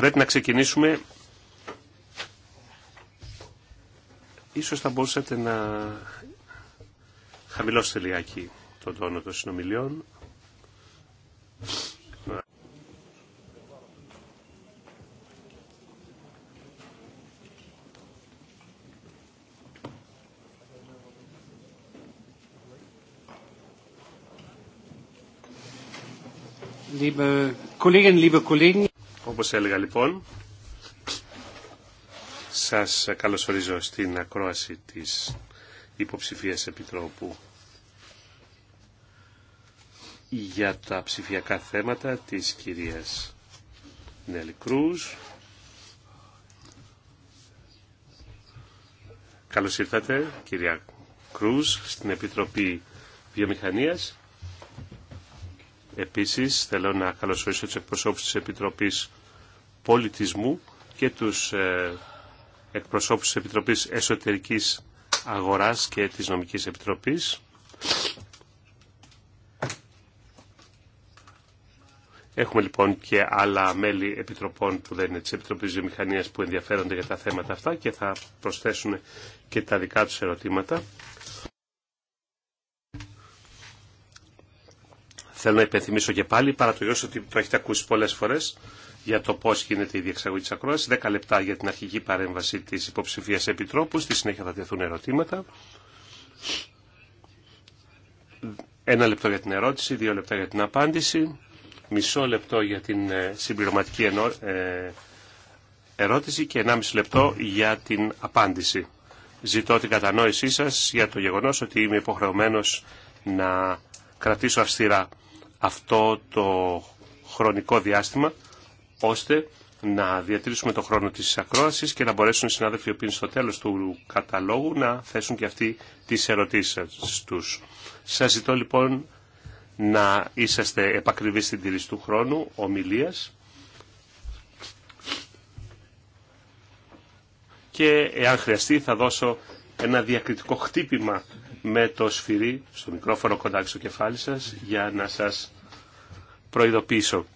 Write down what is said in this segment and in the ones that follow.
Πρέπει να ξεκινήσουμε. Ίσως θα μπορούσατε να χαμηλώσετε λιγάκι τον τόνο των συνομιλιών. Liebe Kolleginnen, liebe Kollegen. Όπως έλεγα λοιπόν, σας καλωσορίζω στην ακρόαση της υποψηφίας Επιτρόπου για τα ψηφιακά θέματα της κυρίας Νέλη Κρούζ. Καλώς ήρθατε κυρία Κρούζ στην Επιτροπή Βιομηχανίας. Επίσης θέλω να καλωσορίσω τους εκπροσώπους της Επιτροπής πολιτισμού και τους ε, εκπροσώπους της Επιτροπής Εσωτερικής Αγοράς και της Νομικής Επιτροπής. Έχουμε λοιπόν και άλλα μέλη επιτροπών που δεν είναι της Επιτροπής Βιομηχανίας που ενδιαφέρονται για τα θέματα αυτά και θα προσθέσουν και τα δικά τους ερωτήματα. Θέλω να υπενθυμίσω και πάλι, παρά το γεγονό ότι το έχετε ακούσει πολλές φορές, για το πώ γίνεται η διεξαγωγή τη ακρόαση, 10 λεπτά για την αρχική παρέμβαση τη υποψηφία επιτρόπου, στη συνέχεια θα τεθούν ερωτήματα. Ένα λεπτό για την ερώτηση, δύο λεπτά για την απάντηση, μισό λεπτό για την ε, συμπληρωματική ε, ερώτηση και 1,5 λεπτό για την απάντηση. Ζητώ την κατανόησή σας για το γεγονός ότι είμαι υποχρεωμένος να κρατήσω αυστηρά αυτό το χρονικό διάστημα ώστε να διατηρήσουμε το χρόνο της ακρόασης και να μπορέσουν οι συνάδελφοι που είναι στο τέλος του καταλόγου να θέσουν και αυτοί τις ερωτήσεις τους. Σας ζητώ λοιπόν να είσαστε επακριβείς στην τήρηση του χρόνου ομιλίας και εάν χρειαστεί θα δώσω ένα διακριτικό χτύπημα με το σφυρί στο μικρόφωνο κοντά στο κεφάλι σας για να σας προειδοποιήσω.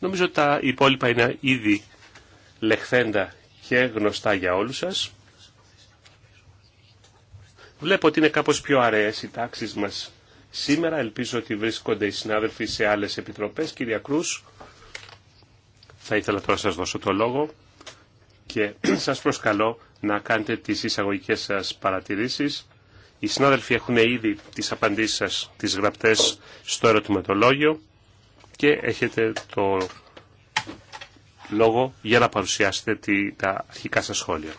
Νομίζω ότι τα υπόλοιπα είναι ήδη λεχθέντα και γνωστά για όλους σας. Βλέπω ότι είναι κάπως πιο αραιές οι τάξεις μας σήμερα. Ελπίζω ότι βρίσκονται οι συνάδελφοι σε άλλες επιτροπές. Κυρία Κρούς, θα ήθελα τώρα να σας δώσω το λόγο και σας προσκαλώ να κάνετε τις εισαγωγικές σας παρατηρήσεις. Οι συνάδελφοι έχουν ήδη τις απαντήσεις σας, τις γραπτές στο ερωτηματολόγιο και έχετε το λόγο για να παρουσιάσετε τη, τα αρχικά σας σχόλια.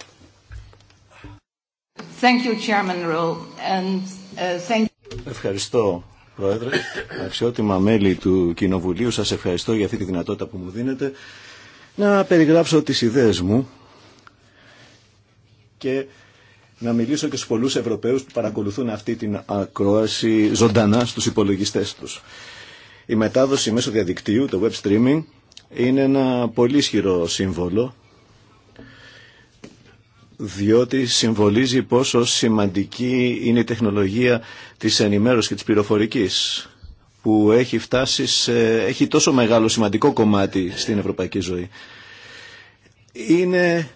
Thank you, Chairman And, uh, Ευχαριστώ, Πρόεδρε. Αξιότιμα μέλη του Κοινοβουλίου, σας ευχαριστώ για αυτή τη δυνατότητα που μου δίνετε να περιγράψω τις ιδέες μου και να μιλήσω και στους πολλούς Ευρωπαίους που παρακολουθούν αυτή την ακρόαση ζωντανά στους υπολογιστές τους. Η μετάδοση μέσω διαδικτύου, το web streaming, είναι ένα πολύ ισχυρό σύμβολο διότι συμβολίζει πόσο σημαντική είναι η τεχνολογία της ενημέρωσης και της πληροφορικής που έχει φτάσει έχει τόσο μεγάλο σημαντικό κομμάτι στην ευρωπαϊκή ζωή. Είναι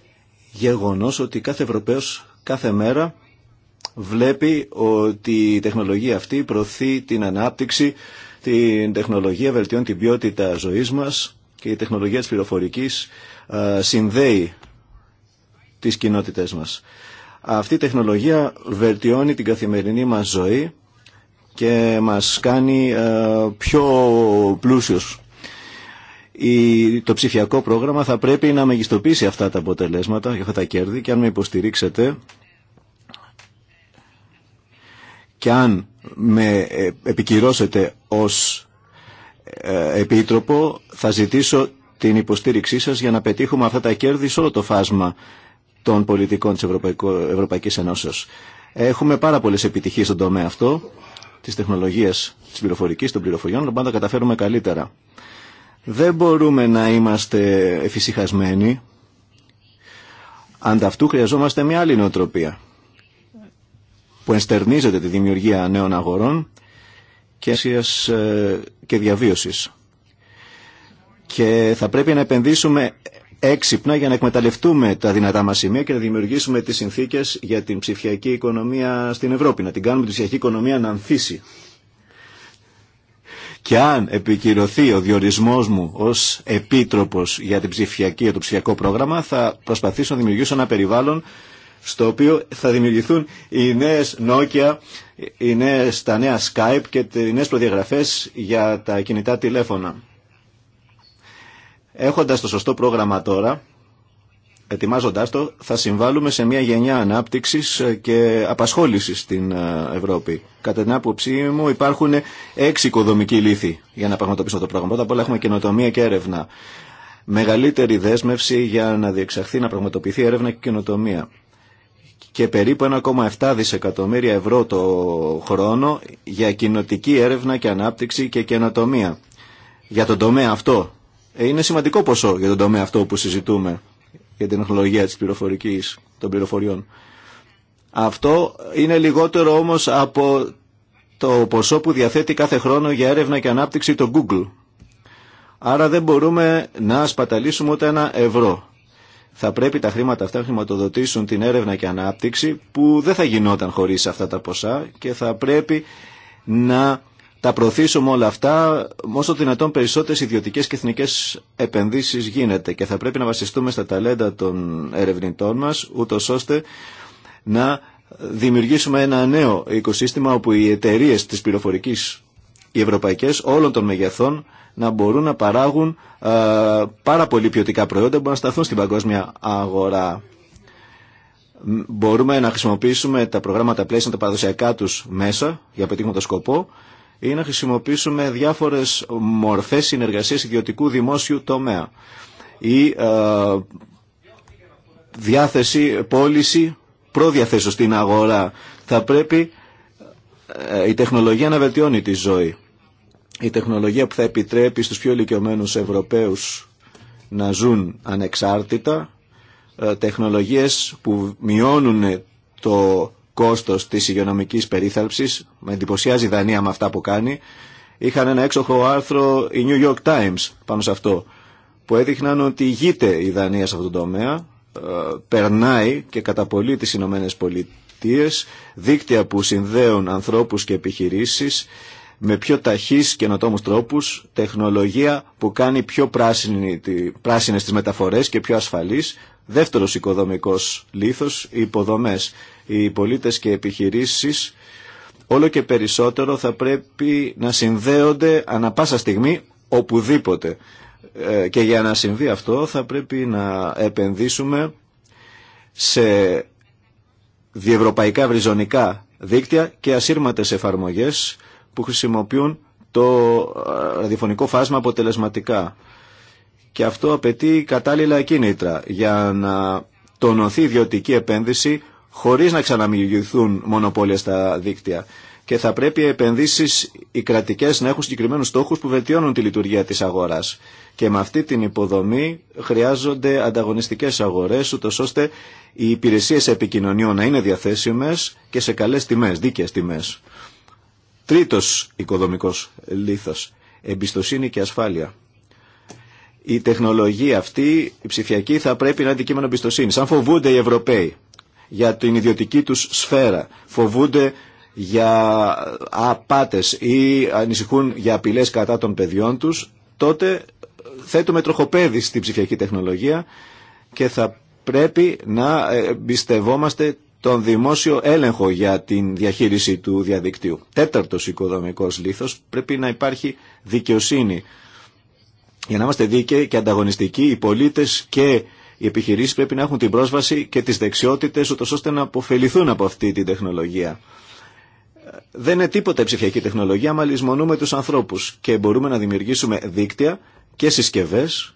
γεγονός ότι κάθε Ευρωπαίος κάθε μέρα βλέπει ότι η τεχνολογία αυτή προωθεί την ανάπτυξη την τεχνολογία βελτιώνει την ποιότητα ζωής μας και η τεχνολογία της πληροφορικής συνδέει τις κοινότητές μας. Αυτή η τεχνολογία βελτιώνει την καθημερινή μας ζωή και μας κάνει πιο πλούσιους. Το ψηφιακό πρόγραμμα θα πρέπει να μεγιστοποιήσει αυτά τα αποτελέσματα και αυτά τα κέρδη και αν με υποστηρίξετε και αν με ε, επικυρώσετε ως ε, επίτροπο θα ζητήσω την υποστήριξή σας για να πετύχουμε αυτά τα κέρδη σε όλο το φάσμα των πολιτικών της Ευρωπαϊκής Ενώσεως. Έχουμε πάρα πολλές επιτυχίες στον τομέα αυτό, τις τεχνολογίες της πληροφορικής, των πληροφοριών, αλλά πάντα καταφέρουμε καλύτερα. Δεν μπορούμε να είμαστε εφησυχασμένοι, ανταυτού χρειαζόμαστε μια άλλη νοοτροπία που ενστερνίζεται τη δημιουργία νέων αγορών και, ε, και διαβίωσης. Και θα πρέπει να επενδύσουμε έξυπνα για να εκμεταλλευτούμε τα δυνατά μας σημεία και να δημιουργήσουμε τις συνθήκες για την ψηφιακή οικονομία στην Ευρώπη, να την κάνουμε την ψηφιακή οικονομία να ανθίσει. Και αν επικυρωθεί ο διορισμός μου ως επίτροπος για, την ψηφιακή, για το ψηφιακό πρόγραμμα, θα προσπαθήσω να δημιουργήσω ένα περιβάλλον στο οποίο θα δημιουργηθούν οι νέες Nokia, τα νέα Skype και οι νέες προδιαγραφές για τα κινητά τηλέφωνα. Έχοντας το σωστό πρόγραμμα τώρα, ετοιμάζοντάς το, θα συμβάλλουμε σε μια γενιά ανάπτυξης και απασχόλησης στην ε, Ευρώπη. Κατά την άποψή μου υπάρχουν έξι οικοδομικοί λύθοι για να πραγματοποιήσουμε το πρόγραμμα. Πρώτα απ' όλα έχουμε καινοτομία και έρευνα. Μεγαλύτερη δέσμευση για να διεξαχθεί, να πραγματοποιηθεί έρευνα και καινοτομία και περίπου 1,7 δισεκατομμύρια ευρώ το χρόνο για κοινοτική έρευνα και ανάπτυξη και καινοτομία. Για τον τομέα αυτό. Ε, είναι σημαντικό ποσό για τον τομέα αυτό που συζητούμε, για την τεχνολογία της πληροφορικής, των πληροφοριών. Αυτό είναι λιγότερο όμως από το ποσό που διαθέτει κάθε χρόνο για έρευνα και ανάπτυξη το Google. Άρα δεν μπορούμε να σπαταλήσουμε ούτε ένα ευρώ θα πρέπει τα χρήματα αυτά να χρηματοδοτήσουν την έρευνα και ανάπτυξη που δεν θα γινόταν χωρίς αυτά τα ποσά και θα πρέπει να τα προωθήσουμε όλα αυτά όσο δυνατόν περισσότερες ιδιωτικές και εθνικές επενδύσεις γίνεται και θα πρέπει να βασιστούμε στα ταλέντα των ερευνητών μας ούτω ώστε να δημιουργήσουμε ένα νέο οικοσύστημα όπου οι εταιρείε της πληροφορικής οι ευρωπαϊκές όλων των μεγεθών να μπορούν να παράγουν ε, πάρα πολύ ποιοτικά προϊόντα που να σταθούν στην παγκόσμια αγορά. Μπορούμε να χρησιμοποιήσουμε τα προγράμματα πλαίσια, τα παραδοσιακά τους μέσα για πετύχοντα σκοπό ή να χρησιμοποιήσουμε σκοπό ή να χρησιμοποιήσουμε διάφορες μορφές συνεργασίας ιδιωτικού δημόσιου τομέα ή ε, διάθεση, πώληση, προδιαθέσεως στην αγορά. Θα πρέπει ε, η τεχνολογία να βελτιώνει τη ζωή η τεχνολογία που θα επιτρέπει στους πιο ηλικιωμένους Ευρωπαίους να ζουν ανεξάρτητα, ε, τεχνολογίες που μειώνουν το κόστος της υγειονομικής περίθαλψης, με εντυπωσιάζει η Δανία με αυτά που κάνει, είχαν ένα έξοχο άρθρο η New York Times πάνω σε αυτό, που έδειχναν ότι ηγείται η Δανία σε αυτό το τομέα, ε, περνάει και κατά πολύ τις Ηνωμένε Πολιτείες, δίκτυα που συνδέουν ανθρώπους και επιχειρήσεις, με πιο και νοτόμους τρόπους, τεχνολογία που κάνει πιο πράσινη, πράσινες τις μεταφορές και πιο ασφαλής Δεύτερος οικοδομικός λήθος, οι υποδομές. Οι πολίτες και επιχειρήσεις όλο και περισσότερο θα πρέπει να συνδέονται ανα πάσα στιγμή οπουδήποτε. Ε, και για να συμβεί αυτό θα πρέπει να επενδύσουμε σε διευρωπαϊκά βριζονικά δίκτυα και ασύρματες εφαρμογές που χρησιμοποιούν το ε, ραδιοφωνικό φάσμα αποτελεσματικά. Και αυτό απαιτεί κατάλληλα κίνητρα για να τονωθεί ιδιωτική επένδυση χωρίς να ξαναμιγηθούν μονοπόλια στα δίκτυα. Και θα πρέπει οι επενδύσεις οι κρατικές να έχουν συγκεκριμένους στόχους που βελτιώνουν τη λειτουργία της αγοράς. Και με αυτή την υποδομή χρειάζονται ανταγωνιστικές αγορές, ώστε οι υπηρεσίες επικοινωνιών να είναι διαθέσιμες και σε καλές τιμές, δίκαιες τιμές. Τρίτος οικοδομικός λίθος. εμπιστοσύνη και ασφάλεια. Η τεχνολογία αυτή, η ψηφιακή, θα πρέπει να είναι αντικείμενο εμπιστοσύνη. Αν φοβούνται οι Ευρωπαίοι για την ιδιωτική τους σφαίρα, φοβούνται για απάτες ή ανησυχούν για απειλές κατά των παιδιών τους, τότε θέτουμε τροχοπέδι στην ψηφιακή τεχνολογία και θα πρέπει να εμπιστευόμαστε τον δημόσιο έλεγχο για την διαχείριση του διαδικτύου. Τέταρτος οικοδομικός λήθος πρέπει να υπάρχει δικαιοσύνη. Για να είμαστε δίκαιοι και ανταγωνιστικοί, οι πολίτες και οι επιχειρήσεις πρέπει να έχουν την πρόσβαση και τις δεξιότητες, ούτως ώστε να αποφεληθούν από αυτή την τεχνολογία. Δεν είναι τίποτα ψηφιακή τεχνολογία, μα λησμονούμε τους ανθρώπους και μπορούμε να δημιουργήσουμε δίκτυα και συσκευές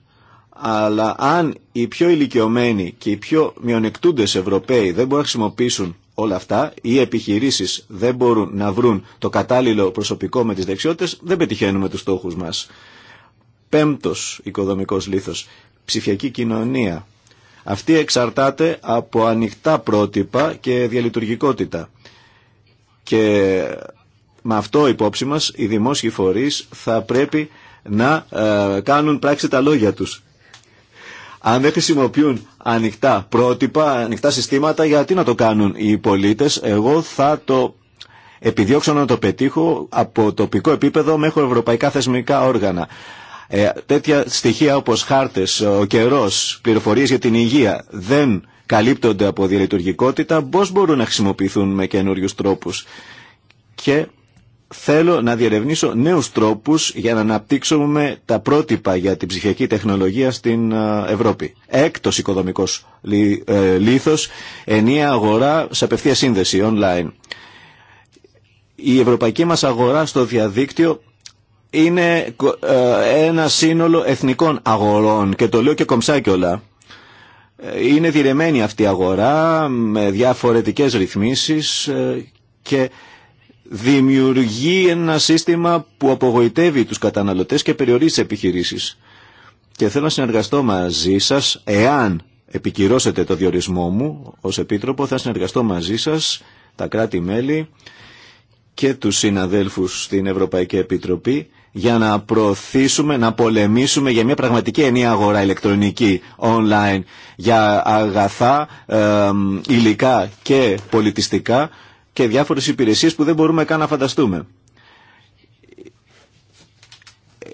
αλλά αν οι πιο ηλικιωμένοι και οι πιο μειονεκτούντες Ευρωπαίοι δεν μπορούν να χρησιμοποιήσουν όλα αυτά, οι επιχειρήσεις δεν μπορούν να βρουν το κατάλληλο προσωπικό με τις δεξιότητες, δεν πετυχαίνουμε τους στόχους μας. Πέμπτος οικοδομικός λήθος, ψηφιακή κοινωνία. Αυτή εξαρτάται από ανοιχτά πρότυπα και διαλειτουργικότητα. Και με αυτό υπόψη μας οι δημόσιοι φορείς θα πρέπει να ε, κάνουν πράξη τα λόγια τους αν δεν χρησιμοποιούν ανοιχτά πρότυπα, ανοιχτά συστήματα, γιατί να το κάνουν οι πολίτες. Εγώ θα το επιδιώξω να το πετύχω από τοπικό επίπεδο μέχρι ευρωπαϊκά θεσμικά όργανα. Ε, τέτοια στοιχεία όπως χάρτες, ο καιρός, πληροφορίες για την υγεία δεν καλύπτονται από διαλειτουργικότητα, πώς μπορούν να χρησιμοποιηθούν με καινούριου τρόπους. Και θέλω να διερευνήσω νέους τρόπους για να αναπτύξουμε τα πρότυπα για την ψυχιακή τεχνολογία στην ε, Ευρώπη. Έκτος οικοδομικός λήθος, ε, ενιαία αγορά σε απευθεία σύνδεση online. Η ευρωπαϊκή μας αγορά στο διαδίκτυο είναι ε, ένα σύνολο εθνικών αγορών και το λέω και κομψά όλα. Είναι διρεμένη αυτή η αγορά με διαφορετικές ρυθμίσεις και δημιουργεί ένα σύστημα που απογοητεύει τους καταναλωτές και περιορίζει τις επιχειρήσεις. Και θέλω να συνεργαστώ μαζί σας, εάν επικυρώσετε το διορισμό μου ως Επίτροπο, θα συνεργαστώ μαζί σας, τα κράτη-μέλη και τους συναδέλφους στην Ευρωπαϊκή Επιτροπή για να προωθήσουμε, να πολεμήσουμε για μια πραγματική ενία αγορά ηλεκτρονική, online, για αγαθά, υλικά και πολιτιστικά και διάφορες υπηρεσίες που δεν μπορούμε καν να φανταστούμε.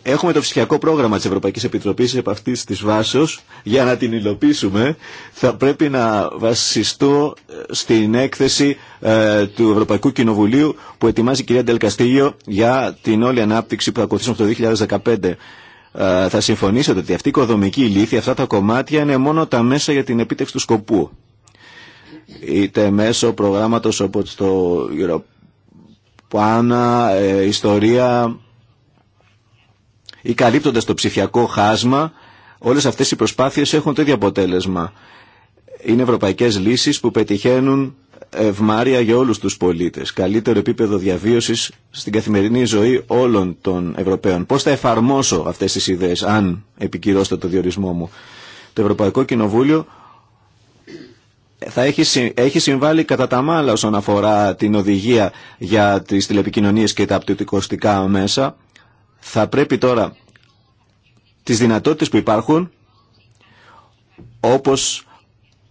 Έχουμε το φυσιακό πρόγραμμα της Ευρωπαϊκής Επιτροπής επ' αυτής της βάσεως. Για να την υλοποιήσουμε θα πρέπει να βασιστώ ε, στην έκθεση ε, του Ευρωπαϊκού Κοινοβουλίου που ετοιμάζει η κυρία Ντελκαστήγιο για την όλη ανάπτυξη που θα ακολουθήσουμε το 2015 ε, θα συμφωνήσετε ότι αυτή η οικοδομική λύθη, αυτά τα κομμάτια είναι μόνο τα μέσα για την επίτευξη του σκοπού είτε μέσω προγράμματος όπως το Ευρωπάνα, Ιστορία ή καλύπτοντας το ψηφιακό χάσμα, όλες αυτές οι προσπάθειες έχουν το ίδιο αποτέλεσμα. Είναι ευρωπαϊκές λύσεις που πετυχαίνουν ευμάρια για όλους τους πολίτες. Καλύτερο επίπεδο διαβίωσης στην καθημερινή ζωή όλων των Ευρωπαίων. Πώς θα εφαρμόσω αυτές τις ιδέες αν επικυρώσετε το διορισμό μου. Το Ευρωπαϊκό Κοινοβούλιο θα έχει, έχει συμβάλει κατά τα μάλα όσον αφορά την οδηγία για τις τηλεπικοινωνίες και τα απτυτικοστικά μέσα. Θα πρέπει τώρα τις δυνατότητες που υπάρχουν, όπως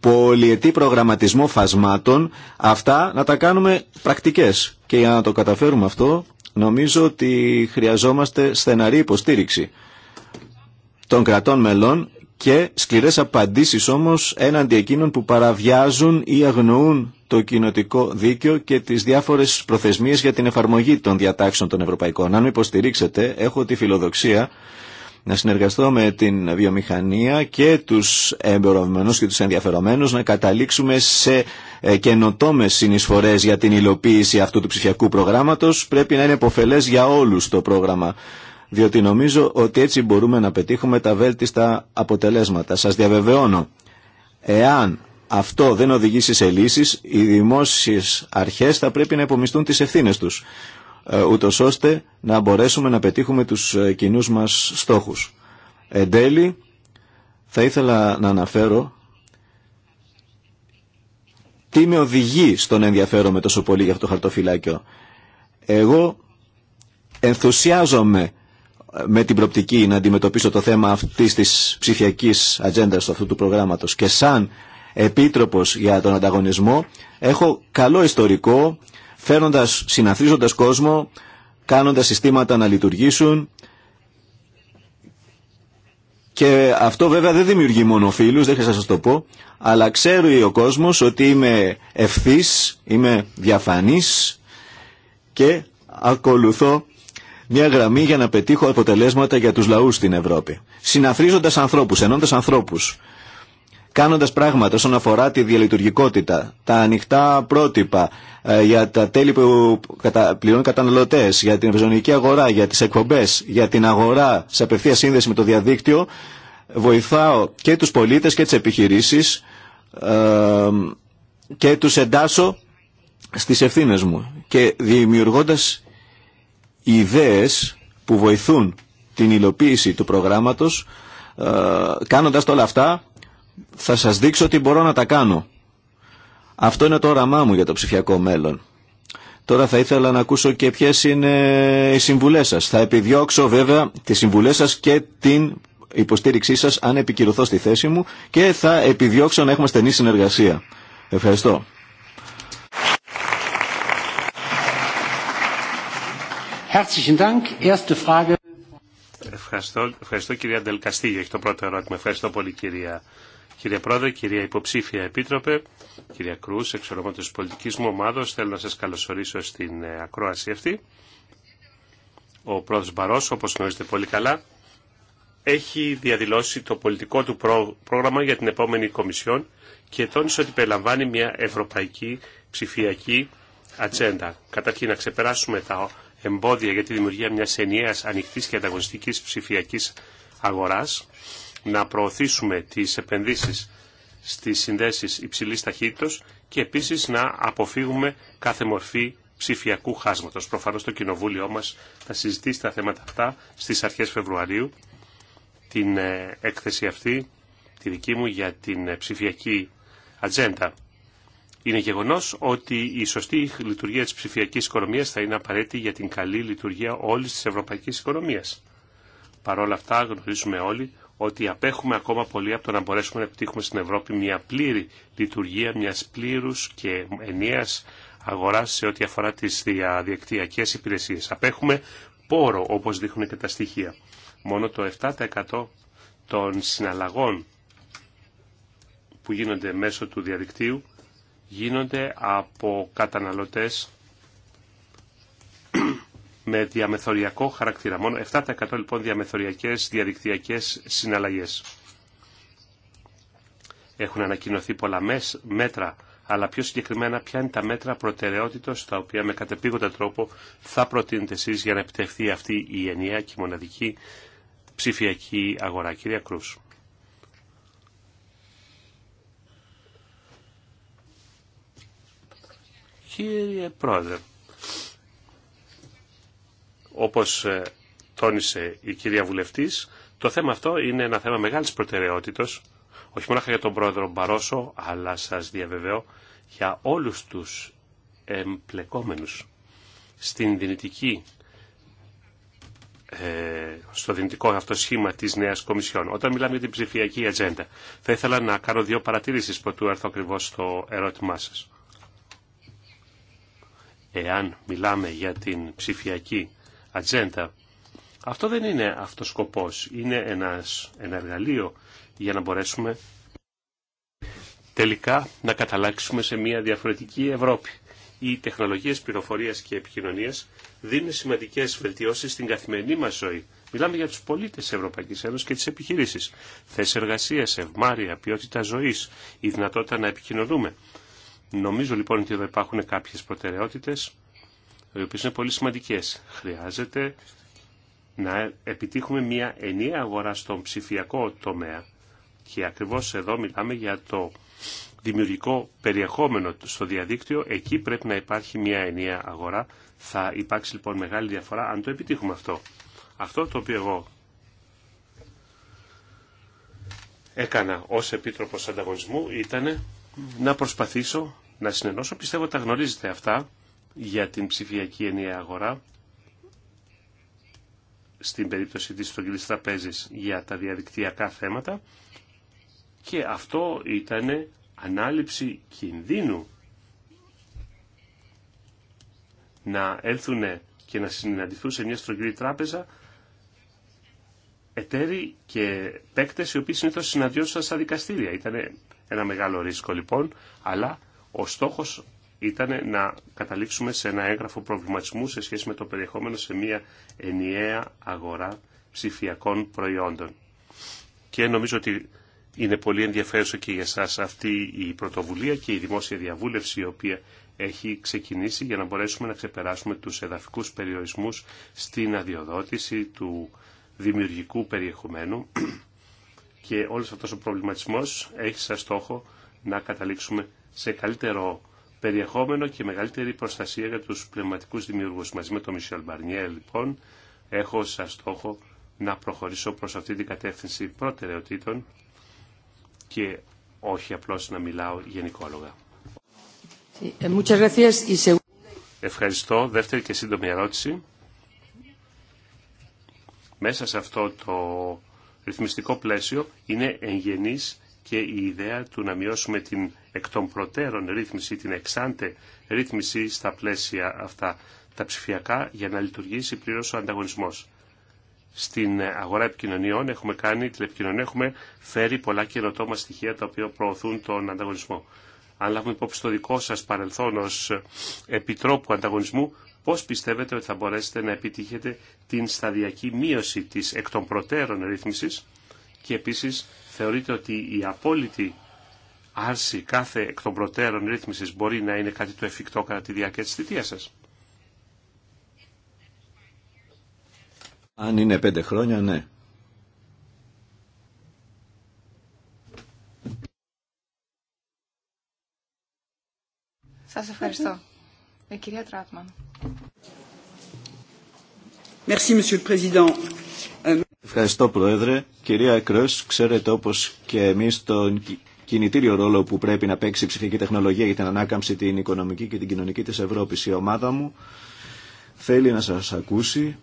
πολιετή προγραμματισμό φασμάτων, αυτά να τα κάνουμε πρακτικές. Και για να το καταφέρουμε αυτό, νομίζω ότι χρειαζόμαστε στεναρή υποστήριξη των κρατών μελών και σκληρές απαντήσεις όμως έναντι εκείνων που παραβιάζουν ή αγνοούν το κοινοτικό δίκαιο και τις διάφορες προθεσμίες για την εφαρμογή των διατάξεων των ευρωπαϊκών. Αν με υποστηρίξετε, έχω τη φιλοδοξία να συνεργαστώ με την βιομηχανία και τους εμπειροβημένους και τους ενδιαφερομένους να καταλήξουμε σε ε, καινοτόμε συνεισφορές για την υλοποίηση αυτού του ψηφιακού προγράμματος. Πρέπει να είναι υποφελές για όλους το πρόγραμμα διότι νομίζω ότι έτσι μπορούμε να πετύχουμε τα βέλτιστα αποτελέσματα. Σας διαβεβαιώνω, εάν αυτό δεν οδηγήσει σε λύσεις, οι δημόσιες αρχές θα πρέπει να υπομισθούν τις ευθύνες τους, ε, ούτω ώστε να μπορέσουμε να πετύχουμε τους ε, κοινούς μας στόχους. Εν τέλει, θα ήθελα να αναφέρω τι με οδηγεί στον να ενδιαφέρομαι τόσο πολύ για αυτό το χαρτοφυλάκιο. Εγώ ενθουσιάζομαι με την προπτική να αντιμετωπίσω το θέμα αυτής τη ψηφιακή ατζέντα αυτού του προγράμματος και σαν επίτροπος για τον ανταγωνισμό έχω καλό ιστορικό φέροντα συναθρίζοντας κόσμο κάνοντα συστήματα να λειτουργήσουν και αυτό βέβαια δεν δημιουργεί μόνο φίλου, δεν να σα το πω, αλλά ξέρει ο κόσμος ότι είμαι ευθύ, είμαι διαφανής και ακολουθώ μια γραμμή για να πετύχω αποτελέσματα για τους λαούς στην Ευρώπη. Συναφρίζοντας ανθρώπους, ενώντας ανθρώπους, κάνοντας πράγματα όσον αφορά τη διαλειτουργικότητα, τα ανοιχτά πρότυπα ε, για τα τέλη που πληρώνουν καταναλωτές, για την ευρωζωνική αγορά, για τις εκπομπές, για την αγορά σε απευθεία σύνδεση με το διαδίκτυο, βοηθάω και τους πολίτες και τις επιχειρήσεις ε, και τους εντάσσω στις ευθύνες μου και δημιουργώντας οι ιδέες που βοηθούν την υλοποίηση του προγράμματος. Ε, κάνοντας όλα αυτά θα σας δείξω ότι μπορώ να τα κάνω. Αυτό είναι το όραμά μου για το ψηφιακό μέλλον. Τώρα θα ήθελα να ακούσω και ποιες είναι οι συμβουλές σας. Θα επιδιώξω βέβαια τις συμβουλές σας και την υποστήριξή σας αν επικυρωθώ στη θέση μου και θα επιδιώξω να έχουμε στενή συνεργασία. Ευχαριστώ. Ευχαριστώ, κυρία Ντελκαστίγιο. Έχει το πρώτο ερώτημα. Ευχαριστώ πολύ κυρία. Κύριε Πρόεδρε, κυρία Υποψήφια Επίτροπε, κυρία Κρούς, εξ της πολιτικής μου ομάδος, θέλω να σας καλωσορίσω στην ε, ακρόαση αυτή. Ο πρόεδρος Μπαρός, όπως γνωρίζετε πολύ καλά, έχει διαδηλώσει το πολιτικό του πρόγραμμα για την επόμενη Κομισιόν και τόνισε ότι περιλαμβάνει μια ευρωπαϊκή ψηφιακή ατζέντα. Καταρχήν να ξεπεράσουμε τα εμπόδια για τη δημιουργία μιας ενιαίας ανοιχτής και ανταγωνιστικής ψηφιακής αγοράς, να προωθήσουμε τις επενδύσεις στις συνδέσεις υψηλής ταχύτητος και επίσης να αποφύγουμε κάθε μορφή ψηφιακού χάσματος. Προφανώς το Κοινοβούλιο μας θα συζητήσει τα θέματα αυτά στις αρχές Φεβρουαρίου. Την ε, έκθεση αυτή, τη δική μου, για την ψηφιακή ατζέντα. Είναι γεγονό ότι η σωστή λειτουργία τη ψηφιακή οικονομία θα είναι απαραίτητη για την καλή λειτουργία όλη τη Ευρωπαϊκή οικονομία. Παρ' όλα αυτά γνωρίζουμε όλοι ότι απέχουμε ακόμα πολύ από το να μπορέσουμε να επιτύχουμε στην Ευρώπη μια πλήρη λειτουργία μια πλήρου και ενιαίας αγορά σε ό,τι αφορά τι διαδικτυακέ υπηρεσίε. Απέχουμε πόρο όπω δείχνουν και τα στοιχεία. Μόνο το 7% των συναλλαγών που γίνονται μέσω του διαδικτύου γίνονται από καταναλωτές με διαμεθοριακό χαρακτήρα. Μόνο 7% λοιπόν διαμεθοριακές διαδικτυακές συναλλαγές. Έχουν ανακοινωθεί πολλά μέτρα, αλλά πιο συγκεκριμένα ποια είναι τα μέτρα προτεραιότητος τα οποία με κατεπίγοντα τρόπο θα προτείνετε εσείς για να επιτευχθεί αυτή η ενιαία και μοναδική ψηφιακή αγορά. Κυρία Κύριε Πρόεδρε, όπως ε, τόνισε η κυρία Βουλευτής, το θέμα αυτό είναι ένα θέμα μεγάλης προτεραιότητος, όχι μόνο για τον πρόεδρο Μπαρόσο, αλλά σας διαβεβαιώ για όλους τους εμπλεκόμενους στην δυνητική, ε, στο δυνητικό αυτό σχήμα της νέας Κομισιόν. Όταν μιλάμε για την ψηφιακή ατζέντα, θα ήθελα να κάνω δύο παρατήρησεις που έρθω ακριβώ στο ερώτημά σας εάν μιλάμε για την ψηφιακή ατζέντα, αυτό δεν είναι αυτός σκοπός. Είναι ένας, ένα εργαλείο για να μπορέσουμε τελικά να καταλάξουμε σε μια διαφορετική Ευρώπη. Οι τεχνολογίες πληροφορίας και επικοινωνίας δίνουν σημαντικές βελτιώσεις στην καθημερινή μας ζωή. Μιλάμε για τους πολίτες της Ευρωπαϊκής Ένωσης και τις επιχειρήσεις. Θέσεις εργασίας, ευμάρεια, ποιότητα ζωής, η δυνατότητα να επικοινωνούμε. Νομίζω λοιπόν ότι εδώ υπάρχουν κάποιες προτεραιότητες οι οποίες είναι πολύ σημαντικές. Χρειάζεται να επιτύχουμε μια ενιαία αγορά στον ψηφιακό τομέα και ακριβώς εδώ μιλάμε για το δημιουργικό περιεχόμενο στο διαδίκτυο, εκεί πρέπει να υπάρχει μια ενιαία αγορά. Θα υπάρξει λοιπόν μεγάλη διαφορά αν το επιτύχουμε αυτό. Αυτό το οποίο εγώ έκανα ως Επίτροπος Ανταγωνισμού ήταν να προσπαθήσω να συνενώσω. Πιστεύω τα γνωρίζετε αυτά για την ψηφιακή ενιαία αγορά στην περίπτωση της στρογγυλής τραπέζης για τα διαδικτυακά θέματα και αυτό ήταν ανάληψη κινδύνου να έλθουν και να συναντηθούν σε μια στρογγυλή τράπεζα εταίροι και παίκτες οι οποίοι συνήθως συναντιόντουσαν στα δικαστήρια. Ήταν ένα μεγάλο ρίσκο λοιπόν, αλλά ο στόχος ήταν να καταλήξουμε σε ένα έγγραφο προβληματισμού σε σχέση με το περιεχόμενο σε μια ενιαία αγορά ψηφιακών προϊόντων. Και νομίζω ότι είναι πολύ ενδιαφέρουσα και για σας αυτή η πρωτοβουλία και η δημόσια διαβούλευση η οποία έχει ξεκινήσει για να μπορέσουμε να ξεπεράσουμε τους εδαφικούς περιορισμούς στην αδειοδότηση του δημιουργικού περιεχομένου και όλος αυτός ο προβληματισμός έχει σαν στόχο να καταλήξουμε σε καλύτερο περιεχόμενο και μεγαλύτερη προστασία για τους πνευματικούς δημιουργούς. Μαζί με τον Μισελ Μπαρνιέ, λοιπόν, έχω σαν στόχο να προχωρήσω προς αυτή την κατεύθυνση προτεραιοτήτων και όχι απλώς να μιλάω γενικόλογα. Eh, Ευχαριστώ. Δεύτερη και σύντομη ερώτηση. Μέσα σε αυτό το ρυθμιστικό πλαίσιο είναι εγγενής και η ιδέα του να μειώσουμε την εκ των προτέρων ρύθμιση, την εξάντε ρύθμιση στα πλαίσια αυτά τα ψηφιακά για να λειτουργήσει πλήρως ο ανταγωνισμός. Στην αγορά επικοινωνιών έχουμε κάνει τηλεπικοινωνία, έχουμε φέρει πολλά καινοτόμα στοιχεία τα οποία προωθούν τον ανταγωνισμό. Αν λάβουμε υπόψη το δικό σα παρελθόν ω επιτρόπου ανταγωνισμού, Πώ πιστεύετε ότι θα μπορέσετε να επιτύχετε την σταδιακή μείωση τη εκ των προτέρων ρύθμιση και επίση θεωρείτε ότι η απόλυτη άρση κάθε εκ των προτέρων ρύθμισης μπορεί να είναι κάτι το εφικτό κατά τη διάρκεια της θητείας σας. Αν είναι πέντε χρόνια, ναι. Σας ευχαριστώ. Η ε, κυρία Τράτμαν. Merci, Monsieur le Président. Ευχαριστώ Πρόεδρε. Κυρία Κρός, ξέρετε όπως και εμείς τον κινητήριο ρόλο που πρέπει να παίξει η ψηφιακή τεχνολογία για την ανάκαμψη την οικονομική και την κοινωνική της Ευρώπης. Η ομάδα μου θέλει να σας ακούσει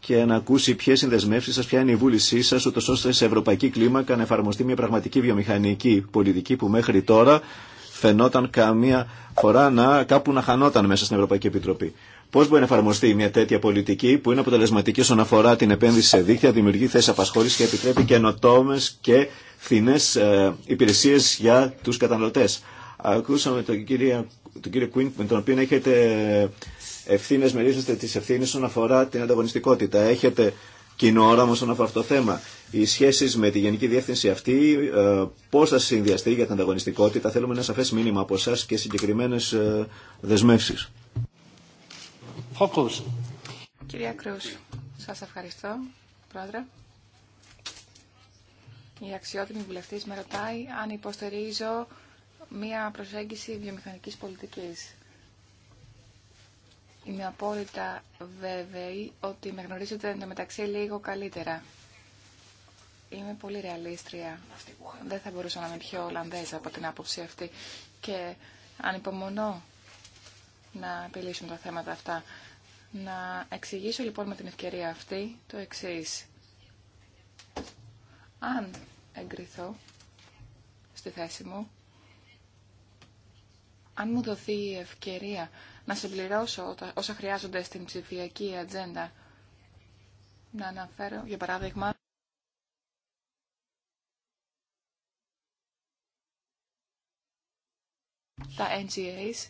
και να ακούσει ποιε είναι δεσμεύσει σα, ποια είναι η βούλησή σα, ούτω ώστε σε ευρωπαϊκή κλίμακα να εφαρμοστεί μια πραγματική βιομηχανική πολιτική που μέχρι τώρα φαινόταν καμία φορά να κάπου να χανόταν μέσα στην Ευρωπαϊκή Επιτροπή. Πώ μπορεί να εφαρμοστεί μια τέτοια πολιτική που είναι αποτελεσματική όσον αφορά την επένδυση σε δίκτυα, δημιουργεί θέσει απασχόληση και επιτρέπει καινοτόμε και φθηνέ ε, υπηρεσίε για του καταναλωτέ. Ακούσαμε τον κύριο, τον κύριο Κουίν, με τον οποίο έχετε ευθύνε, μερίζεστε τι ευθύνε όσον αφορά την ανταγωνιστικότητα. Έχετε κοινό όραμα όσον αφορά αυτό το θέμα. Οι σχέσει με τη Γενική Διεύθυνση αυτή, ε, πώ θα συνδυαστεί για την ανταγωνιστικότητα. Θέλουμε ένα σαφέ μήνυμα από εσά και συγκεκριμένε ε, δεσμεύσει. Κυρία Κρούς, σας ευχαριστώ, Πρόεδρε. Η αξιότιμη βουλευτής με ρωτάει αν υποστηρίζω μία προσέγγιση βιομηχανικής πολιτικής. Είμαι απόλυτα βέβαιη ότι με γνωρίζετε εντωμεταξύ λίγο καλύτερα. Είμαι πολύ ρεαλίστρια. Δεν θα μπορούσα να είμαι πιο Ολλανδέζα από την άποψη αυτή. Και ανυπομονώ να επιλύσουν τα θέματα αυτά. Να εξηγήσω λοιπόν με την ευκαιρία αυτή το εξή. Αν εγκριθώ στη θέση μου, αν μου δοθεί η ευκαιρία να συμπληρώσω όσα χρειάζονται στην ψηφιακή ατζέντα, να αναφέρω για παράδειγμα τα NGAs,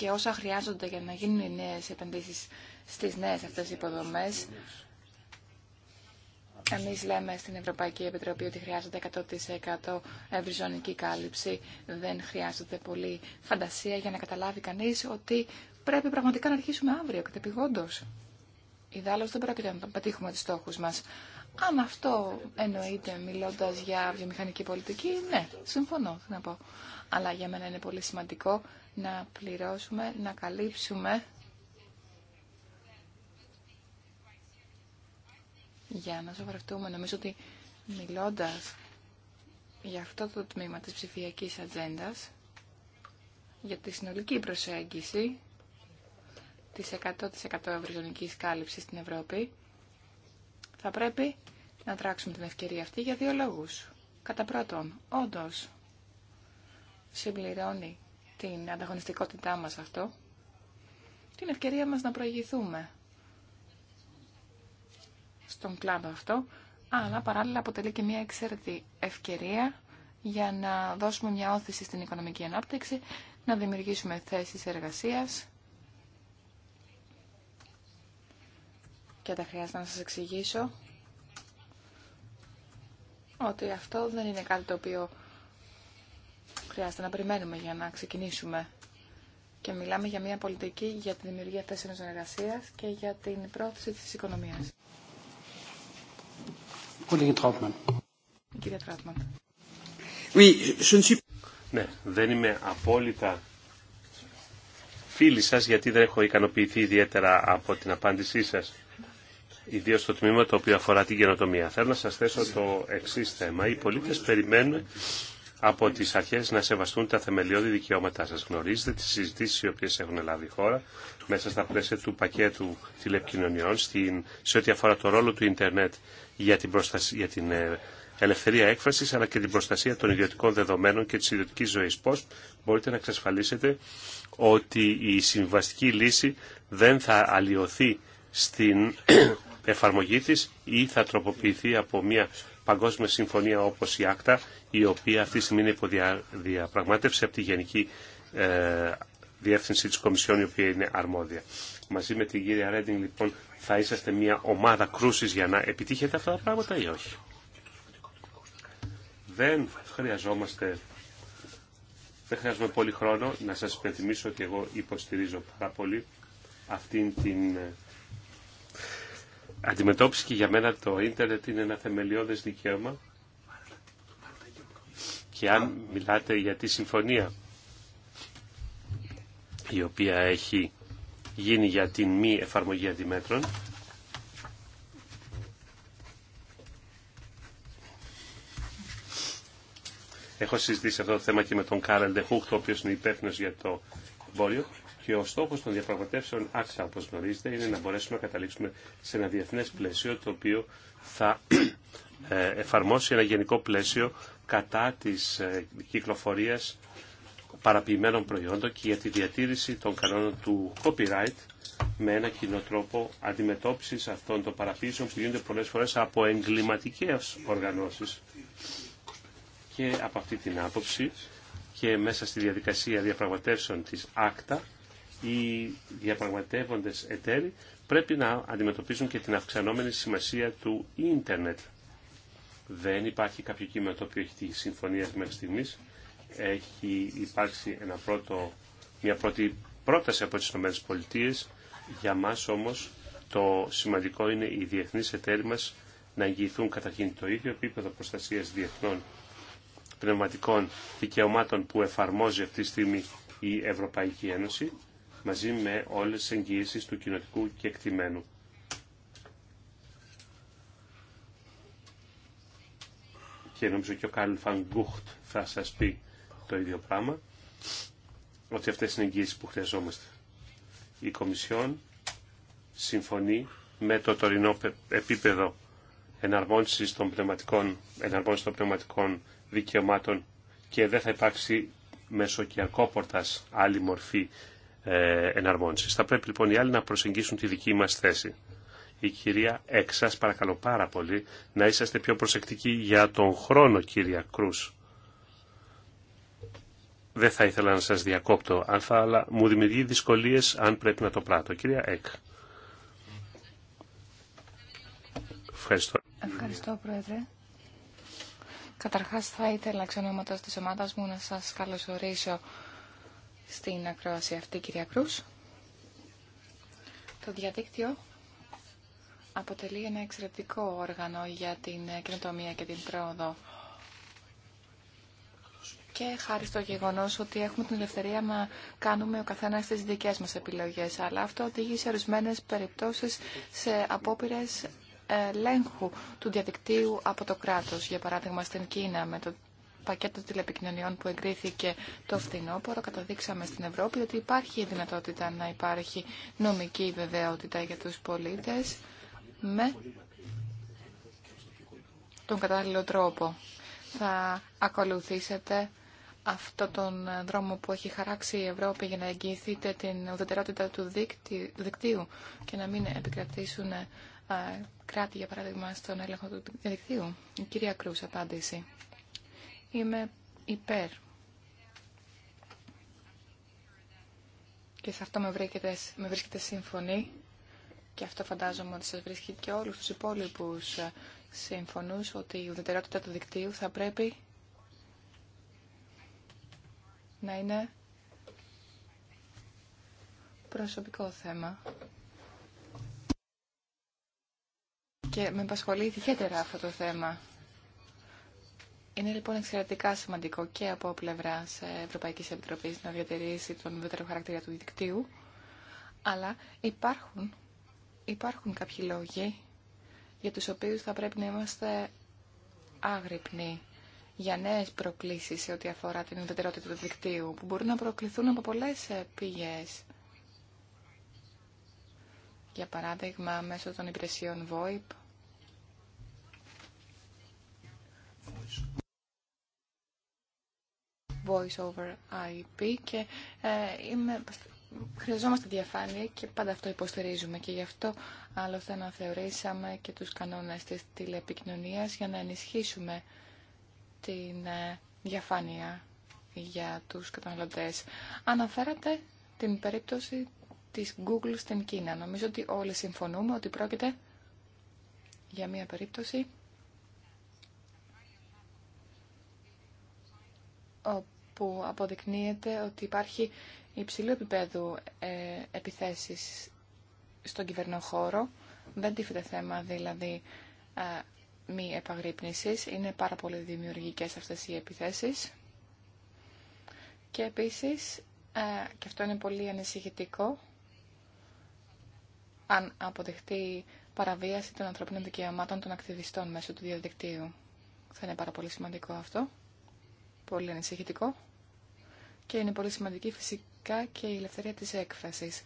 και όσα χρειάζονται για να γίνουν οι νέες επενδύσεις στις νέες αυτές οι υποδομές. Εμείς λέμε στην Ευρωπαϊκή Επιτροπή ότι χρειάζεται 100% ευρυζωνική κάλυψη. Δεν χρειάζεται πολύ φαντασία για να καταλάβει κανείς ότι πρέπει πραγματικά να αρχίσουμε αύριο, κατεπηγόντως. Ιδάλλως δεν πρόκειται να πετύχουμε τους στόχους μας. Αν αυτό εννοείται μιλώντας για βιομηχανική πολιτική, ναι, συμφωνώ, να πω. Αλλά για μένα είναι πολύ σημαντικό να πληρώσουμε, να καλύψουμε για να σοβαρευτούμε. Νομίζω ότι μιλώντας για αυτό το τμήμα της ψηφιακής ατζέντα, για τη συνολική προσέγγιση της 100% ευρυζωνικής κάλυψης στην Ευρώπη, θα πρέπει να τράξουμε την ευκαιρία αυτή για δύο λόγους. Κατά πρώτον, όντως συμπληρώνει την ανταγωνιστικότητά μας αυτό, την ευκαιρία μας να προηγηθούμε στον κλάδο αυτό, αλλά παράλληλα αποτελεί και μια εξαιρετική ευκαιρία για να δώσουμε μια όθηση στην οικονομική ανάπτυξη, να δημιουργήσουμε θέσεις εργασίας και τα χρειάζεται να σας εξηγήσω ότι αυτό δεν είναι κάτι το οποίο Χρειάζεται να περιμένουμε για να ξεκινήσουμε. Και μιλάμε για μια πολιτική για τη δημιουργία θέσεων εργασία και για την πρόθεση της οικονομίας. Κύριε suis... Ναι, δεν είμαι απόλυτα φίλη σα, γιατί δεν έχω ικανοποιηθεί ιδιαίτερα από την απάντησή σας. Ιδίω στο τμήμα το οποίο αφορά την καινοτομία. Θέλω να σα θέσω το εξή θέμα. Οι πολίτε περιμένουν από τις αρχέ να σεβαστούν τα θεμελιώδη δικαιώματά σας. Γνωρίζετε τις συζητήσεις οι οποίες έχουν λάβει η χώρα μέσα στα πλαίσια του πακέτου τηλεπικοινωνιών στην, σε ό,τι αφορά το ρόλο του ίντερνετ για την, προστασία, για την ε, ελευθερία έκφρασης αλλά και την προστασία των ιδιωτικών δεδομένων και της ιδιωτικής ζωή Πώ μπορείτε να εξασφαλίσετε ότι η συμβαστική λύση δεν θα αλλοιωθεί στην εφαρμογή της ή θα τροποποιηθεί από μια παγκόσμια συμφωνία όπως η Άκτα, η οποία αυτή τη στιγμή είναι υποδιαπραγμάτευση από τη Γενική ε, Διεύθυνση της Κομισιόν, η οποία είναι αρμόδια. Μαζί με την κυρία Ρέντινγκ, λοιπόν, θα είσαστε μια ομάδα κρούσης για να επιτύχετε αυτά τα πράγματα ή όχι. Δεν χρειαζόμαστε... Δεν χρειάζομαι πολύ χρόνο να σας υπενθυμίσω ότι εγώ υποστηρίζω πάρα πολύ αυτήν την ε, αντιμετώπιση και για μένα το ίντερνετ είναι ένα θεμελιώδες δικαίωμα και αν μιλάτε για τη συμφωνία η οποία έχει γίνει για την μη εφαρμογή αντιμέτρων Έχω συζητήσει αυτό το θέμα και με τον Κάρελ Ντεχούχτ, ο οποίο είναι υπεύθυνο για το εμπόριο. Και ο στόχο των διαπραγματεύσεων άξα, όπω γνωρίζετε, είναι να μπορέσουμε να καταλήξουμε σε ένα διεθνέ πλαίσιο το οποίο θα ε, εφαρμόσει ένα γενικό πλαίσιο κατά τη ε, κυκλοφορία παραποιημένων προϊόντων και για τη διατήρηση των κανόνων του copyright με ένα κοινό τρόπο αντιμετώπιση αυτών των παραποίησεων που γίνονται πολλέ φορέ από εγκληματικέ οργανώσει Και από αυτή την άποψη και μέσα στη διαδικασία διαπραγματεύσεων της ΑΚΤΑ οι διαπραγματεύοντες εταίροι πρέπει να αντιμετωπίζουν και την αυξανόμενη σημασία του ίντερνετ. Δεν υπάρχει κάποιο κείμενο το οποίο έχει τη συμφωνία μέχρι στιγμή. Έχει υπάρξει ένα πρώτο, μια πρώτη πρόταση από τις ΗΠΑ. Για μας όμως το σημαντικό είναι οι διεθνείς εταίροι μας να εγγυηθούν καταρχήν το ίδιο επίπεδο προστασίας διεθνών πνευματικών δικαιωμάτων που εφαρμόζει αυτή τη στιγμή η Ευρωπαϊκή Ένωση μαζί με όλες τις εγγυήσεις του κοινοτικού κεκτημένου. Και νομίζω και ο Κάρλ Φανγκούχτ θα σας πει το ίδιο πράγμα, ότι αυτές είναι εγγυήσεις που χρειαζόμαστε. Η Κομισιόν συμφωνεί με το τωρινό επίπεδο εναρμόνισης των πνευματικών, εναρμόνισης των πνευματικών δικαιωμάτων και δεν θα υπάρξει μεσοκιακόπορτας άλλη μορφή ε, εναρμόνισης. Θα πρέπει λοιπόν οι άλλοι να προσεγγίσουν τη δική μας θέση. Η κυρία Έξα, παρακαλώ πάρα πολύ να είσαστε πιο προσεκτικοί για τον χρόνο, κυρία Κρούς. Δεν θα ήθελα να σας διακόπτω, αλλά μου δημιουργεί δυσκολίες αν πρέπει να το πράττω. Κυρία Εκ. Ευχαριστώ. Ευχαριστώ, Πρόεδρε. Καταρχάς θα ήθελα εξ της ομάδας μου να σας καλωσορίσω στην ακρόαση αυτή, κυρία Κρούς. Το διαδίκτυο αποτελεί ένα εξαιρετικό όργανο για την κοινοτομία και την πρόοδο. Και χάρη στο γεγονό ότι έχουμε την ελευθερία να κάνουμε ο καθένα τι δικέ μα επιλογέ. Αλλά αυτό οδηγεί σε ορισμένε περιπτώσει σε απόπειρε ελέγχου του διαδικτύου από το κράτο. Για παράδειγμα, στην Κίνα με το πακέτο τηλεπικοινωνιών που εγκρίθηκε το φθινόπωρο καταδείξαμε στην Ευρώπη ότι υπάρχει η δυνατότητα να υπάρχει νομική βεβαιότητα για τους πολίτες με τον κατάλληλο τρόπο. Θα ακολουθήσετε αυτό τον δρόμο που έχει χαράξει η Ευρώπη για να εγγυηθείτε την ουδετερότητα του δικτύου και να μην επικρατήσουν ε, κράτη, για παράδειγμα, στον έλεγχο του δικτύου. Η κυρία Κρούς, απάντηση είμαι υπέρ. Και σε αυτό με βρίσκεται, σύμφωνη και αυτό φαντάζομαι ότι σας βρίσκει και όλους τους υπόλοιπους ε, σύμφωνους ότι η ουδετερότητα του δικτύου θα πρέπει να είναι προσωπικό θέμα. Και με επασχολεί ιδιαίτερα αυτό το θέμα. Είναι λοιπόν εξαιρετικά σημαντικό και από πλευρά Ευρωπαϊκή Επιτροπή να διατηρήσει τον ουδέτερο χαρακτήρα του δικτύου, αλλά υπάρχουν, υπάρχουν κάποιοι λόγοι για τους οποίους θα πρέπει να είμαστε άγρυπνοι για νέες προκλήσεις σε ό,τι αφορά την ουδετερότητα του δικτύου, που μπορούν να προκληθούν από πολλές πηγές. Για παράδειγμα, μέσω των υπηρεσιών VoIP, voice over IP και ε, χρειαζόμαστε διαφάνεια και πάντα αυτό υποστηρίζουμε και γι' αυτό άλλωστε αναθεωρήσαμε και τους κανόνες της τηλεπικοινωνίας για να ενισχύσουμε την ε, διαφάνεια για τους καταναλωτές. Αναφέρατε την περίπτωση της Google στην Κίνα. Νομίζω ότι όλοι συμφωνούμε ότι πρόκειται για μια περίπτωση που αποδεικνύεται ότι υπάρχει υψηλό επίπεδου ε, επιθέσεις στον χώρο. Δεν τίθεται θέμα δηλαδή μη επαγρύπνησης. Είναι πάρα πολύ δημιουργικές αυτές οι επιθέσεις. Και επίσης, και αυτό είναι πολύ ανησυχητικό, αν αποδεχτεί παραβίαση των ανθρωπίνων δικαιωμάτων των ακτιβιστών μέσω του διαδικτύου. Θα είναι πάρα πολύ σημαντικό αυτό. Πολύ ανησυχητικό και είναι πολύ σημαντική φυσικά και η ελευθερία της έκφρασης.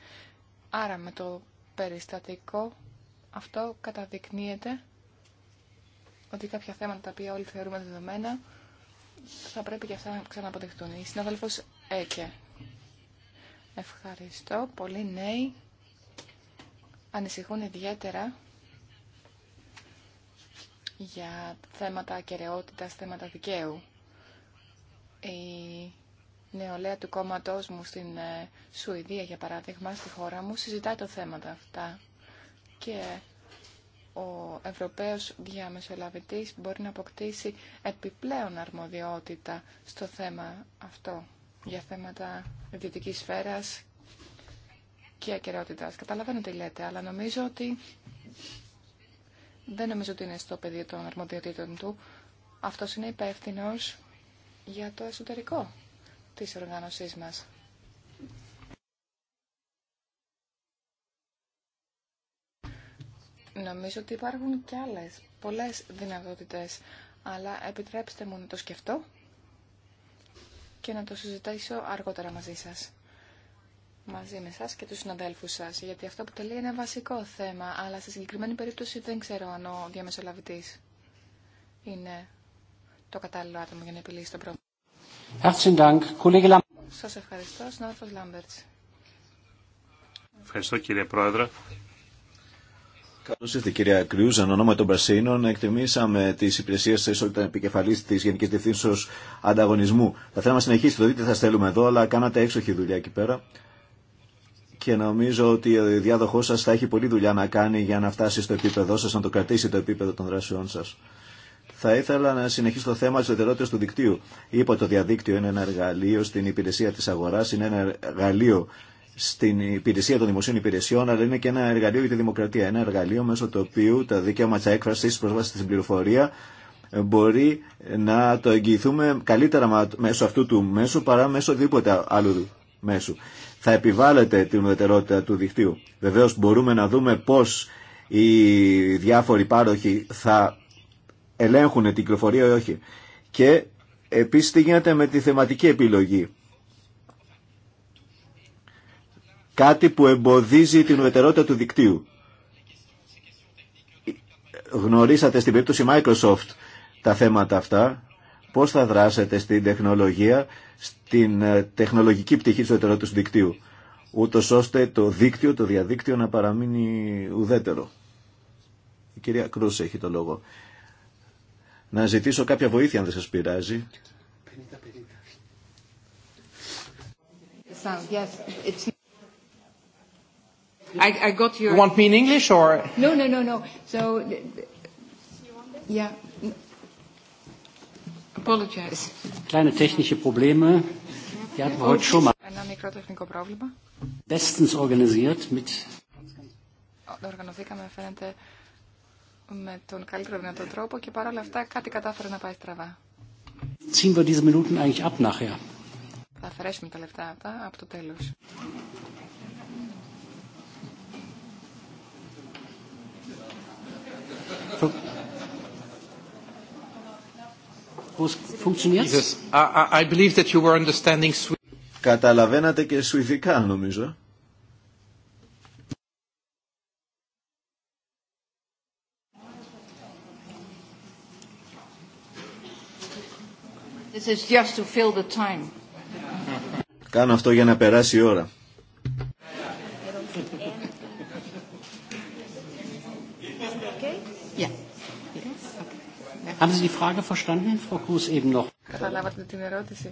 Άρα με το περιστατικό αυτό καταδεικνύεται ότι κάποια θέματα τα οποία όλοι θεωρούμε δεδομένα θα πρέπει και αυτά να ξαναποδεχτούν. Η συνάδελφος Έκε. Ευχαριστώ. Πολλοί νέοι ανησυχούν ιδιαίτερα για θέματα ακεραιότητας, θέματα δικαίου νεολαία του κόμματό μου στην ε, Σουηδία, για παράδειγμα, στη χώρα μου, συζητάει το θέμα αυτά. Και ο Ευρωπαίος διαμεσολαβητής μπορεί να αποκτήσει επιπλέον αρμοδιότητα στο θέμα αυτό, για θέματα ιδιωτικής σφαίρας και ακεραιότητας. Καταλαβαίνω τι λέτε, αλλά νομίζω ότι δεν νομίζω ότι είναι στο πεδίο των αρμοδιοτήτων του. Αυτός είναι υπεύθυνο για το εσωτερικό της οργάνωσή μας. Νομίζω ότι υπάρχουν κι άλλες, πολλές δυνατότητες, αλλά επιτρέψτε μου να το σκεφτώ και να το συζητήσω αργότερα μαζί σας. Μαζί με εσά και τους συναδέλφους σας, γιατί αυτό αποτελεί ένα βασικό θέμα, αλλά σε συγκεκριμένη περίπτωση δεν ξέρω αν ο διαμεσολαβητής είναι το κατάλληλο άτομο για να επιλύσει το πρόβλημα. Σα ευχαριστώ, Ευχαριστώ κύριε Πρόεδρε. Καλώ ήρθατε κυρία Κρυούζαν, ονόμα των Πρασίνων. Εκτιμήσαμε τι υπηρεσίε σα, όταν ήταν επικεφαλή τη Γενική Διευθύνσεω Ανταγωνισμού. Θα θέλαμε να συνεχίσετε, το δείτε, θα στέλνουμε εδώ, αλλά κάνατε έξοχη δουλειά εκεί πέρα. Και νομίζω ότι ο διάδοχό σα θα έχει πολλή δουλειά να κάνει για να φτάσει στο επίπεδό σα, να το κρατήσει το επίπεδο των δράσεών σα. Θα ήθελα να συνεχίσω το θέμα τη ουδετερότητα του δικτύου. Είπα το διαδίκτυο είναι ένα εργαλείο στην υπηρεσία τη αγορά, είναι ένα εργαλείο στην υπηρεσία των δημοσίων υπηρεσιών, αλλά είναι και ένα εργαλείο για τη δημοκρατία. Ένα εργαλείο μέσω του οποίου τα δικαίωμα τη έκφραση, πρόσβαση στην πληροφορία μπορεί να το εγγυηθούμε καλύτερα μέσω αυτού του μέσου παρά μέσω οδήποτε άλλου μέσου. Θα επιβάλλεται την ουδετερότητα του δικτύου. Βεβαίω μπορούμε να δούμε πώ οι διάφοροι πάροχοι θα ελέγχουν την κυκλοφορία ή όχι. Και επίσης τι γίνεται με τη θεματική επιλογή. Κάτι που εμποδίζει την ουδετερότητα του δικτύου. Γνωρίσατε στην περίπτωση Microsoft τα θέματα αυτά. Πώς θα δράσετε στην τεχνολογία, στην ε, τεχνολογική πτυχή της ουδετερότητας του δικτύου ούτω ώστε το δίκτυο, το διαδίκτυο να παραμείνει ουδέτερο. Η κυρία Κρούσε έχει το λόγο να ζητήσω κάποια βοήθεια αν δεν σας πειράζει. I, I got your... You want me in English or? No, no, no, no. So, yeah. Apologize. Kleine technische Probleme. Die hatten wir heute schon mal. Ein μικρό Problem. Bestens organisiert mit. Organisiert mit με τον καλύτερο δυνατό τρόπο και παρόλα αυτά κάτι κατάφερε να πάει στραβά. Θα αφαιρέσουμε τα λεφτά αυτά από το τέλος. Καταλαβαίνατε και σουηδικά νομίζω. This is just to fill the time. Κάνω αυτό για να περάσει η ώρα. Haben Sie die Frage verstanden, Frau Kruse, eben noch? Καταλάβατε την ερώτηση.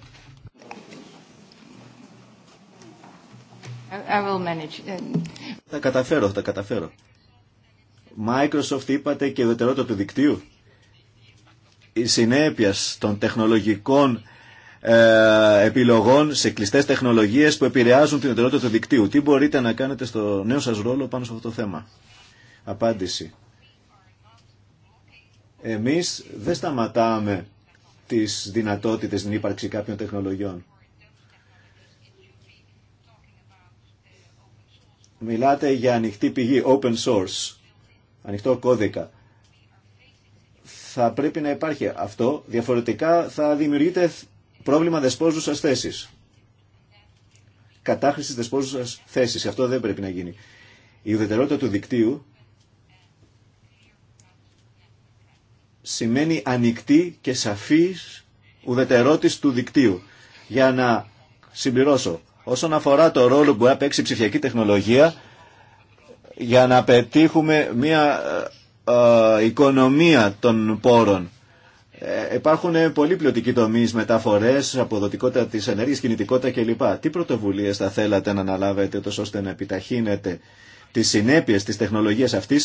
I will manage. Θα καταφέρω, θα καταφέρω. Microsoft είπατε και ιδιαιτερότητα του δικτύου η συνέπεια των τεχνολογικών ε, επιλογών σε κλειστέ τεχνολογίε που επηρεάζουν την ιδιωτικότητα του δικτύου. Τι μπορείτε να κάνετε στο νέο σα ρόλο πάνω σε αυτό το θέμα. Απάντηση. Εμείς δεν σταματάμε τις δυνατότητες στην ύπαρξη κάποιων τεχνολογιών. Μιλάτε για ανοιχτή πηγή, open source, ανοιχτό κώδικα θα πρέπει να υπάρχει αυτό, διαφορετικά θα δημιουργείται πρόβλημα δεσπόζουσας θέσης. Κατάχρηση δεσπόζουσας θέσης, αυτό δεν πρέπει να γίνει. Η ουδετερότητα του δικτύου σημαίνει ανοιχτή και σαφής ουδετερότητα του δικτύου. Για να συμπληρώσω, όσον αφορά το ρόλο που έπαιξε η ψηφιακή τεχνολογία, για να πετύχουμε μια ε, οικονομία των πόρων. Ε, υπάρχουν πολλοί πλειοτικοί τομεί, μεταφορέ, αποδοτικότητα τη ενέργεια, κινητικότητα κλπ. Τι πρωτοβουλίε θα θέλατε να αναλάβετε τόσο ώστε να επιταχύνετε τι συνέπειε τη τεχνολογία αυτή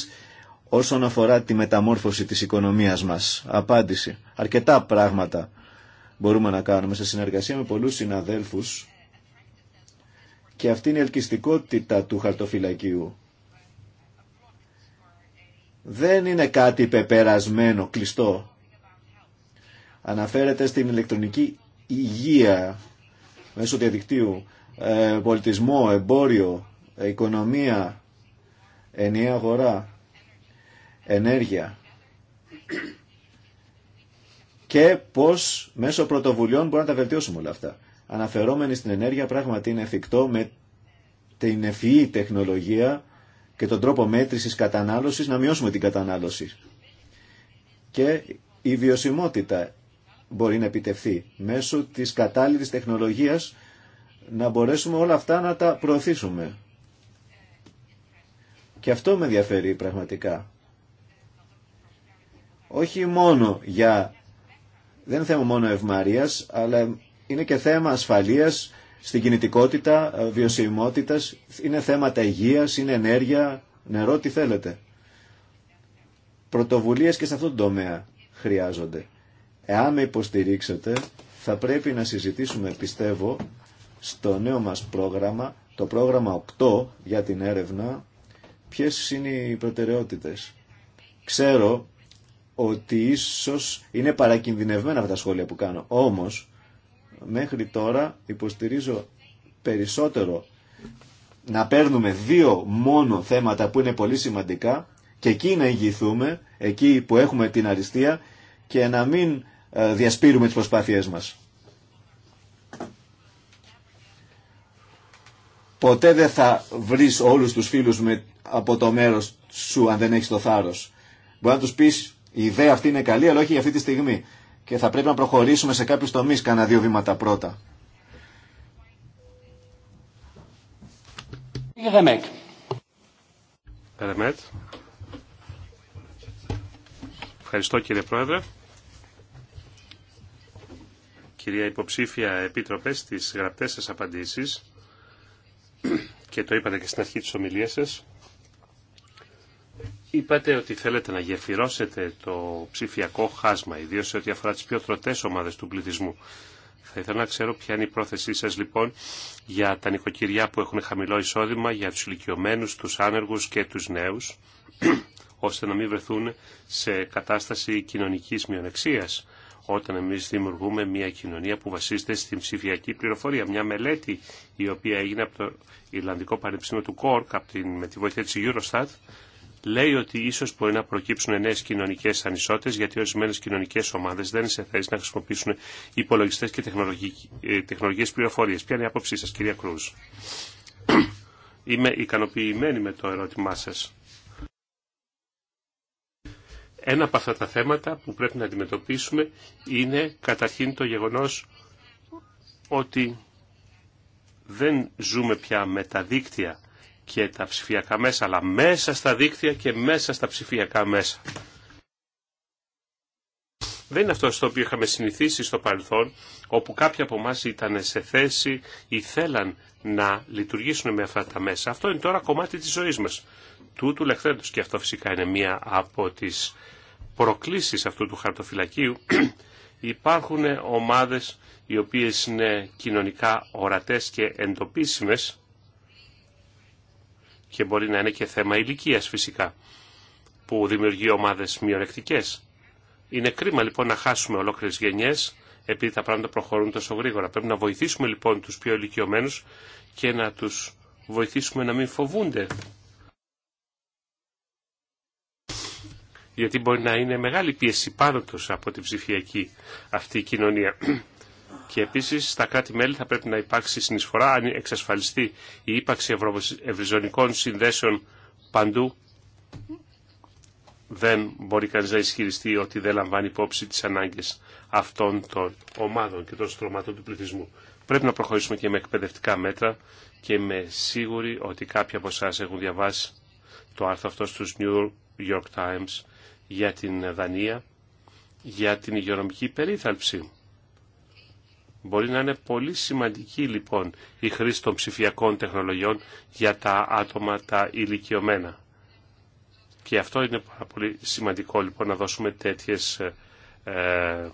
όσον αφορά τη μεταμόρφωση της οικονομίας μας. Απάντηση. Αρκετά πράγματα μπορούμε να κάνουμε σε συνεργασία με πολλού συναδέλφου. και αυτή είναι η ελκυστικότητα του χαρτοφυλακίου δεν είναι κάτι πεπερασμένο, κλειστό. Αναφέρεται στην ηλεκτρονική υγεία μέσω διαδικτύου, ε, πολιτισμό, εμπόριο, οικονομία, ενιαία αγορά, ενέργεια και πώς μέσω πρωτοβουλειών μπορούμε να τα βελτιώσουμε όλα αυτά. Αναφερόμενοι στην ενέργεια πράγματι είναι εφικτό με την ευφυή τεχνολογία και τον τρόπο μέτρησης κατανάλωσης να μειώσουμε την κατανάλωση. Και η βιωσιμότητα μπορεί να επιτευχθεί μέσω της κατάλληλης τεχνολογίας να μπορέσουμε όλα αυτά να τα προωθήσουμε. Και αυτό με ενδιαφέρει πραγματικά. Όχι μόνο για... Δεν είναι θέμα μόνο ευμαρίας, αλλά είναι και θέμα ασφαλείας στην κινητικότητα, ε, βιωσιμότητα, είναι θέματα υγείας, είναι ενέργεια, νερό, τι θέλετε. Πρωτοβουλίε και σε αυτόν τον τομέα χρειάζονται. Εάν με υποστηρίξετε, θα πρέπει να συζητήσουμε, πιστεύω, στο νέο μας πρόγραμμα, το πρόγραμμα 8 για την έρευνα, ποιες είναι οι προτεραιότητες. Ξέρω ότι ίσως είναι παρακινδυνευμένα αυτά τα σχόλια που κάνω, όμως Μέχρι τώρα υποστηρίζω περισσότερο να παίρνουμε δύο μόνο θέματα που είναι πολύ σημαντικά και εκεί να ηγηθούμε, εκεί που έχουμε την αριστεία και να μην ε, διασπείρουμε τις προσπάθειές μας. Ποτέ δεν θα βρεις όλους τους φίλους με, από το μέρος σου αν δεν έχεις το θάρρος. Μπορεί να τους πεις η ιδέα αυτή είναι καλή αλλά όχι για αυτή τη στιγμή και θα πρέπει να προχωρήσουμε σε κάποιους τομείς κάνα δύο βήματα πρώτα. Ευχαριστώ κύριε Πρόεδρε. Κυρία Υποψήφια Επίτροπες, στις γραπτές σας απαντήσεις και το είπατε και στην αρχή της ομιλίας σας, Είπατε ότι θέλετε να γεφυρώσετε το ψηφιακό χάσμα, ιδίω σε ό,τι αφορά τι πιο τροτέ ομάδε του πληθυσμού. Θα ήθελα να ξέρω ποια είναι η πρόθεσή σα λοιπόν για τα νοικοκυριά που έχουν χαμηλό εισόδημα, για του ηλικιωμένου, του άνεργου και του νέου, ώστε να μην βρεθούν σε κατάσταση κοινωνική μειονεξία όταν εμείς δημιουργούμε μια κοινωνία που βασίζεται στην ψηφιακή πληροφορία. Μια μελέτη η οποία έγινε από το Ιρλανδικό Πανεπιστήμιο του Κόρκ με τη βοήθεια τη Eurostat λέει ότι ίσως μπορεί να προκύψουν νέε κοινωνικέ ανισότητες γιατί ορισμένε κοινωνικές ομάδες δεν είναι σε θέση να χρησιμοποιήσουν υπολογιστές και ε, τεχνολογίες πληροφορίες. Ποια είναι η άποψή σας κυρία Κρούζ. Είμαι ικανοποιημένη με το ερώτημά σας. Ένα από αυτά τα θέματα που πρέπει να αντιμετωπίσουμε είναι καταρχήν το γεγονός ότι δεν ζούμε πια με τα δίκτυα και τα ψηφιακά μέσα, αλλά μέσα στα δίκτυα και μέσα στα ψηφιακά μέσα. Δεν είναι αυτό στο οποίο είχαμε συνηθίσει στο παρελθόν, όπου κάποιοι από εμά ήταν σε θέση ή θέλαν να λειτουργήσουν με αυτά τα μέσα. Αυτό είναι τώρα κομμάτι της ζωής μας, τούτου λεχθέντος. Και αυτό φυσικά είναι μία από τις προκλήσεις αυτού του χαρτοφυλακίου. Υπάρχουν ομάδες οι οποίες είναι κοινωνικά ορατές και εντοπίσιμες και μπορεί να είναι και θέμα ηλικίας φυσικά που δημιουργεί ομάδες μειονεκτικές. Είναι κρίμα λοιπόν να χάσουμε ολόκληρες γενιές επειδή τα πράγματα προχωρούν τόσο γρήγορα. Πρέπει να βοηθήσουμε λοιπόν τους πιο ηλικιωμένου και να τους βοηθήσουμε να μην φοβούνται. Γιατί μπορεί να είναι μεγάλη πίεση πάνω τους από την ψηφιακή αυτή κοινωνία. Και επίσης στα κράτη-μέλη θα πρέπει να υπάρξει συνεισφορά αν εξασφαλιστεί η ύπαρξη ευρυζωνικών συνδέσεων παντού. Δεν μπορεί κανείς να ισχυριστεί ότι δεν λαμβάνει υπόψη τις ανάγκες αυτών των ομάδων και των στρωμάτων του πληθυσμού. Πρέπει να προχωρήσουμε και με εκπαιδευτικά μέτρα και είμαι σίγουροι ότι κάποιοι από εσά έχουν διαβάσει το άρθρο αυτό στους New York Times για την Δανία, για την υγειονομική περίθαλψη. Μπορεί να είναι πολύ σημαντική λοιπόν η χρήση των ψηφιακών τεχνολογιών για τα άτομα τα ηλικιωμένα. Και αυτό είναι πάρα πολύ σημαντικό λοιπόν να δώσουμε τέτοιες ε,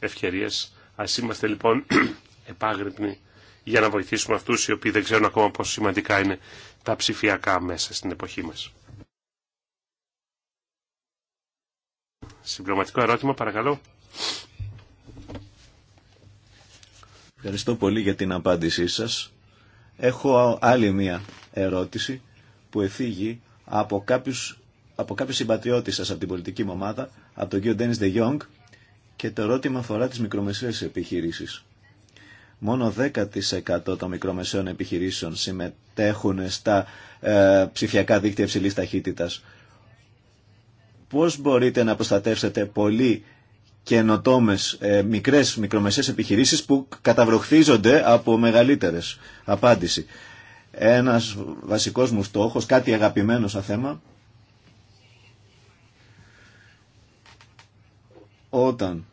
ευκαιρίες. Ας είμαστε λοιπόν επάγρυπνοι για να βοηθήσουμε αυτούς οι οποίοι δεν ξέρουν ακόμα πόσο σημαντικά είναι τα ψηφιακά μέσα στην εποχή μας. Συμπληρωματικό ερώτημα παρακαλώ. Ευχαριστώ πολύ για την απάντησή σας. Έχω άλλη μία ερώτηση που εφήγει από κάποιους από κάποιους συμπατριώτες σας από την πολιτική μου ομάδα, από τον κύριο Ντένις Δε και το ερώτημα αφορά τις μικρομεσαίες επιχειρήσεις. Μόνο 10% των μικρομεσαίων επιχειρήσεων συμμετέχουν στα ε, ψηφιακά δίκτυα υψηλής ταχύτητας. Πώς μπορείτε να προστατεύσετε πολύ καινοτόμε ε, μικρέ, μικρομεσαίε επιχειρήσει που καταβροχθίζονται από μεγαλύτερε. Απάντηση. Ένα βασικό μου στόχο, κάτι αγαπημένο σαν θέμα. Όταν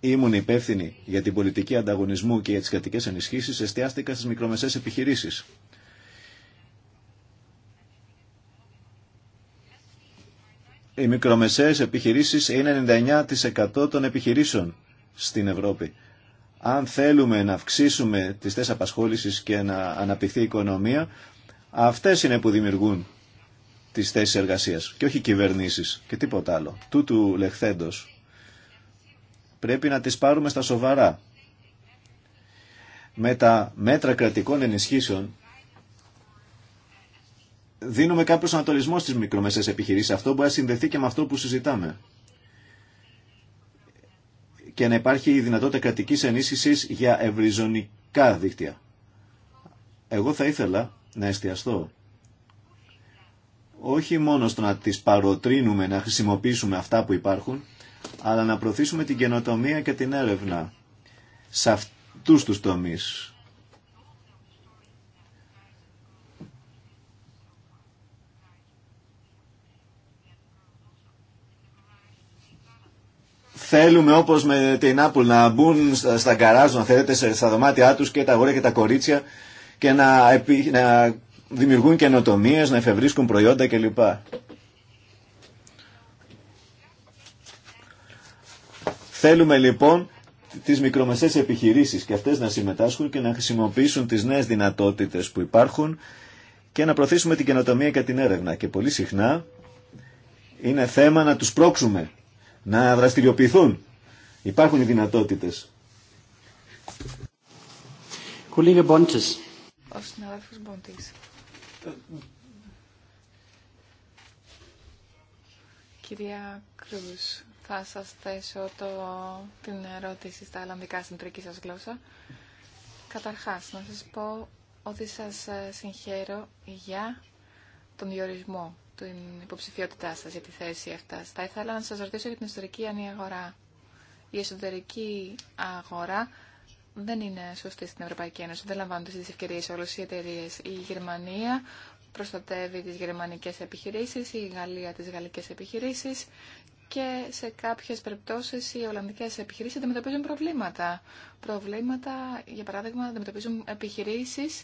ήμουν υπεύθυνη για την πολιτική ανταγωνισμού και για τι κρατικέ ενισχύσει εστιάστηκα στις μικρομεσαίες επιχειρήσεις. οι μικρομεσαίες επιχειρήσεις είναι 99% των επιχειρήσεων στην Ευρώπη. Αν θέλουμε να αυξήσουμε τις θέσεις απασχόλησης και να αναπτυχθεί η οικονομία, αυτές είναι που δημιουργούν τις θέσεις εργασίας και όχι κυβερνήσεις και τίποτα άλλο. Τούτου λεχθέντος. Πρέπει να τις πάρουμε στα σοβαρά. Με τα μέτρα κρατικών ενισχύσεων δίνουμε κάποιο ανατολισμό στις μικρομεσαίες επιχειρήσεις. Αυτό μπορεί να συνδεθεί και με αυτό που συζητάμε. Και να υπάρχει η δυνατότητα κρατική ενίσχυσης για ευρυζωνικά δίκτυα. Εγώ θα ήθελα να εστιαστώ όχι μόνο στο να τις παροτρύνουμε να χρησιμοποιήσουμε αυτά που υπάρχουν, αλλά να προωθήσουμε την καινοτομία και την έρευνα σε αυτούς τους τομείς Θέλουμε όπως με την Apple να μπουν στα γκαράζ, να θέλετε, στα δωμάτια του και τα αγόρια και τα κορίτσια και να, επι... να δημιουργούν καινοτομίε, να εφευρίσκουν προϊόντα κλπ. Θέλουμε λοιπόν τις μικρομεσαίες επιχειρήσεις και αυτές να συμμετάσχουν και να χρησιμοποιήσουν τις νέες δυνατότητες που υπάρχουν και να προωθήσουμε την καινοτομία και την έρευνα. Και πολύ συχνά είναι θέμα να τους πρόξουμε να δραστηριοποιηθούν. Υπάρχουν οι δυνατότητες. Ο Κυρία Κρούς, θα σας θέσω το, την ερώτηση στα ελλανδικά στην τρική σας γλώσσα. Καταρχάς, να σας πω ότι σας ε, συγχαίρω για τον διορισμό την υποψηφιότητά σας για τη θέση αυτά. Θα ήθελα να σας ρωτήσω για την εσωτερική αγορά. Η εσωτερική αγορά δεν είναι σωστή στην Ευρωπαϊκή Ένωση. Δεν λαμβάνονται τις ευκαιρίες όλες οι εταιρείε. Η Γερμανία προστατεύει τις γερμανικές επιχειρήσεις, η Γαλλία τις γαλλικές επιχειρήσεις και σε κάποιες περιπτώσεις οι Ολλανδικές επιχειρήσεις αντιμετωπίζουν προβλήματα. Προβλήματα, για παράδειγμα, αντιμετωπίζουν επιχειρήσεις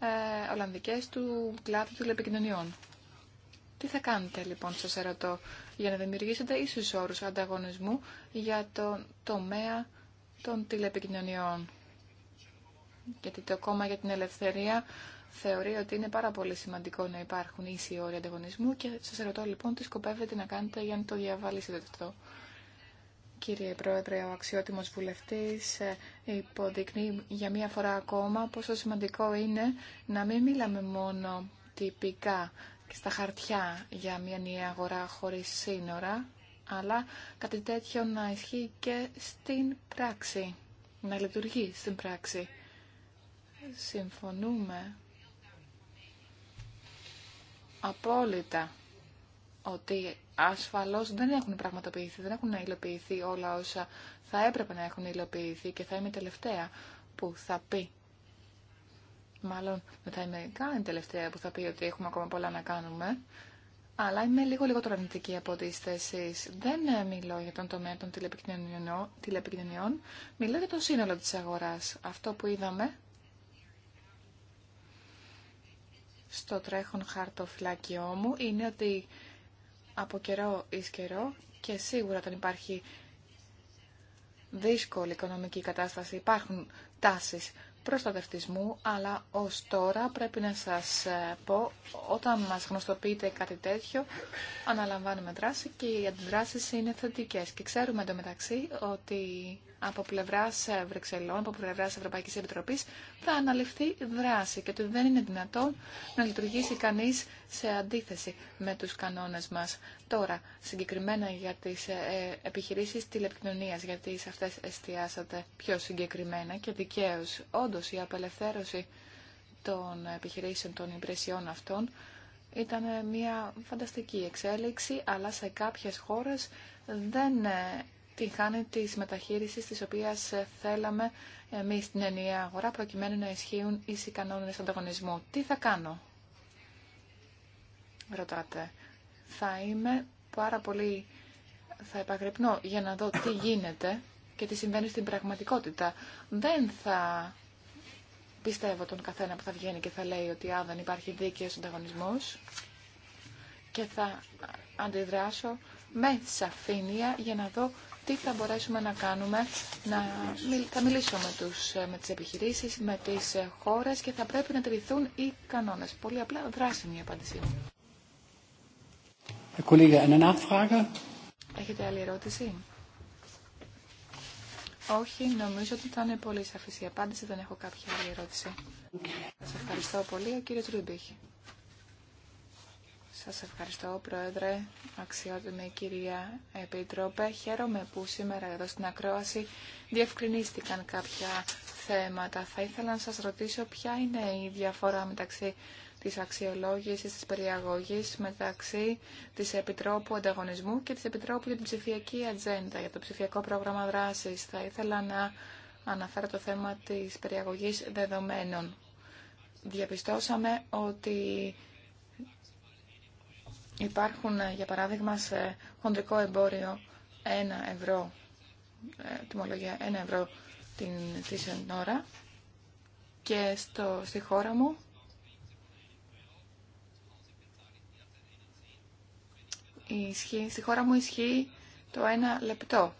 ε, Ολλανδικές του κλάδου τηλεπικοινωνιών. Τι θα κάνετε λοιπόν, σας ερωτώ, για να δημιουργήσετε ίσους όρους ανταγωνισμού για το τομέα των τηλεπικοινωνιών. Γιατί το κόμμα για την ελευθερία θεωρεί ότι είναι πάρα πολύ σημαντικό να υπάρχουν ίσοι όροι ανταγωνισμού και σας ερωτώ λοιπόν τι σκοπεύετε να κάνετε για να το διαβαλήσετε αυτό. Κύριε Πρόεδρε, ο αξιότιμος βουλευτής ε, υποδεικνύει για μία φορά ακόμα πόσο σημαντικό είναι να μην μιλάμε μόνο τυπικά και στα χαρτιά για μια νέα αγορά χωρίς σύνορα, αλλά κάτι τέτοιο να ισχύει και στην πράξη, να λειτουργεί στην πράξη. Συμφωνούμε απόλυτα ότι ασφαλώς δεν έχουν πραγματοποιηθεί, δεν έχουν υλοποιηθεί όλα όσα θα έπρεπε να έχουν υλοποιηθεί και θα είμαι τελευταία που θα πει Μάλλον μετά είμαι καν η τελευταία που θα πει ότι έχουμε ακόμα πολλά να κάνουμε. Αλλά είμαι λίγο λιγότερο αρνητική από είστε εσεί. Δεν ε, μιλώ για τον τομέα των τηλεπικοινωνιών. Μιλώ για το σύνολο τη αγορά. Αυτό που είδαμε στο τρέχον χαρτοφυλάκιό μου είναι ότι από καιρό ει καιρό και σίγουρα όταν υπάρχει δύσκολη οικονομική κατάσταση υπάρχουν τάσεις προστατευτισμού, αλλά ως τώρα πρέπει να σας ε, πω, όταν μας γνωστοποιείτε κάτι τέτοιο, αναλαμβάνουμε δράση και οι αντιδράσεις είναι θετικές. Και ξέρουμε εντωμεταξύ ότι από πλευρά Βρυξελών, από πλευρά Ευρωπαϊκή Επιτροπή, θα αναλυφθεί δράση και ότι δεν είναι δυνατόν να λειτουργήσει κανεί σε αντίθεση με του κανόνε μα. Τώρα, συγκεκριμένα για τι ε, επιχειρήσει τηλεπικοινωνία, γιατί σε αυτέ εστιάσατε πιο συγκεκριμένα και δικαίω. Όντω, η απελευθέρωση των επιχειρήσεων των υπηρεσιών αυτών ήταν μια φανταστική εξέλιξη, αλλά σε κάποιες χώρες δεν ε, τη χάνει τη μεταχείριση τη οποία ε, θέλαμε εμεί στην ενιαία αγορά προκειμένου να ισχύουν ίσοι κανόνε ανταγωνισμού. Τι θα κάνω, ρωτάτε. Θα είμαι πάρα πολύ. Θα επαγρυπνώ για να δω τι γίνεται και τι συμβαίνει στην πραγματικότητα. Δεν θα πιστεύω τον καθένα που θα βγαίνει και θα λέει ότι α, υπάρχει δίκαιος ανταγωνισμός και θα αντιδράσω με σαφήνεια για να δω τι θα μπορέσουμε να κάνουμε. Να, θα μιλήσω με, τους, με τις επιχειρήσεις, με τις χώρες και θα πρέπει να τηρηθούν οι κανόνες. Πολύ απλά δράσιμη η απάντησή μου. Έχετε άλλη ερώτηση? Όχι, νομίζω ότι ήταν πολύ σαφή η απάντηση, δεν έχω κάποια άλλη ερώτηση. Σας ευχαριστώ πολύ, κύριε κύριος σας ευχαριστώ, Πρόεδρε, αξιότιμη κυρία Επίτροπε. Χαίρομαι που σήμερα εδώ στην Ακρόαση διευκρινίστηκαν κάποια θέματα. Θα ήθελα να σας ρωτήσω ποια είναι η διαφορά μεταξύ της αξιολόγησης, της περιαγωγής μεταξύ της Επιτρόπου Ανταγωνισμού και της Επιτρόπου για την ψηφιακή ατζέντα, για το ψηφιακό πρόγραμμα δράσης. Θα ήθελα να αναφέρω το θέμα της περιαγωγής δεδομένων. Διαπιστώσαμε ότι Υπάρχουν, ε, για παράδειγμα, σε χοντρικό εμπόριο 1 ευρώ, ε, τιμολογία 1 ευρώ την ώρα και στο, στη χώρα μου ισχύει, στη χώρα μου ισχύει το 1 λεπτό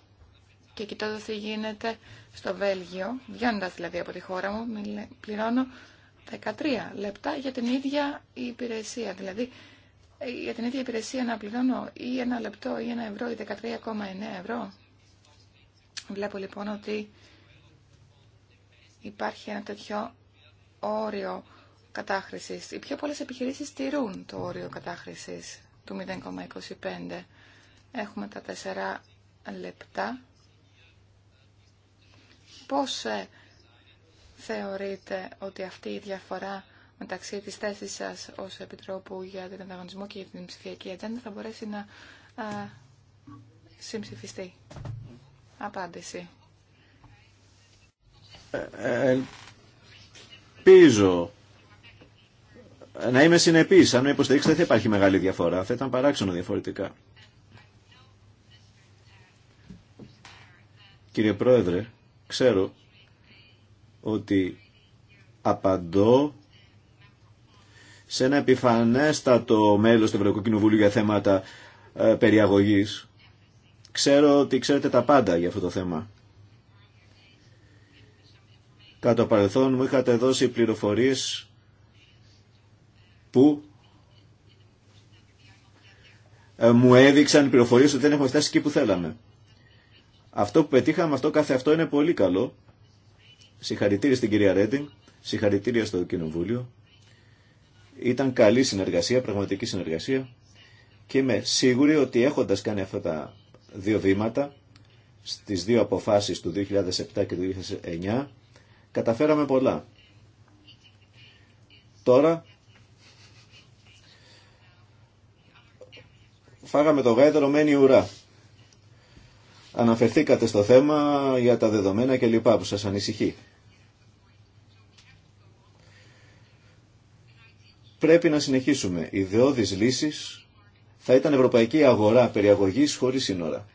και κοιτώντας τι γίνεται στο Βέλγιο, βγαίνοντας δηλαδή από τη χώρα μου, πληρώνω 13 λεπτά για την ίδια υπηρεσία. Δηλαδή για την ίδια υπηρεσία να πληρώνω ή ένα λεπτό ή ένα ευρώ ή 13,9 ευρώ. Βλέπω λοιπόν ότι υπάρχει ένα τέτοιο όριο κατάχρησης. Οι πιο πολλές επιχειρήσεις τηρούν το όριο κατάχρησης του 0,25. Έχουμε τα 4 λεπτά. Πώς ε, θεωρείτε ότι αυτή η διαφορά μεταξύ της θέσης σας ως Επιτρόπου για τον ανταγωνισμό και για την ψηφιακή ατζέντα θα μπορέσει να α, συμψηφιστεί. Απάντηση. Ε, ε, ελπίζω να είμαι συνεπής. Αν με υποστηρίξετε δεν θα υπάρχει μεγάλη διαφορά. Θα ήταν παράξενο διαφορετικά. Κύριε Πρόεδρε, ξέρω ότι απαντώ σε ένα επιφανέστατο μέλος του Ευρωπαϊκού Κοινοβουλίου για θέματα ε, περιαγωγής. Ξέρω ότι ξέρετε τα πάντα για αυτό το θέμα. Κατά παρελθόν μου είχατε δώσει πληροφορίες που ε, μου έδειξαν πληροφορίες ότι δεν έχουμε φτάσει εκεί που θέλαμε. Αυτό που πετύχαμε, αυτό κάθε αυτό είναι πολύ καλό. Συγχαρητήρια στην κυρία Ρέντινγκ, συγχαρητήρια στο Κοινοβούλιο. Ήταν καλή συνεργασία, πραγματική συνεργασία και είμαι σίγουρη ότι έχοντας κάνει αυτά τα δύο βήματα στις δύο αποφάσεις του 2007 και του 2009 καταφέραμε πολλά. Τώρα φάγαμε το γάιδρο μένει ουρά. Αναφερθήκατε στο θέμα για τα δεδομένα και λοιπά που σας ανησυχεί. Πρέπει να συνεχίσουμε. Ιδεώδεις λύσεις θα ήταν ευρωπαϊκή αγορά περιαγωγής χωρίς σύνορα.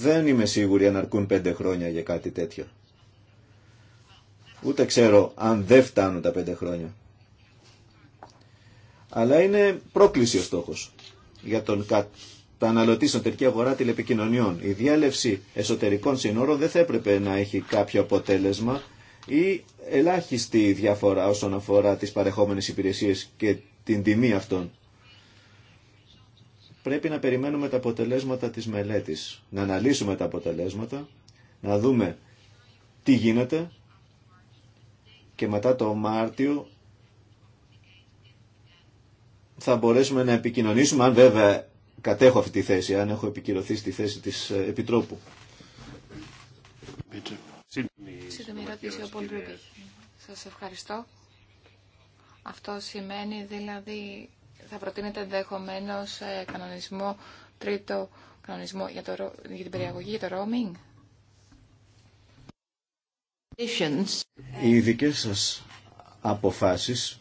Δεν είμαι σίγουρη αν αρκούν πέντε χρόνια για κάτι τέτοιο. Ούτε ξέρω αν δεν φτάνουν τα πέντε χρόνια. Αλλά είναι πρόκληση ο στόχος για τον καταναλωτή στην εταιρική αγορά τηλεπικοινωνιών. Η διέλευση εσωτερικών σύνορων δεν θα έπρεπε να έχει κάποιο αποτέλεσμα ή ελάχιστη διαφορά όσον αφορά τις παρεχόμενες υπηρεσίες και την τιμή αυτών. Πρέπει να περιμένουμε τα αποτελέσματα της μελέτης, να αναλύσουμε τα αποτελέσματα, να δούμε τι γίνεται και μετά το Μάρτιο θα μπορέσουμε να επικοινωνήσουμε, αν βέβαια κατέχω αυτή τη θέση, αν έχω επικυρωθεί στη θέση της ε, Επιτρόπου ερώτηση ο Σας ευχαριστώ. Αυτό σημαίνει δηλαδή θα προτείνετε ενδεχομένω ε, κανονισμό, τρίτο κανονισμό για, το, για την περιαγωγή, για το roaming. Οι ειδικέ σα αποφάσει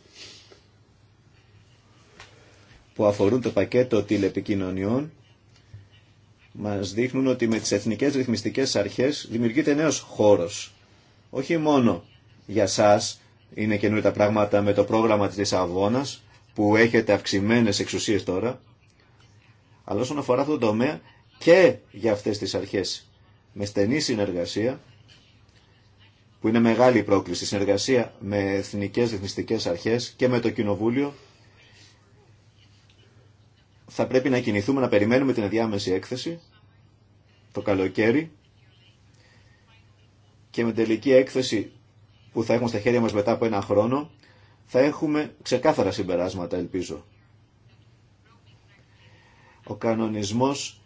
που αφορούν το πακέτο τηλεπικοινωνιών μας δείχνουν ότι με τις εθνικές ρυθμιστικές αρχές δημιουργείται νέος χώρος όχι μόνο για σας είναι καινούργια τα πράγματα με το πρόγραμμα της Λισαβόνα που έχετε αυξημένες εξουσίες τώρα, αλλά όσον αφορά αυτό το τομέα και για αυτές τις αρχές με στενή συνεργασία που είναι μεγάλη πρόκληση, συνεργασία με εθνικές ρυθμιστικές αρχές και με το Κοινοβούλιο θα πρέπει να κινηθούμε, να περιμένουμε την διάμεση έκθεση το καλοκαίρι και με τελική έκθεση που θα έχουμε στα χέρια μας μετά από ένα χρόνο, θα έχουμε ξεκάθαρα συμπεράσματα, ελπίζω. Ο κανονισμός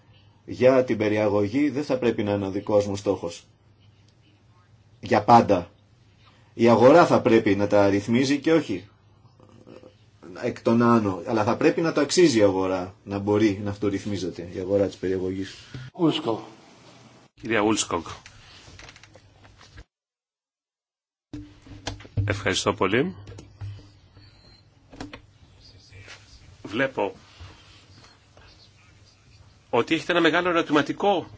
για την περιαγωγή δεν θα πρέπει να είναι ο δικός μου στόχος. Για πάντα. Η αγορά θα πρέπει να τα ρυθμίζει και όχι ε, εκ των άνω. Αλλά θα πρέπει να το αξίζει η αγορά, να μπορεί να αυτορυθμίζεται η αγορά της περιαγωγής. Κυρία Ευχαριστώ πολύ. Βλέπω ότι έχετε ένα μεγάλο ερωτηματικό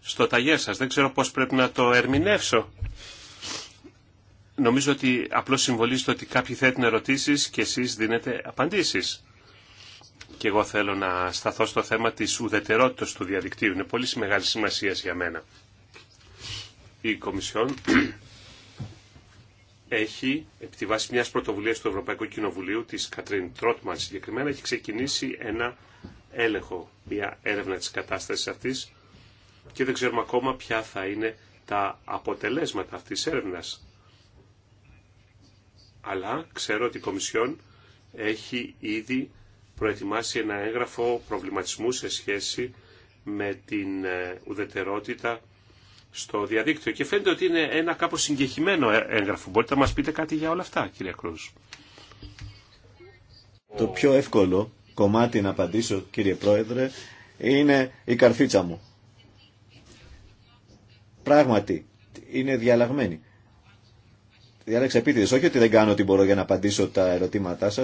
στο ταγέ σας. Δεν ξέρω πώς πρέπει να το ερμηνεύσω. Νομίζω ότι απλώς συμβολίζει ότι κάποιοι θέτουν ερωτήσεις και εσείς δίνετε απαντήσεις. Και εγώ θέλω να σταθώ στο θέμα της ουδετερότητας του διαδικτύου. Είναι πολύ μεγάλη σημασία για μένα. Η Κομισιόν έχει, επί τη βάση μιας πρωτοβουλίας του Ευρωπαϊκού Κοινοβουλίου, της Κατρίν Τρότμαν συγκεκριμένα, έχει ξεκινήσει ένα έλεγχο, μια έρευνα της κατάστασης αυτής και δεν ξέρουμε ακόμα ποια θα είναι τα αποτελέσματα αυτής της έρευνας. Αλλά ξέρω ότι η Κομισιόν έχει ήδη προετοιμάσει ένα έγγραφο προβληματισμού σε σχέση με την ε, ουδετερότητα στο διαδίκτυο και φαίνεται ότι είναι ένα κάπως συγκεχημένο ε, έγγραφο. Μπορείτε να μας πείτε κάτι για όλα αυτά, κύριε Κρούς. Το πιο εύκολο κομμάτι να απαντήσω, κύριε Πρόεδρε, είναι η καρφίτσα μου. Πράγματι, είναι διαλαγμένη. Διάλεξα επίτηδε. Όχι ότι δεν κάνω ό,τι μπορώ για να απαντήσω τα ερωτήματά σα.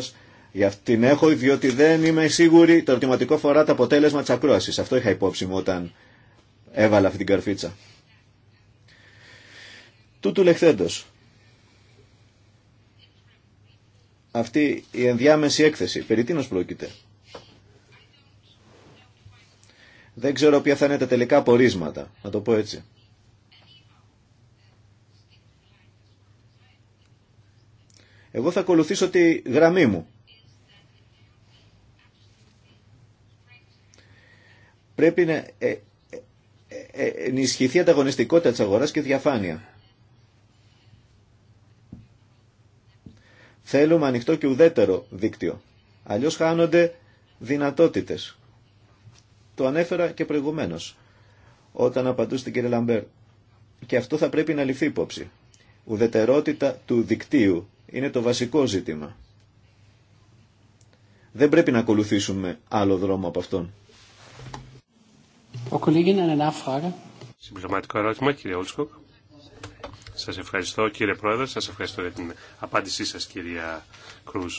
Για αυτήν έχω, διότι δεν είμαι σίγουρη. Το ερωτηματικό φορά το αποτέλεσμα τη ακρόαση. Αυτό είχα υπόψη μου όταν έβαλα αυτή την καρφίτσα. Τούτου λεχθέντος. Αυτή η ενδιάμεση έκθεση, περί τίνος πρόκειται. Δεν ξέρω ποια θα είναι τα τελικά πορίσματα, να το πω έτσι. Εγώ θα ακολουθήσω τη γραμμή μου. Πρέπει να ε, ε, ε, ενισχυθεί η ανταγωνιστικότητα της αγοράς και διαφάνεια. Θέλουμε ανοιχτό και ουδέτερο δίκτυο. Αλλιώς χάνονται δυνατότητες. Το ανέφερα και προηγουμένως, όταν απαντούσε την κυρία Λαμπέρ. Και αυτό θα πρέπει να ληφθεί υπόψη. Ουδετερότητα του δικτύου είναι το βασικό ζήτημα. Δεν πρέπει να ακολουθήσουμε άλλο δρόμο από αυτόν. Ο Συμπληρωματικό ερώτημα, κύριε Όλσκοκ. Σας ευχαριστώ κύριε Πρόεδρε, σας ευχαριστώ για την απάντησή σας κυρία Κρούζ.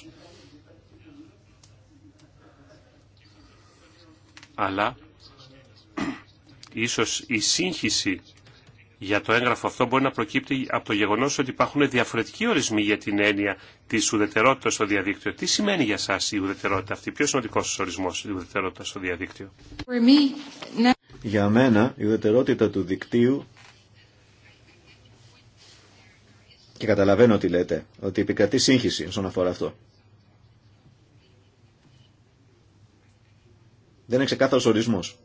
Αλλά ίσως η σύγχυση για το έγγραφο αυτό μπορεί να προκύπτει από το γεγονός ότι υπάρχουν διαφορετικοί ορισμοί για την έννοια της ουδετερότητας στο διαδίκτυο. Τι σημαίνει για σας η ουδετερότητα αυτή, ποιος είναι ο ορισμός η ουδετερότητα στο διαδίκτυο. Για μένα η ουδετερότητα του δικτύου Και καταλαβαίνω ότι λέτε, ότι επικρατεί σύγχυση όσον αφορά αυτό. Δεν είναι ξεκάθαρος ορισμός.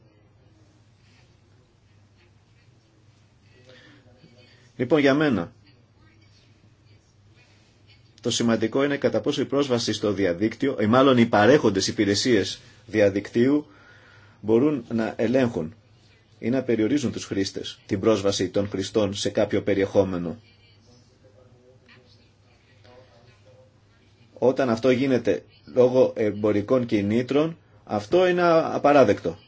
Λοιπόν, για μένα, το σημαντικό είναι κατά πόσο η πρόσβαση στο διαδίκτυο, ή μάλλον οι παρέχοντες υπηρεσίες διαδικτύου, μπορούν να ελέγχουν ή να περιορίζουν τους χρήστες, την πρόσβαση των χρηστών σε κάποιο περιεχόμενο. Όταν αυτό γίνεται λόγω εμπορικών κινήτρων, αυτό είναι απαράδεκτο.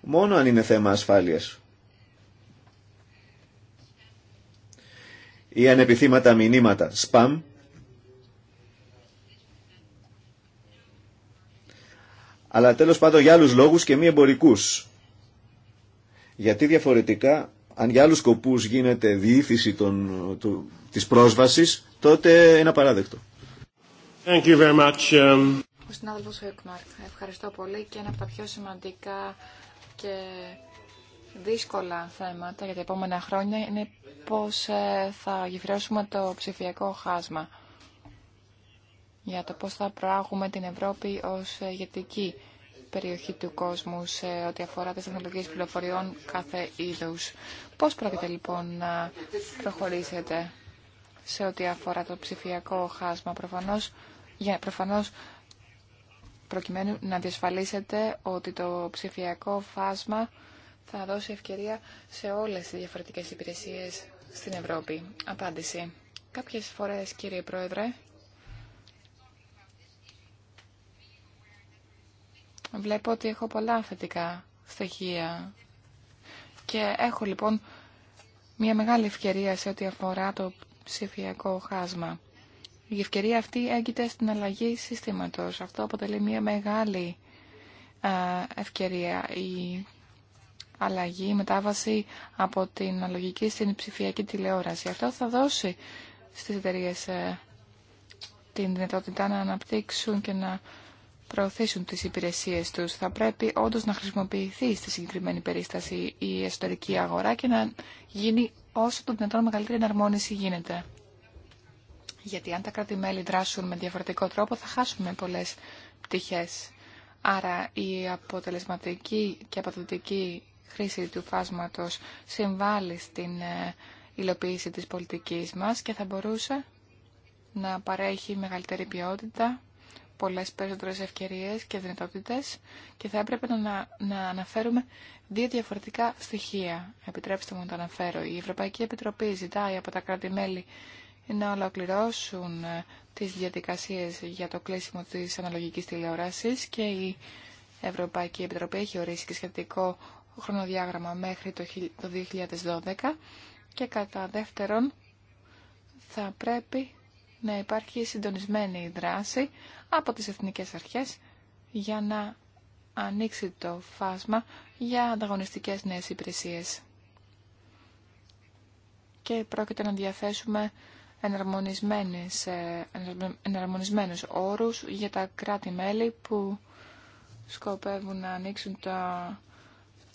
Μόνο αν είναι θέμα ασφάλειας. Ή αν επιθύματα μηνύματα, spam, αλλά τέλος πάντων για άλλους λόγους και μη εμπορικούς. Γιατί διαφορετικά αν για άλλους σκοπούς γίνεται διήθηση των, του, της πρόσβασης, τότε είναι απαράδεκτο. Thank you very much. Um, Ο συνάδελφος ευχαριστώ πολύ και ένα από τα πιο σημαντικά και δύσκολα θέματα για τα επόμενα χρόνια είναι πώς ε, θα γεφυρώσουμε το ψηφιακό χάσμα για το πώς θα προάγουμε την Ευρώπη ως ηγετική περιοχή του κόσμου σε ό,τι αφορά τις τεχνολογίες πληροφοριών κάθε είδους. Πώς πρόκειται λοιπόν να προχωρήσετε σε ό,τι αφορά το ψηφιακό χάσμα προφανώς, για, προφανώς προκειμένου να διασφαλίσετε ότι το ψηφιακό φάσμα θα δώσει ευκαιρία σε όλες τις διαφορετικές υπηρεσίες στην Ευρώπη. Απάντηση. Κάποιες φορές, κύριε Πρόεδρε, Βλέπω ότι έχω πολλά θετικά στοιχεία και έχω λοιπόν μια μεγάλη ευκαιρία σε ό,τι αφορά το ψηφιακό χάσμα. Η ευκαιρία αυτή έγκυται στην αλλαγή συστήματος. Αυτό αποτελεί μια μεγάλη ευκαιρία. Η αλλαγή, η μετάβαση από την λογική στην ψηφιακή τηλεόραση. Αυτό θα δώσει στις εταιρείε ε, την δυνατότητα να αναπτύξουν και να προωθήσουν τις υπηρεσίες τους. Θα πρέπει όντως να χρησιμοποιηθεί στη συγκεκριμένη περίσταση η εσωτερική αγορά και να γίνει όσο το δυνατόν μεγαλύτερη εναρμόνιση γίνεται. Γιατί αν τα κράτη-μέλη δράσουν με διαφορετικό τρόπο θα χάσουμε πολλές πτυχές. Άρα η αποτελεσματική και αποδοτική χρήση του φάσματος συμβάλλει στην ε, υλοποίηση της πολιτικής μας και θα μπορούσε να παρέχει μεγαλύτερη ποιότητα πολλές περισσότερες ευκαιρίες και δυνατότητες και θα έπρεπε να, να αναφέρουμε δύο διαφορετικά στοιχεία. Επιτρέψτε μου να το αναφέρω. Η Ευρωπαϊκή Επιτροπή ζητάει από τα κράτη-μέλη να ολοκληρώσουν ε, τις διαδικασίες για το κλείσιμο της αναλογικής τηλεοράσης και η Ευρωπαϊκή Επιτροπή έχει ορίσει και σχετικό χρονοδιάγραμμα μέχρι το 2012 και κατά δεύτερον θα πρέπει να υπάρχει συντονισμένη δράση από τις εθνικές αρχές για να ανοίξει το φάσμα για ανταγωνιστικές νέες υπηρεσίες. Και πρόκειται να διαθέσουμε ε, εναρμονισμένους όρους για τα κράτη-μέλη που σκοπεύουν να ανοίξουν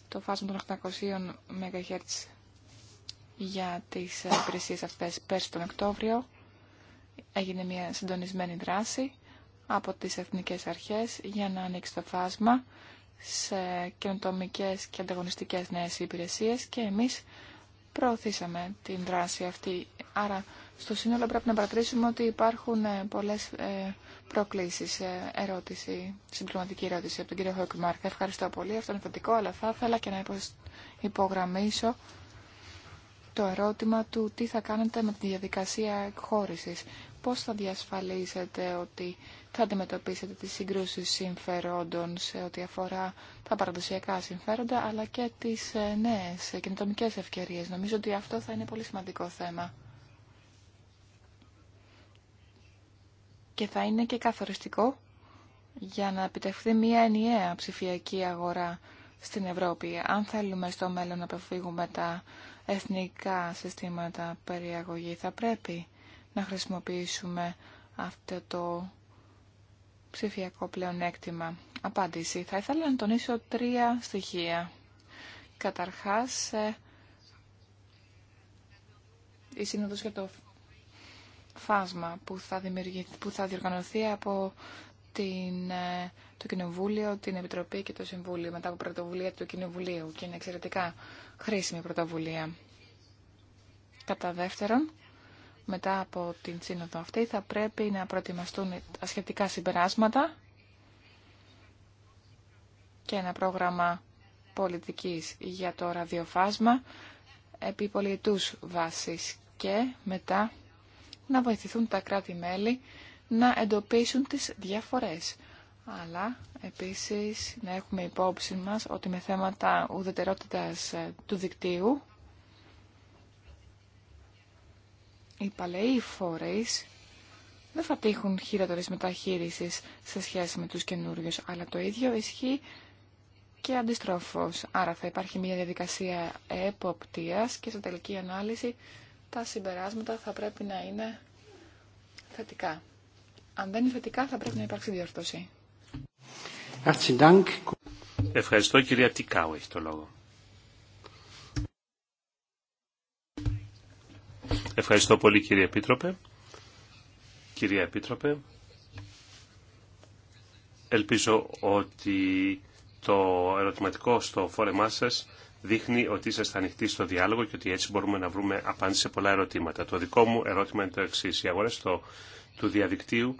το φάσμα των 800 MHz για τις ε, υπηρεσίες αυτές πέρσι τον Οκτώβριο. Έγινε μια συντονισμένη δράση από τις εθνικές αρχές για να ανοίξει το φάσμα σε καινοτομικές και ανταγωνιστικές νέες υπηρεσίες και εμείς προωθήσαμε την δράση αυτή. Άρα στο σύνολο πρέπει να παρατηρήσουμε ότι υπάρχουν ε, πολλές ε, προκλήσεις. Ε, ερώτηση, συμπληρωματική ερώτηση από τον κύριο Χόκμαρκ. Ευχαριστώ πολύ. Αυτό είναι θετικό, αλλά θα ήθελα και να υπογραμμίσω το ερώτημα του τι θα κάνετε με τη διαδικασία εκχώρησης. Πώς θα διασφαλίσετε ότι θα αντιμετωπίσετε τις συγκρούσεις συμφερόντων σε ό,τι αφορά τα παραδοσιακά συμφέροντα, αλλά και τις ε, νέες κινητομικές ευκαιρίες. Νομίζω ότι αυτό θα είναι πολύ σημαντικό θέμα. Και θα είναι και καθοριστικό για να επιτευχθεί μια ενιαία ψηφιακή αγορά στην Ευρώπη. Αν θέλουμε στο μέλλον να αποφύγουμε τα εθνικά συστήματα περιαγωγή, θα πρέπει να χρησιμοποιήσουμε αυτό το ψηφιακό πλεονέκτημα. Απάντηση. Θα ήθελα να τονίσω τρία στοιχεία. Καταρχάς, ε, η Σύνοδος για το φάσμα που θα, που θα διοργανωθεί από την, ε, το Κοινοβούλιο, την Επιτροπή και το Συμβούλιο μετά από πρωτοβουλία του Κοινοβουλίου και είναι εξαιρετικά χρήσιμη πρωτοβουλία. Κατά δεύτερον, μετά από την σύνοδο αυτή θα πρέπει να προετοιμαστούν τα σχετικά συμπεράσματα και ένα πρόγραμμα πολιτικής για το ραδιοφάσμα επί πολιετούς βάσης και μετά να βοηθηθούν τα κράτη-μέλη να εντοπίσουν τις διαφορές. Αλλά επίσης να έχουμε υπόψη μας ότι με θέματα ουδετερότητας ε, του δικτύου οι παλαιοί φορεί δεν θα τύχουν μετάχειρίσεις μεταχείριση σε σχέση με τους καινούριου. αλλά το ίδιο ισχύει και αντιστρόφως. Άρα θα υπάρχει μια διαδικασία εποπτείας και σε τελική ανάλυση τα συμπεράσματα θα πρέπει να είναι θετικά. Αν δεν είναι θετικά θα πρέπει να υπάρξει διορθώση. Ευχαριστώ κυρία Τικάου έχει το λόγο. Ευχαριστώ πολύ κύριε Επίτροπε. Κυρία Επίτροπε, ελπίζω ότι το ερωτηματικό στο φόρεμά σας δείχνει ότι είσαστε ανοιχτοί στο διάλογο και ότι έτσι μπορούμε να βρούμε απάντηση σε πολλά ερωτήματα. Το δικό μου ερώτημα είναι το εξή. Οι αγορέ του διαδικτύου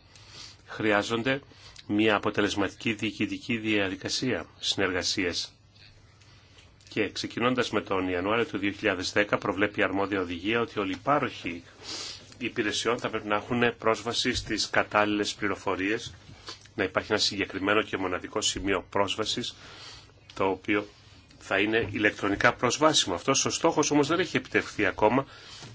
χρειάζονται μια αποτελεσματική διοικητική διαδικασία συνεργασίες. Και ξεκινώντας με τον Ιανουάριο του 2010 προβλέπει η αρμόδια οδηγία ότι όλοι οι πάροχοι υπηρεσιών θα πρέπει να έχουν πρόσβαση στις κατάλληλες πληροφορίες, να υπάρχει ένα συγκεκριμένο και μοναδικό σημείο πρόσβασης, το οποίο θα είναι ηλεκτρονικά προσβάσιμο. Αυτός ο στόχος όμως δεν έχει επιτευχθεί ακόμα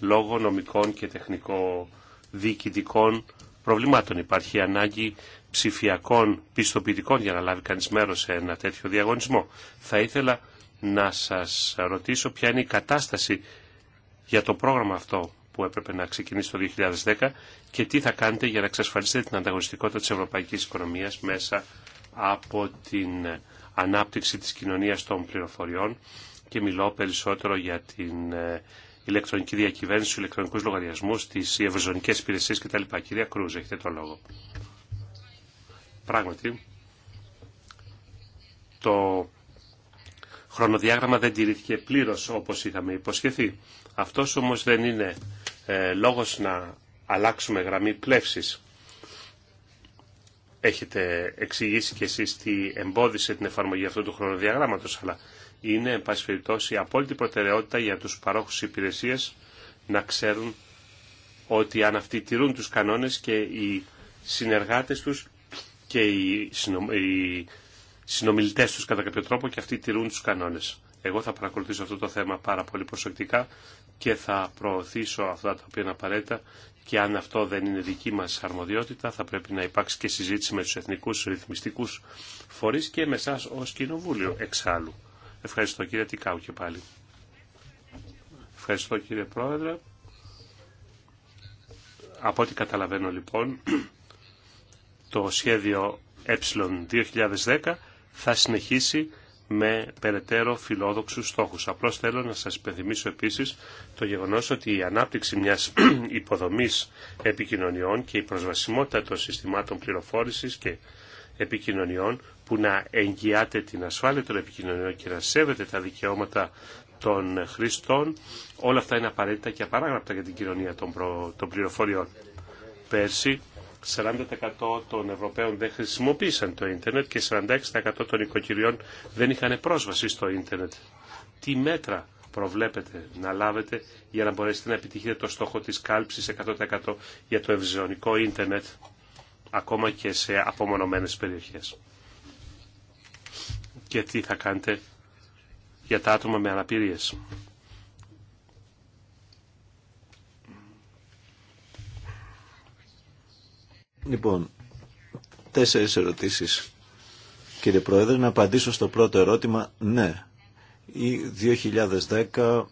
λόγω νομικών και τεχνικοδιοικητικών προβλημάτων. Υπάρχει ανάγκη ψηφιακών πιστοποιητικών για να λάβει κανεί μέρος σε ένα τέτοιο διαγωνισμό. Θα ήθελα να σας ρωτήσω ποια είναι η κατάσταση για το πρόγραμμα αυτό που έπρεπε να ξεκινήσει το 2010 και τι θα κάνετε για να εξασφαλίσετε την ανταγωνιστικότητα της ευρωπαϊκής οικονομίας μέσα από την ανάπτυξη της κοινωνίας των πληροφοριών και μιλώ περισσότερο για την ε, ηλεκτρονική διακυβέρνηση, του ηλεκτρονικούς λογαριασμούς, τις ευρωζωνικές υπηρεσίες κτλ. Κυρία Κρούζ, έχετε το λόγο. Πράγματι, το χρονοδιάγραμμα δεν τηρήθηκε πλήρως όπως είχαμε υποσχεθεί. Αυτός όμως δεν είναι ε, λόγος να αλλάξουμε γραμμή πλεύσης. Έχετε εξηγήσει κι εσείς τι εμπόδισε την εφαρμογή αυτού του χρονοδιαγράμματος, αλλά είναι, εν η απόλυτη προτεραιότητα για τους παρόχους υπηρεσίες να ξέρουν ότι αν αυτοί τηρούν τους κανόνες και οι συνεργάτες τους και οι, συνομιλητέ τους κατά κάποιο τρόπο και αυτοί τηρούν τους κανόνες. Εγώ θα παρακολουθήσω αυτό το θέμα πάρα πολύ προσεκτικά και θα προωθήσω αυτά τα οποία είναι απαραίτητα και αν αυτό δεν είναι δική μας αρμοδιότητα θα πρέπει να υπάρξει και συζήτηση με τους εθνικούς ρυθμιστικούς φορείς και με εσάς ως Κοινοβούλιο εξάλλου. Ευχαριστώ κύριε Τικάου και πάλι. Ευχαριστώ κύριε Πρόεδρε. Από ό,τι καταλαβαίνω λοιπόν το σχέδιο ε 2010 θα συνεχίσει με περαιτέρω φιλόδοξου στόχου. Απλώ θέλω να σας υπενθυμίσω επίση το γεγονός ότι η ανάπτυξη μιας υποδομής επικοινωνιών και η προσβασιμότητα των συστημάτων πληροφόρηση και επικοινωνιών που να εγγυάται την ασφάλεια των επικοινωνιών και να σέβεται τα δικαιώματα των χρηστών, όλα αυτά είναι απαραίτητα και απαράγραπτα για την κοινωνία των, των πληροφοριών. Πέρσι 40% των Ευρωπαίων δεν χρησιμοποίησαν το ίντερνετ και 46% των οικοκυριών δεν είχαν πρόσβαση στο ίντερνετ. Τι μέτρα προβλέπετε να λάβετε για να μπορέσετε να επιτυχείτε το στόχο της κάλυψης 100% για το ευζωνικό ίντερνετ ακόμα και σε απομονωμένες περιοχές. Και τι θα κάνετε για τα άτομα με αναπηρίες. Λοιπόν, τέσσερις ερωτήσεις. Κύριε Πρόεδρε, να απαντήσω στο πρώτο ερώτημα. Ναι, ή 2010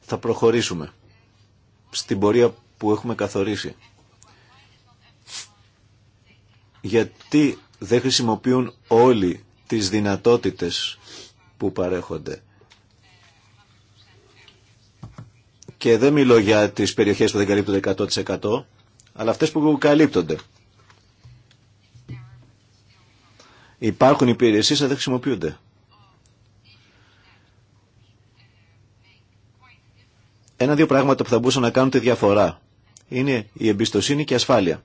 θα προχωρήσουμε στην πορεία που έχουμε καθορίσει. Γιατί δεν χρησιμοποιούν όλοι τις δυνατότητες που παρέχονται. Και δεν μιλώ για τις περιοχές που δεν καλύπτονται 100% αλλά αυτές που καλύπτονται. Υπάρχουν υπηρεσίες, αλλά δεν χρησιμοποιούνται. Ένα-δύο πράγματα που θα μπορούσαν να κάνουν τη διαφορά είναι η εμπιστοσύνη και η ασφάλεια.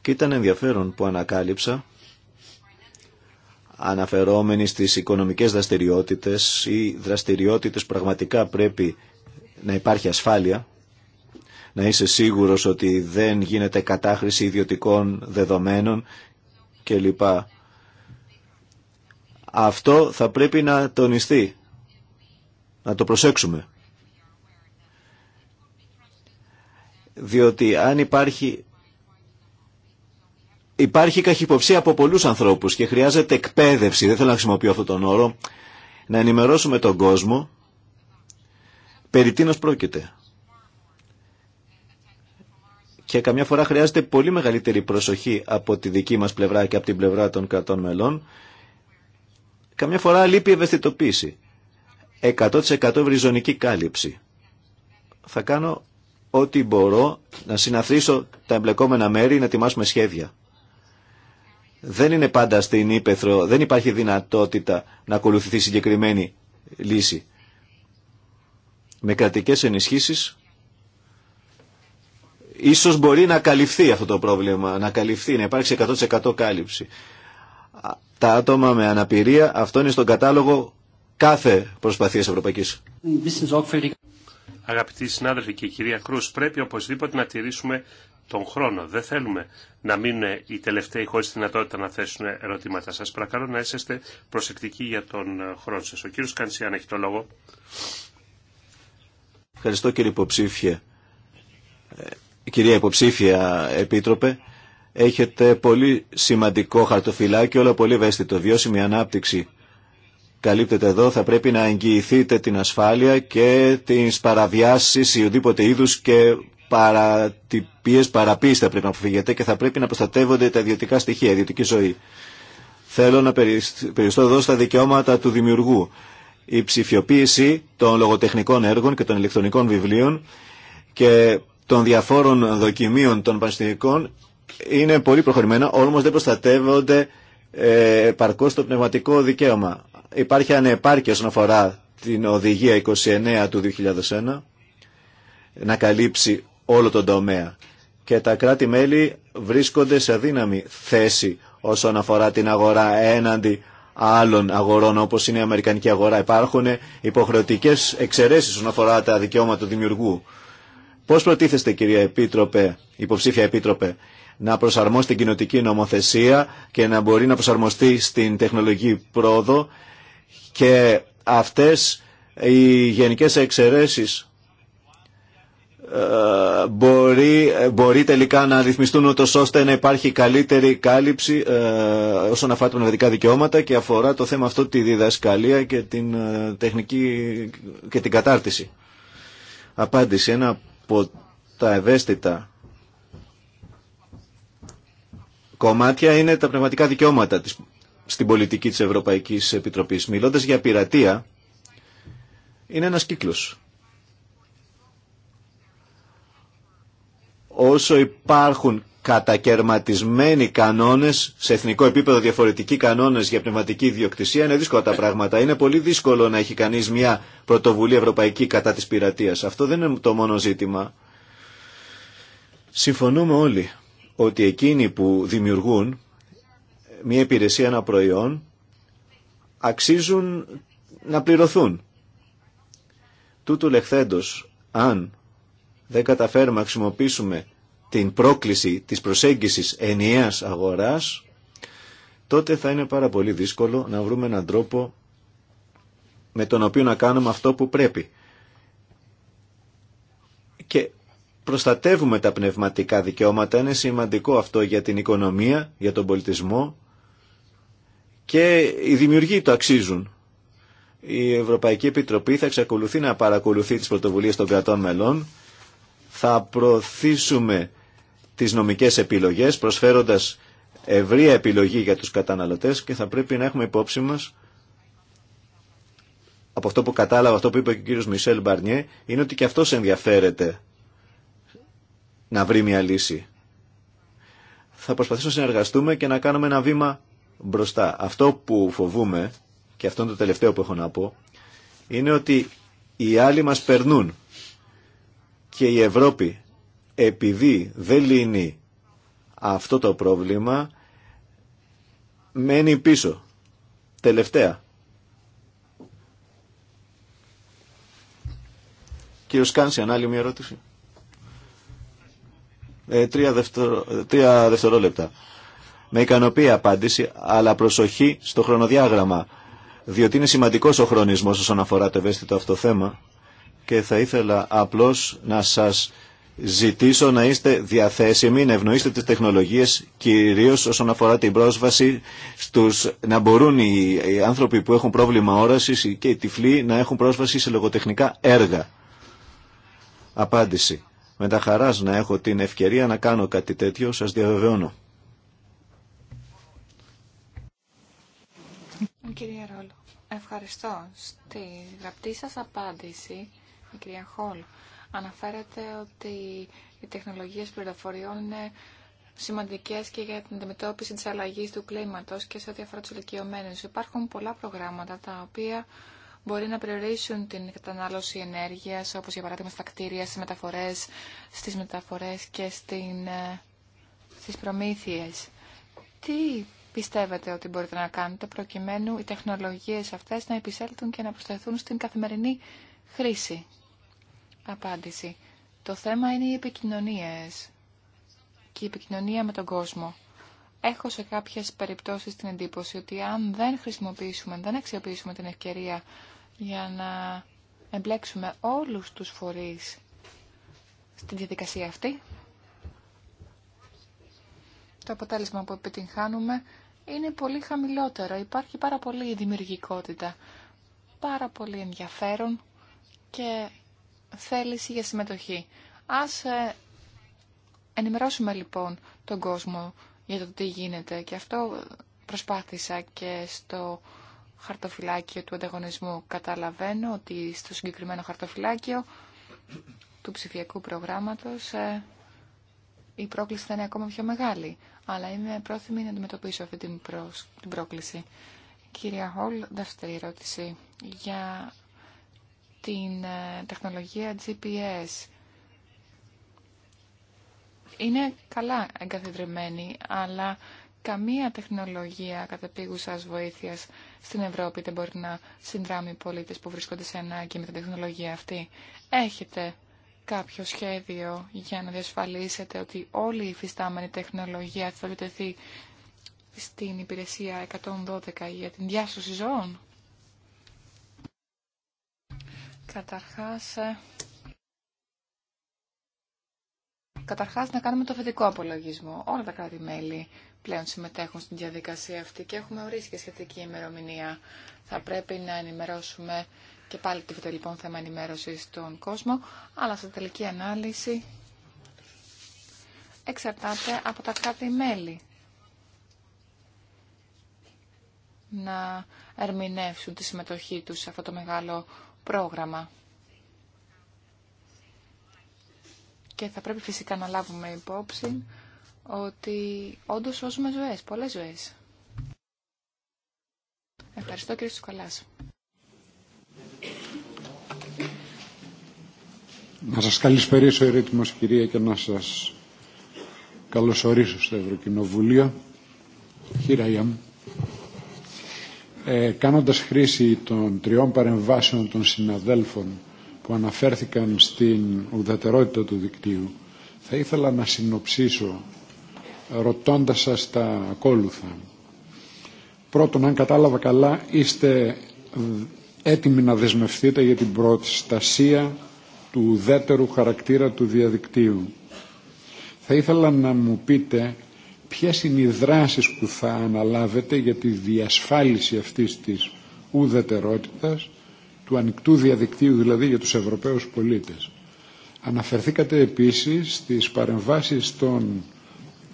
Και ήταν ενδιαφέρον που ανακάλυψα αναφερόμενοι στις οικονομικές δραστηριότητες ή δραστηριότητες πραγματικά πρέπει να υπάρχει ασφάλεια να είσαι σίγουρος ότι δεν γίνεται κατάχρηση ιδιωτικών δεδομένων κλπ. Αυτό θα πρέπει να τονιστεί, να το προσέξουμε. Διότι αν υπάρχει υπάρχει καχυποψία από πολλούς ανθρώπους και χρειάζεται εκπαίδευση, δεν θέλω να χρησιμοποιώ αυτόν τον όρο, να ενημερώσουμε τον κόσμο περί πρόκειται και καμιά φορά χρειάζεται πολύ μεγαλύτερη προσοχή από τη δική μας πλευρά και από την πλευρά των κρατών μελών. Καμιά φορά λείπει ευαισθητοποίηση. 100% ευρυζωνική κάλυψη. Θα κάνω ό,τι μπορώ να συναθρήσω τα εμπλεκόμενα μέρη να ετοιμάσουμε σχέδια. Δεν είναι πάντα στην ύπεθρο, δεν υπάρχει δυνατότητα να ακολουθηθεί συγκεκριμένη λύση. Με κρατικές ενισχύσεις ίσως μπορεί να καλυφθεί αυτό το πρόβλημα, να καλυφθεί, να υπάρξει 100% κάλυψη. Τα άτομα με αναπηρία, αυτό είναι στον κατάλογο κάθε προσπαθίας Ευρωπαϊκής. Αγαπητοί συνάδελφοι και κυρία Κρούς, πρέπει οπωσδήποτε να τηρήσουμε τον χρόνο. Δεν θέλουμε να μείνουν οι τελευταίοι χωρίς δυνατότητα να θέσουν ερωτήματα. Σας παρακαλώ να είσαστε προσεκτικοί για τον ε, χρόνο σας. Ο κύριος Κανσιάν έχει το λόγο. Ευχαριστώ κύριε υποψήφια. Ε, Κυρία Υποψήφια Επίτροπε, έχετε πολύ σημαντικό χαρτοφυλάκι, όλα πολύ ευαίσθητο, βιώσιμη ανάπτυξη. Καλύπτεται εδώ, θα πρέπει να εγγυηθείτε την ασφάλεια και τι παραβιάσεις ή οδήποτε είδου και παρατυπίες, παραποίηση θα πρέπει να αποφύγετε και θα πρέπει να προστατεύονται τα ιδιωτικά στοιχεία, η ιδιωτική ζωή. Θέλω να περιστώ εδώ στα δικαιώματα του δημιουργού. Η ψηφιοποίηση των λογοτεχνικών έργων και των ηλεκτρονικών βιβλίων και των διαφόρων δοκιμίων των πανεπιστημιακών είναι πολύ προχωρημένα, όμω δεν προστατεύονται ε, παρκώς το πνευματικό δικαίωμα. Υπάρχει ανεπάρκεια όσον αφορά την οδηγία 29 του 2001 να καλύψει όλο τον τομέα. Και τα κράτη-μέλη βρίσκονται σε αδύναμη θέση όσον αφορά την αγορά έναντι άλλων αγορών όπως είναι η Αμερικανική αγορά. Υπάρχουν υποχρεωτικές εξαιρέσεις όσον αφορά τα δικαιώματα του δημιουργού. Πώς προτίθεστε κυρία Επίτροπε, υποψήφια Επίτροπε, να προσαρμόσει την κοινοτική νομοθεσία και να μπορεί να προσαρμοστεί στην τεχνολογική πρόοδο και αυτές οι γενικές εξαιρέσεις ε, μπορεί, μπορεί τελικά να ρυθμιστούν ούτως ώστε να υπάρχει καλύτερη κάλυψη ε, όσον αφορά τα πνευματικά δικαιώματα και αφορά το θέμα αυτό τη διδασκαλία και την ε, τεχνική και την κατάρτιση. Απάντηση. Ένα από τα ευαίσθητα κομμάτια είναι τα πνευματικά δικαιώματα της, στην πολιτική της Ευρωπαϊκής Επιτροπής. Μιλώντας για πειρατεία, είναι ένας κύκλος. Όσο υπάρχουν κατακαιρματισμένοι κανόνε, σε εθνικό επίπεδο διαφορετικοί κανόνε για πνευματική ιδιοκτησία, είναι δύσκολα τα πράγματα. Είναι πολύ δύσκολο να έχει κανεί μια πρωτοβουλία ευρωπαϊκή κατά τη πειρατεία. Αυτό δεν είναι το μόνο ζήτημα. Συμφωνούμε όλοι ότι εκείνοι που δημιουργούν μια υπηρεσία, ένα προϊόν, αξίζουν να πληρωθούν. Τούτου λεχθέντος, αν δεν καταφέρουμε να χρησιμοποιήσουμε την πρόκληση της προσέγγισης ενιαίας αγοράς, τότε θα είναι πάρα πολύ δύσκολο να βρούμε έναν τρόπο με τον οποίο να κάνουμε αυτό που πρέπει. Και προστατεύουμε τα πνευματικά δικαιώματα, είναι σημαντικό αυτό για την οικονομία, για τον πολιτισμό και οι δημιουργοί το αξίζουν. Η Ευρωπαϊκή Επιτροπή θα εξακολουθεί να παρακολουθεί τις πρωτοβουλίες των κρατών μελών, θα προωθήσουμε τις νομικές επιλογές προσφέροντας ευρία επιλογή για τους καταναλωτές και θα πρέπει να έχουμε υπόψη μας από αυτό που κατάλαβα, αυτό που είπε και ο κύριος Μισελ Μπαρνιέ, είναι ότι και αυτός ενδιαφέρεται να βρει μια λύση. Θα προσπαθήσουμε να συνεργαστούμε και να κάνουμε ένα βήμα μπροστά. Αυτό που φοβούμε, και αυτό είναι το τελευταίο που έχω να πω, είναι ότι οι άλλοι μας περνούν και η Ευρώπη επειδή δεν λύνει αυτό το πρόβλημα, μένει πίσω. Τελευταία. Κύριο Κάνσιαν, ανάλλη μια ερώτηση. Ε, τρία, δευτερόλεπτα. Με ικανοποιεί απάντηση, αλλά προσοχή στο χρονοδιάγραμμα, διότι είναι σημαντικός ο χρονισμός όσον αφορά το ευαίσθητο αυτό θέμα και θα ήθελα απλώς να σας ζητήσω να είστε διαθέσιμοι να ευνοήσετε τις τεχνολογίες κυρίως όσον αφορά την πρόσβαση στους, να μπορούν οι, άνθρωποι που έχουν πρόβλημα όρασης και οι τυφλοί να έχουν πρόσβαση σε λογοτεχνικά έργα. Απάντηση. Με τα χαράς να έχω την ευκαιρία να κάνω κάτι τέτοιο, σας διαβεβαιώνω. Κυρία Ρόλο, ευχαριστώ. Στη γραπτή σας απάντηση, η κυρία Χόλ, αναφέρεται ότι οι τεχνολογίες πληροφοριών είναι σημαντικές και για την αντιμετώπιση της αλλαγής του κλίματος και σε ό,τι αφορά τους ηλικιωμένους. Υπάρχουν πολλά προγράμματα τα οποία μπορεί να περιορίσουν την κατανάλωση ενέργειας, όπως για παράδειγμα στα κτίρια, στις μεταφορές, στις μεταφορές και στην, ε, στις προμήθειες. Τι πιστεύετε ότι μπορείτε να κάνετε προκειμένου οι τεχνολογίες αυτές να επισέλθουν και να προσθεθούν στην καθημερινή χρήση απάντηση. Το θέμα είναι οι επικοινωνίες και η επικοινωνία με τον κόσμο. Έχω σε κάποιες περιπτώσεις την εντύπωση ότι αν δεν χρησιμοποιήσουμε, δεν αξιοποιήσουμε την ευκαιρία για να εμπλέξουμε όλους τους φορείς στην διαδικασία αυτή, το αποτέλεσμα που επιτυγχάνουμε είναι πολύ χαμηλότερο. Υπάρχει πάρα πολύ δημιουργικότητα, πάρα πολύ ενδιαφέρον και θέληση για συμμετοχή. Ας ε, ενημερώσουμε λοιπόν τον κόσμο για το τι γίνεται και αυτό προσπάθησα και στο χαρτοφυλάκιο του ανταγωνισμού. Καταλαβαίνω ότι στο συγκεκριμένο χαρτοφυλάκιο του ψηφιακού προγράμματος ε, η πρόκληση θα είναι ακόμα πιο μεγάλη. Αλλά είμαι πρόθυμη να αντιμετωπίσω αυτή την, την πρόκληση. Κυρία Χολ, δεύτερη ερώτηση για την ε, τεχνολογία GPS. Είναι καλά εγκαθιδρυμένη, αλλά καμία τεχνολογία κατεπίγουσας βοήθειας στην Ευρώπη δεν μπορεί να συνδράμει πολίτες που βρίσκονται σε ανάγκη με την τεχνολογία αυτή. Έχετε κάποιο σχέδιο για να διασφαλίσετε ότι όλη η φυστάμενη τεχνολογία θα επιτεθεί στην υπηρεσία 112 για την διάσωση ζώων. Καταρχάς, ε, καταρχάς να κάνουμε το θετικό απολογισμό. Όλα τα κράτη-μέλη πλέον συμμετέχουν στην διαδικασία αυτή και έχουμε ορίσει και σχετική ημερομηνία. Θα πρέπει να ενημερώσουμε και πάλι το λοιπόν θέμα ενημέρωση στον κόσμο, αλλά στην τελική ανάλυση εξαρτάται από τα κράτη-μέλη να ερμηνεύσουν τη συμμετοχή τους σε αυτό το μεγάλο πρόγραμμα. Και θα πρέπει φυσικά να λάβουμε υπόψη ότι όντω σώζουμε ζωές, πολλές ζωές. Ευχαριστώ κύριε Σουκαλά. Να σας καλησπερίσω ερήτημος κυρία και να σας καλωσορίσω στο Ευρωκοινοβουλίο. Here ε, κάνοντας χρήση των τριών παρεμβάσεων των συναδέλφων που αναφέρθηκαν στην ουδετερότητα του δικτύου, θα ήθελα να συνοψίσω ρωτώντας σας τα ακόλουθα. Πρώτον, αν κατάλαβα καλά, είστε έτοιμοι να δεσμευτείτε για την προστασία του ουδέτερου χαρακτήρα του διαδικτύου. Θα ήθελα να μου πείτε ποιες είναι οι δράσεις που θα αναλάβετε για τη διασφάλιση αυτής της ουδετερότητας του ανοιχτού διαδικτύου δηλαδή για τους Ευρωπαίους πολίτες. Αναφερθήκατε επίσης στις παρεμβάσεις των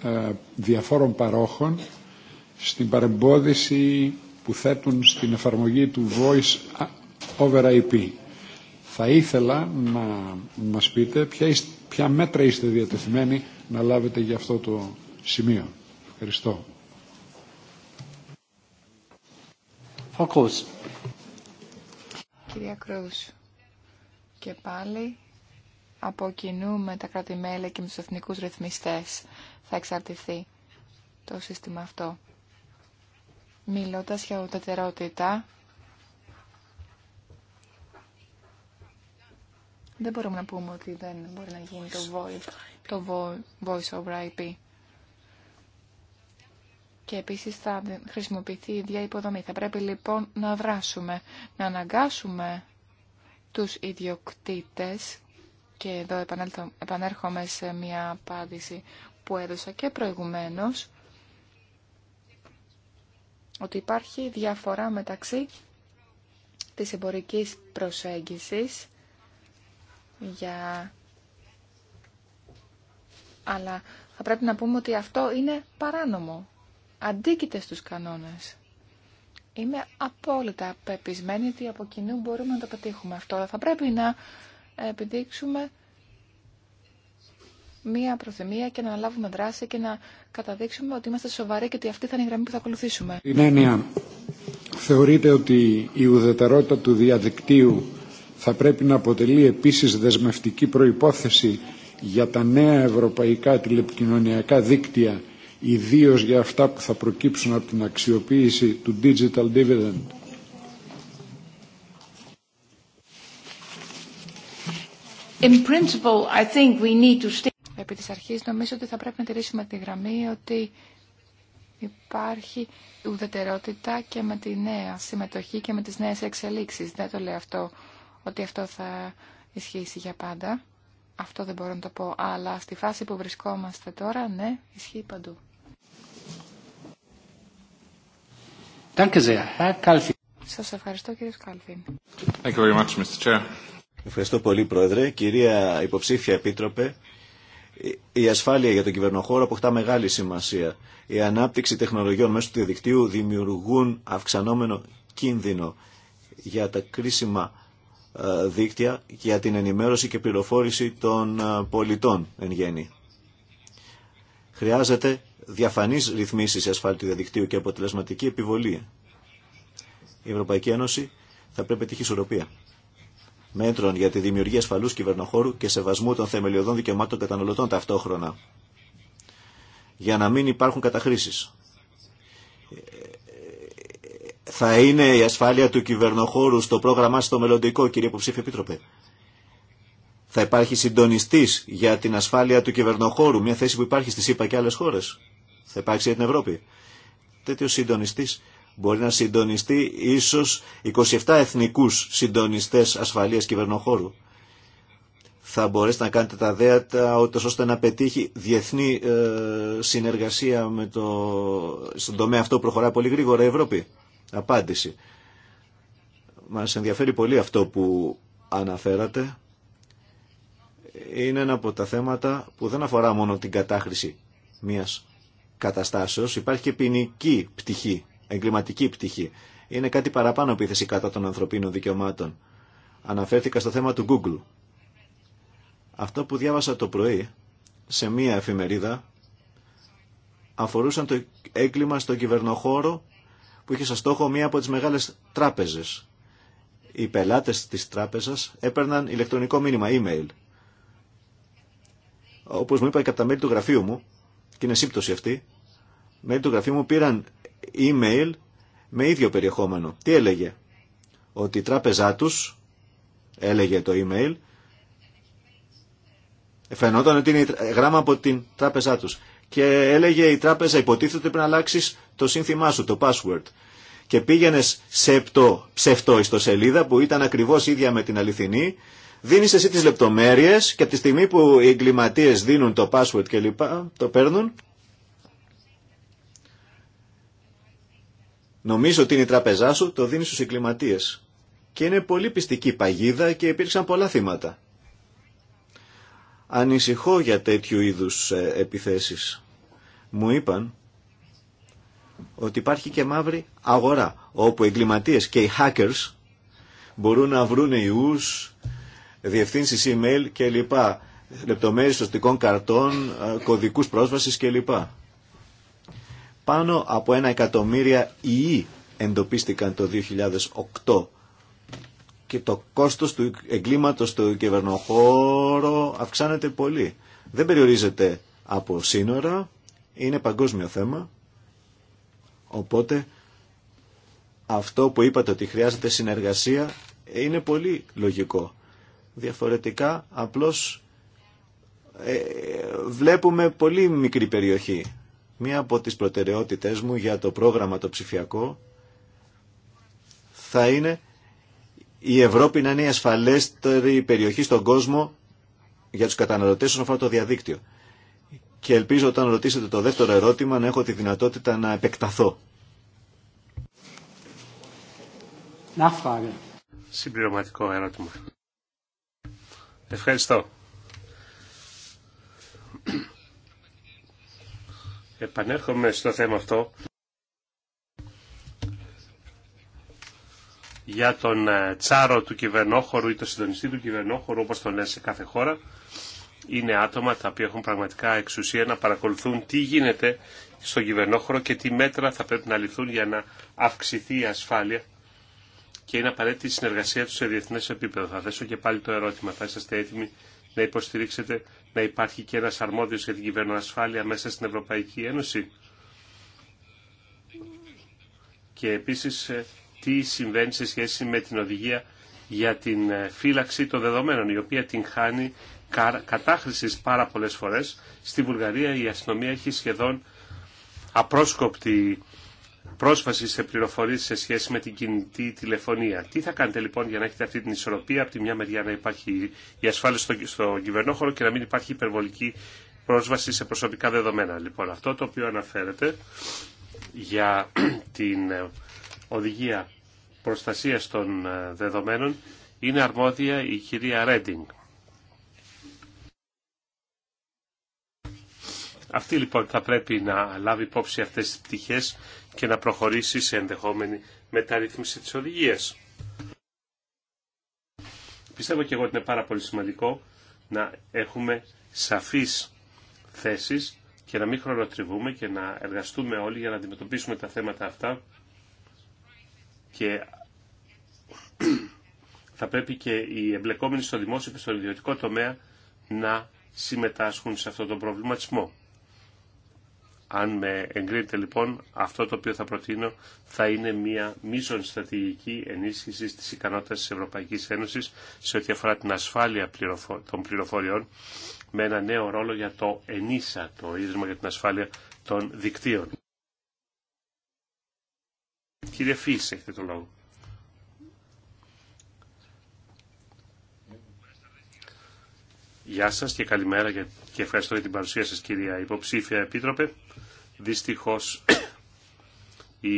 ε, διαφόρων παρόχων στην παρεμπόδιση που θέτουν στην εφαρμογή του Voice over IP. Θα ήθελα να μας πείτε ποια, ποια μέτρα είστε διατεθειμένοι να λάβετε για αυτό το σημείο. Ευχαριστώ. Κυρία Κρούς, και πάλι από κοινού με τα κρατη και με τους εθνικούς ρυθμιστές θα εξαρτηθεί το σύστημα αυτό. Μιλώντας για ουδετερότητα, δεν μπορούμε να πούμε ότι δεν μπορεί να γίνει το voice, το voice over IP και επίσης θα χρησιμοποιηθεί η ίδια υποδομή. Θα πρέπει λοιπόν να δράσουμε, να αναγκάσουμε τους ιδιοκτήτες και εδώ επανέρχομαι σε μια απάντηση που έδωσα και προηγουμένως ότι υπάρχει διαφορά μεταξύ της εμπορικής προσέγγισης για... αλλά θα πρέπει να πούμε ότι αυτό είναι παράνομο αντίκειται στους κανόνες. Είμαι απόλυτα πεπισμένη ότι από κοινού μπορούμε να το πετύχουμε αυτό, αλλά θα πρέπει να επιδείξουμε μία προθεμία και να λάβουμε δράση και να καταδείξουμε ότι είμαστε σοβαροί και ότι αυτή θα είναι η γραμμή που θα ακολουθήσουμε. Την έννοια, θεωρείτε ότι η ουδετερότητα του διαδικτύου θα πρέπει να αποτελεί επίσης δεσμευτική προϋπόθεση για τα νέα ευρωπαϊκά τηλεπικοινωνιακά δίκτυα ιδίω για αυτά που θα προκύψουν από την αξιοποίηση του digital dividend. In principle, I think Επί της αρχής νομίζω ότι θα πρέπει να τηρήσουμε τη γραμμή ότι υπάρχει ουδετερότητα και με τη νέα συμμετοχή και με τις νέες εξελίξεις. Δεν το λέω αυτό ότι αυτό θα ισχύσει για πάντα. Αυτό δεν μπορώ να το πω, αλλά στη φάση που βρισκόμαστε τώρα, ναι, ισχύει παντού. Σας ευχαριστώ κύριε Σκάλφιν. Ευχαριστώ πολύ Πρόεδρε. Κυρία Υποψήφια Επίτροπε, η ασφάλεια για τον κυβερνοχώρο αποκτά μεγάλη σημασία. Η ανάπτυξη τεχνολογιών μέσω του διαδικτύου δημιουργούν αυξανόμενο κίνδυνο για τα κρίσιμα ε, δίκτυα για την ενημέρωση και πληροφόρηση των ε, πολιτών εν γέννη. Χρειάζεται διαφανείς ρυθμίσεις σε ασφάλεια του διαδικτύου και αποτελεσματική επιβολή. Η Ευρωπαϊκή Ένωση θα πρέπει να τύχει ισορροπία μέτρων για τη δημιουργία ασφαλούς κυβερνοχώρου και σεβασμού των θεμελιωδών δικαιωμάτων καταναλωτών ταυτόχρονα για να μην υπάρχουν καταχρήσεις. Θα είναι η ασφάλεια του κυβερνοχώρου στο πρόγραμμα στο μελλοντικό, κύριε Υποψήφιο Επίτροπε. Θα υπάρχει συντονιστής για την ασφάλεια του κυβερνοχώρου, μια θέση που υπάρχει στι ΣΥΠΑ και άλλε χώρες θα υπάρξει για την Ευρώπη. Τέτοιο συντονιστή μπορεί να συντονιστεί ίσω 27 εθνικού συντονιστέ ασφαλεία κυβερνοχώρου. Θα μπορέσετε να κάνετε τα δέατα ώστε να πετύχει διεθνή ε, συνεργασία με το... στον τομέα αυτό προχωρά πολύ γρήγορα η Ευρώπη. Απάντηση. Μας ενδιαφέρει πολύ αυτό που αναφέρατε. Είναι ένα από τα θέματα που δεν αφορά μόνο την κατάχρηση μιας καταστάσεως υπάρχει και ποινική πτυχή, εγκληματική πτυχή. Είναι κάτι παραπάνω επίθεση κατά των ανθρωπίνων δικαιωμάτων. Αναφέρθηκα στο θέμα του Google. Αυτό που διάβασα το πρωί σε μία εφημερίδα αφορούσαν το έγκλημα στον κυβερνοχώρο που είχε σαν στόχο μία από τις μεγάλες τράπεζες. Οι πελάτες της τράπεζας έπαιρναν ηλεκτρονικό μήνυμα, email. Όπως μου είπα και από τα μέλη του γραφείου μου, και είναι σύμπτωση αυτή, μέλη του γραφείου μου πήραν email με ίδιο περιεχόμενο. Τι έλεγε, ότι η τράπεζά τους, έλεγε το email, φαινόταν ότι είναι γράμμα από την τράπεζά τους. Και έλεγε η τράπεζα υποτίθεται πρέπει να αλλάξει το σύνθημά σου, το password. Και πήγαινε σε ψευτό ιστοσελίδα που ήταν ακριβώς ίδια με την αληθινή Δίνεις εσύ τις λεπτομέρειες και από τη στιγμή που οι εγκληματίες δίνουν το password και λοιπά, το παίρνουν. Νομίζω ότι είναι η τραπεζά σου, το δίνεις στους εγκληματίες. Και είναι πολύ πιστική παγίδα και υπήρξαν πολλά θύματα. Ανησυχώ για τέτοιου είδους ε, επιθέσεις. Μου είπαν ότι υπάρχει και μαύρη αγορά, όπου οι εγκληματίες και οι hackers μπορούν να βρουν ιούς, διευθύνσεις email κλπ. Λεπτομέρειες σωστικών καρτών, ε, κωδικούς πρόσβασης κλπ. Πάνω από ένα εκατομμύρια ΙΗ εντοπίστηκαν το 2008 και το κόστος του εγκλήματος του κυβερνοχώρο αυξάνεται πολύ. Δεν περιορίζεται από σύνορα, είναι παγκόσμιο θέμα, οπότε αυτό που είπατε ότι χρειάζεται συνεργασία είναι πολύ λογικό. Διαφορετικά, απλώς ε, βλέπουμε πολύ μικρή περιοχή. Μία από τις προτεραιότητες μου για το πρόγραμμα το ψηφιακό θα είναι η Ευρώπη να είναι η ασφαλέστερη περιοχή στον κόσμο για τους καταναλωτές όσον αφορά το διαδίκτυο. Και ελπίζω όταν ρωτήσετε το δεύτερο ερώτημα να έχω τη δυνατότητα να επεκταθώ. Συμπληρωματικό ερώτημα. Ευχαριστώ. Επανέρχομαι στο θέμα αυτό για τον ε, τσάρο του κυβερνόχωρου ή τον συντονιστή του κυβερνόχωρου όπως τον λένε σε κάθε χώρα είναι άτομα τα οποία έχουν πραγματικά εξουσία να παρακολουθούν τι γίνεται στον κυβερνόχωρο και τι μέτρα θα πρέπει να ληφθούν για να αυξηθεί η ασφάλεια και είναι απαραίτητη η συνεργασία του σε διεθνέ επίπεδο. Θα θέσω και πάλι το ερώτημα. Θα είσαστε έτοιμοι να υποστηρίξετε να υπάρχει και ένα αρμόδιο για την κυβερνοασφάλεια μέσα στην Ευρωπαϊκή Ένωση. Και επίσης ε, τι συμβαίνει σε σχέση με την οδηγία για την ε, φύλαξη των δεδομένων, η οποία την χάνει κατάχρηση πάρα πολλέ φορέ. Στη Βουλγαρία η αστυνομία έχει σχεδόν απρόσκοπτη πρόσβαση σε πληροφορίε σε σχέση με την κινητή τηλεφωνία. Τι θα κάνετε λοιπόν για να έχετε αυτή την ισορροπία, από τη μια μεριά να υπάρχει η ασφάλεια στο, στο κυβερνόχώρο και να μην υπάρχει υπερβολική πρόσβαση σε προσωπικά δεδομένα. Λοιπόν, αυτό το οποίο αναφέρεται για την ε, οδηγία προστασίας των ε, δεδομένων είναι αρμόδια η κυρία Ρέντινγκ. Αυτή λοιπόν θα πρέπει να λάβει υπόψη αυτές τις πτυχές και να προχωρήσει σε ενδεχόμενη μεταρρύθμιση της οδηγίας. Πιστεύω και εγώ ότι είναι πάρα πολύ σημαντικό να έχουμε σαφείς θέσεις και να μην χρονοτριβούμε και να εργαστούμε όλοι για να αντιμετωπίσουμε τα θέματα αυτά και θα πρέπει και οι εμπλεκόμενοι στο δημόσιο και στο ιδιωτικό τομέα να συμμετάσχουν σε αυτό τον προβληματισμό. Αν με εγκρίνετε λοιπόν, αυτό το οποίο θα προτείνω θα είναι μια μείζον στρατηγική ενίσχυση τη ικανότητα τη Ευρωπαϊκή Ένωση σε ό,τι αφορά την ασφάλεια των πληροφοριών με ένα νέο ρόλο για το ΕΝΙΣΑ, το Ίδρυμα για την Ασφάλεια των Δικτύων. Κύριε Φύση, έχετε το λόγο. Γεια σας και καλημέρα και ευχαριστώ για την παρουσία σας κυρία Υποψήφια Επίτροπε δυστυχώς οι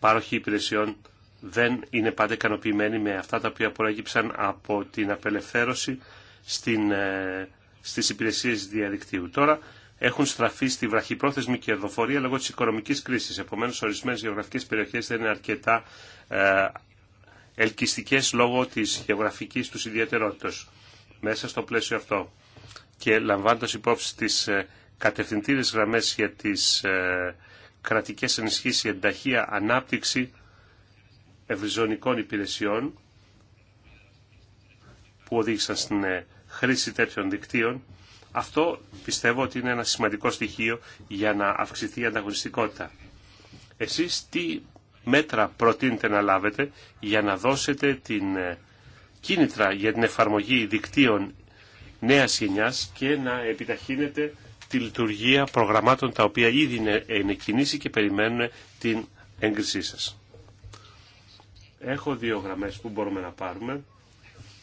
πάροχοι υπηρεσιών δεν είναι πάντα ικανοποιημένοι με αυτά τα οποία προέκυψαν από την απελευθέρωση στην, ε, στις υπηρεσίες διαδικτύου. Τώρα έχουν στραφεί στη βραχυπρόθεσμη κερδοφορία λόγω της οικονομικής κρίσης. Επομένως, ορισμένες γεωγραφικές περιοχές δεν είναι αρκετά ε, ελκυστικές λόγω της γεωγραφικής τους ιδιαιτερότητας μέσα στο πλαίσιο αυτό. Και λαμβάνοντας υπόψη τις ε, κατευθυντήρες γραμμές για τις ε, κρατικές ενισχύσεις ενταχεία ανάπτυξη ευρυζωνικών υπηρεσιών που οδήγησαν στην ε, χρήση τέτοιων δικτύων. Αυτό πιστεύω ότι είναι ένα σημαντικό στοιχείο για να αυξηθεί η ανταγωνιστικότητα. Εσείς τι μέτρα προτείνετε να λάβετε για να δώσετε την ε, κίνητρα για την εφαρμογή δικτύων νέας γενιάς και να επιταχύνετε τη λειτουργία προγραμμάτων τα οποία ήδη είναι κινήσει και περιμένουν την έγκρισή σας. Έχω δύο γραμμές που μπορούμε να πάρουμε.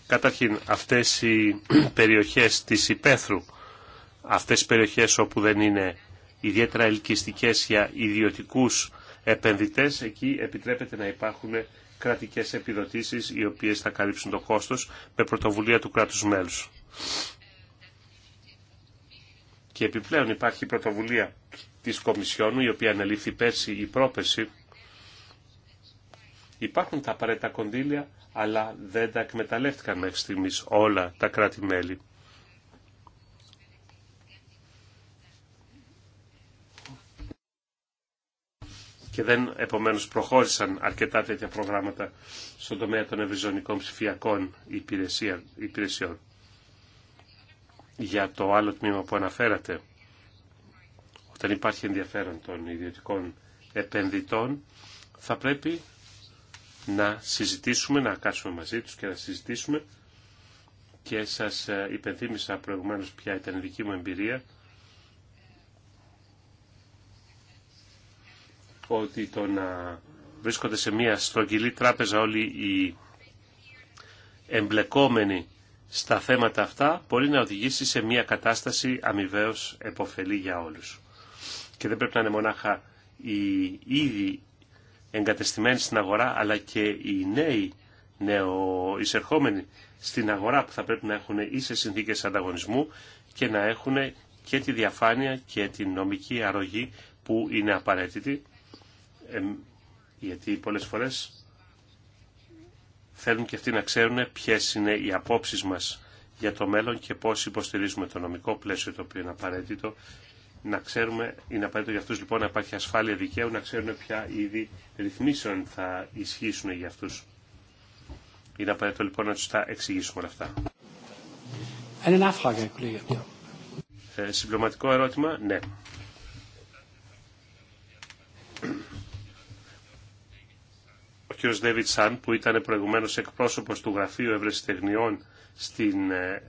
Καταρχήν αυτές οι περιοχές της υπέθρου, αυτές οι περιοχές όπου δεν είναι ιδιαίτερα ελκυστικές για ιδιωτικούς επενδυτές, εκεί επιτρέπεται να υπάρχουν κρατικές επιδοτήσεις οι οποίες θα καλύψουν το κόστος με πρωτοβουλία του κράτους μέλους. Και επιπλέον υπάρχει η πρωτοβουλία της Κομισιόνου, η οποία αναλήφθη πέρσι η πρόπεση. Υπάρχουν τα απαραίτητα κονδύλια, αλλά δεν τα εκμεταλλεύτηκαν μέχρι στιγμής όλα τα κράτη-μέλη. και δεν επομένως προχώρησαν αρκετά τέτοια προγράμματα στον τομέα των ευρυζωνικών ψηφιακών υπηρεσιών για το άλλο τμήμα που αναφέρατε, όταν υπάρχει ενδιαφέρον των ιδιωτικών επενδυτών, θα πρέπει να συζητήσουμε, να κάτσουμε μαζί τους και να συζητήσουμε και σας ε, υπενθύμησα προηγουμένως ποια ήταν η δική μου εμπειρία ότι το να βρίσκονται σε μια στρογγυλή τράπεζα όλοι οι εμπλεκόμενοι στα θέματα αυτά μπορεί να οδηγήσει σε μια κατάσταση αμοιβαίω επωφελή για όλους. Και δεν πρέπει να είναι μονάχα οι ήδη εγκατεστημένοι στην αγορά, αλλά και οι νέοι νεοεισερχόμενοι στην αγορά που θα πρέπει να έχουν ίσες συνθήκες ανταγωνισμού και να έχουν και τη διαφάνεια και την νομική αρρωγή που είναι απαραίτητη. γιατί πολλές φορές θέλουν και αυτοί να ξέρουν ποιε είναι οι απόψει μας για το μέλλον και πώς υποστηρίζουμε το νομικό πλαίσιο το οποίο είναι απαραίτητο. Να ξέρουμε, είναι απαραίτητο για αυτού λοιπόν να υπάρχει ασφάλεια δικαίου, να ξέρουν ποια είδη ρυθμίσεων θα ισχύσουν για αυτούς. Είναι απαραίτητο λοιπόν να του τα εξηγήσουμε όλα αυτά. Ε, συμπληρωματικό ερώτημα, ναι κ. Ντέβιτ Σαν που ήταν προηγουμένω εκπρόσωπος του Γραφείου Ευρεσιτεχνιών στην, ε,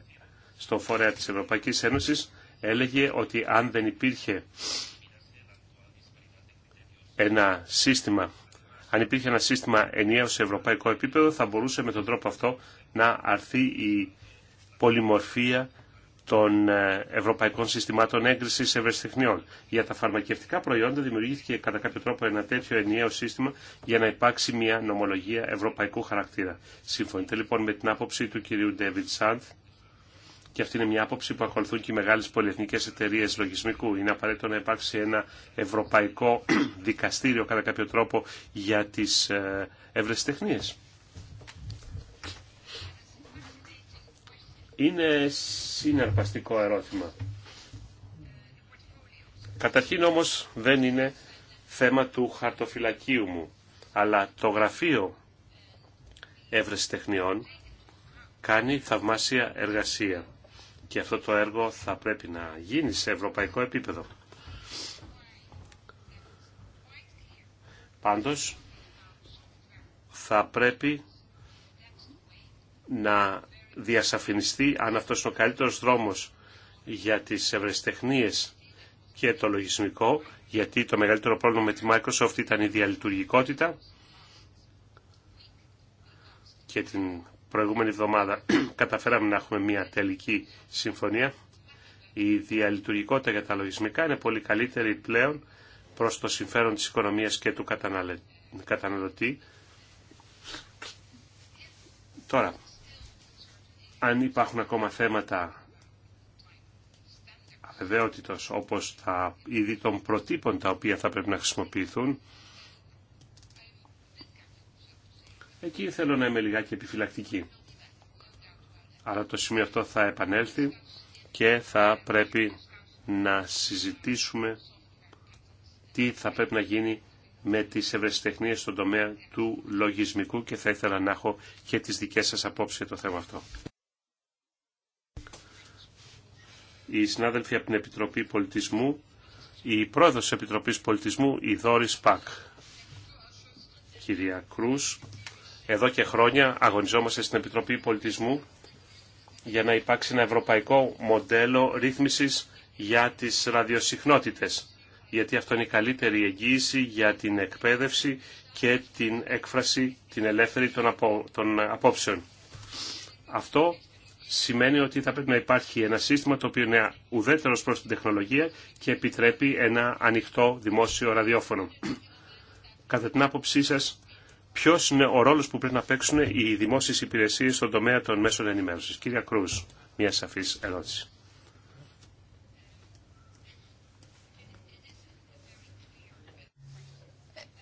στο φορέα της Ευρωπαϊκής Ένωσης έλεγε ότι αν δεν υπήρχε ένα σύστημα αν υπήρχε ένα σύστημα ενιαίο σε ευρωπαϊκό επίπεδο θα μπορούσε με τον τρόπο αυτό να αρθεί η πολυμορφία των ε, ευρωπαϊκών συστημάτων έγκριση Ευρεσιτεχνιών. Για τα φαρμακευτικά προϊόντα δημιουργήθηκε κατά κάποιο τρόπο ένα τέτοιο ενιαίο σύστημα για να υπάρξει μια νομολογία ευρωπαϊκού χαρακτήρα. Συμφωνείτε λοιπόν με την άποψη του κυρίου Ντέβιτ Σάντ και αυτή είναι μια άποψη που ακολουθούν και οι μεγάλε πολυεθνικέ εταιρείε λογισμικού. Είναι απαραίτητο να υπάρξει ένα ευρωπαϊκό δικαστήριο κατά κάποιο τρόπο για τι ε, ευρεσιτεχνίε. Είναι συναρπαστικό ερώτημα. Καταρχήν όμως δεν είναι θέμα του χαρτοφυλακίου μου, αλλά το γραφείο έβρεση τεχνιών κάνει θαυμάσια εργασία και αυτό το έργο θα πρέπει να γίνει σε ευρωπαϊκό επίπεδο. Πάντως θα πρέπει να διασαφινιστεί αν αυτό είναι ο καλύτερος δρόμος για τις ευρεσιτεχνίες και το λογισμικό, γιατί το μεγαλύτερο πρόβλημα με τη Microsoft ήταν η διαλειτουργικότητα και την προηγούμενη εβδομάδα καταφέραμε να έχουμε μια τελική συμφωνία. Η διαλειτουργικότητα για τα λογισμικά είναι πολύ καλύτερη πλέον προς το συμφέρον της οικονομίας και του καταναλωτή. Τώρα, αν υπάρχουν ακόμα θέματα αβεβαιότητος όπως τα είδη των προτύπων τα οποία θα πρέπει να χρησιμοποιηθούν, εκεί θέλω να είμαι λιγάκι επιφυλακτική. Αλλά το σημείο αυτό θα επανέλθει και θα πρέπει να συζητήσουμε τι θα πρέπει να γίνει με τις ευρεσιτεχνίες στον τομέα του λογισμικού και θα ήθελα να έχω και τις δικές σας απόψεις για το θέμα αυτό. οι συνάδελφοι από την Επιτροπή Πολιτισμού, η πρόεδρος της Επιτροπής Πολιτισμού, η Δόρη Πακ. Κυρία Κρούς, εδώ και χρόνια αγωνιζόμαστε στην Επιτροπή Πολιτισμού για να υπάρξει ένα ευρωπαϊκό μοντέλο ρύθμισης για τις ραδιοσυχνότητες. Γιατί αυτό είναι η καλύτερη εγγύηση για την εκπαίδευση και την έκφραση, την ελεύθερη των, των απόψεων. Αυτό σημαίνει ότι θα πρέπει να υπάρχει ένα σύστημα το οποίο είναι ουδέτερο προ την τεχνολογία και επιτρέπει ένα ανοιχτό δημόσιο ραδιόφωνο. Κατά την άποψή σα, ποιο είναι ο ρόλο που πρέπει να παίξουν οι δημόσιε υπηρεσίε στον τομέα των μέσων ενημέρωση. Κύριε Κρούζ, μια σαφή ερώτηση.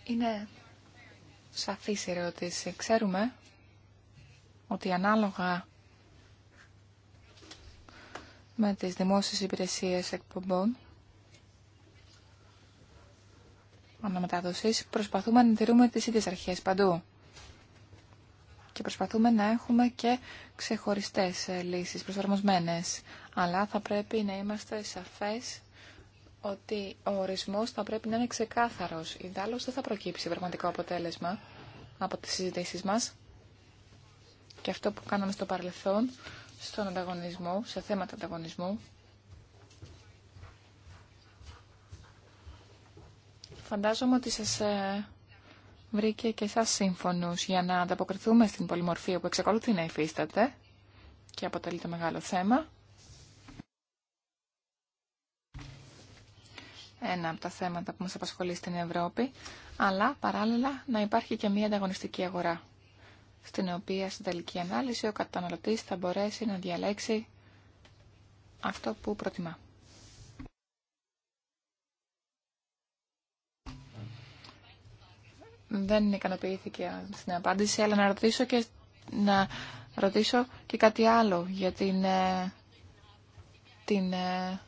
Είναι σαφής ερώτηση. Ξέρουμε ότι ανάλογα με τις δημόσιες υπηρεσίες εκπομπών αναμετάδοσης προσπαθούμε να τηρούμε τις ίδιες αρχές παντού και προσπαθούμε να έχουμε και ξεχωριστές ε, λύσεις προσαρμοσμένες αλλά θα πρέπει να είμαστε σαφές ότι ο ορισμός θα πρέπει να είναι ξεκάθαρος. Ιδάλλως δεν θα προκύψει πραγματικό αποτέλεσμα από τις συζητήσεις μας. Και αυτό που κάναμε στο παρελθόν στον ανταγωνισμό, σε θέματα ανταγωνισμού. Φαντάζομαι ότι σας ε, βρήκε και σας σύμφωνους για να ανταποκριθούμε στην πολυμορφία που εξακολουθεί να υφίσταται και αποτελεί το μεγάλο θέμα. Ένα από τα θέματα που μας απασχολεί στην Ευρώπη, αλλά παράλληλα να υπάρχει και μια ανταγωνιστική αγορά στην οποία στην τελική ανάλυση ο καταναλωτής θα μπορέσει να διαλέξει αυτό που προτιμά. Δεν ικανοποιήθηκε στην απάντηση, αλλά να ρωτήσω και, να ρωτήσω και κάτι άλλο για την, ε, την ε,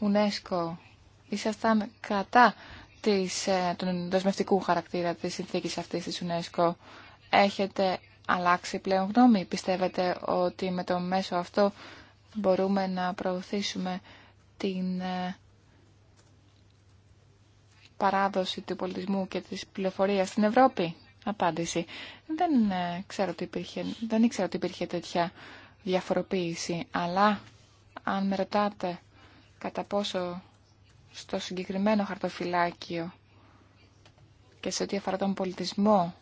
UNESCO. Ήσασταν κατά της, ε, τον δεσμευτικού χαρακτήρα της συνθήκης αυτής της UNESCO. Έχετε αλλάξει πλέον γνώμη. Πιστεύετε ότι με το μέσο αυτό μπορούμε να προωθήσουμε την ε, παράδοση του πολιτισμού και της πληροφορίας στην Ευρώπη. Απάντηση. Δεν, ε, ξέρω τι υπήρχε, δεν ήξερα ότι υπήρχε τέτοια διαφοροποίηση, αλλά αν με ρωτάτε κατά πόσο στο συγκεκριμένο χαρτοφυλάκιο και σε ό,τι αφορά τον πολιτισμό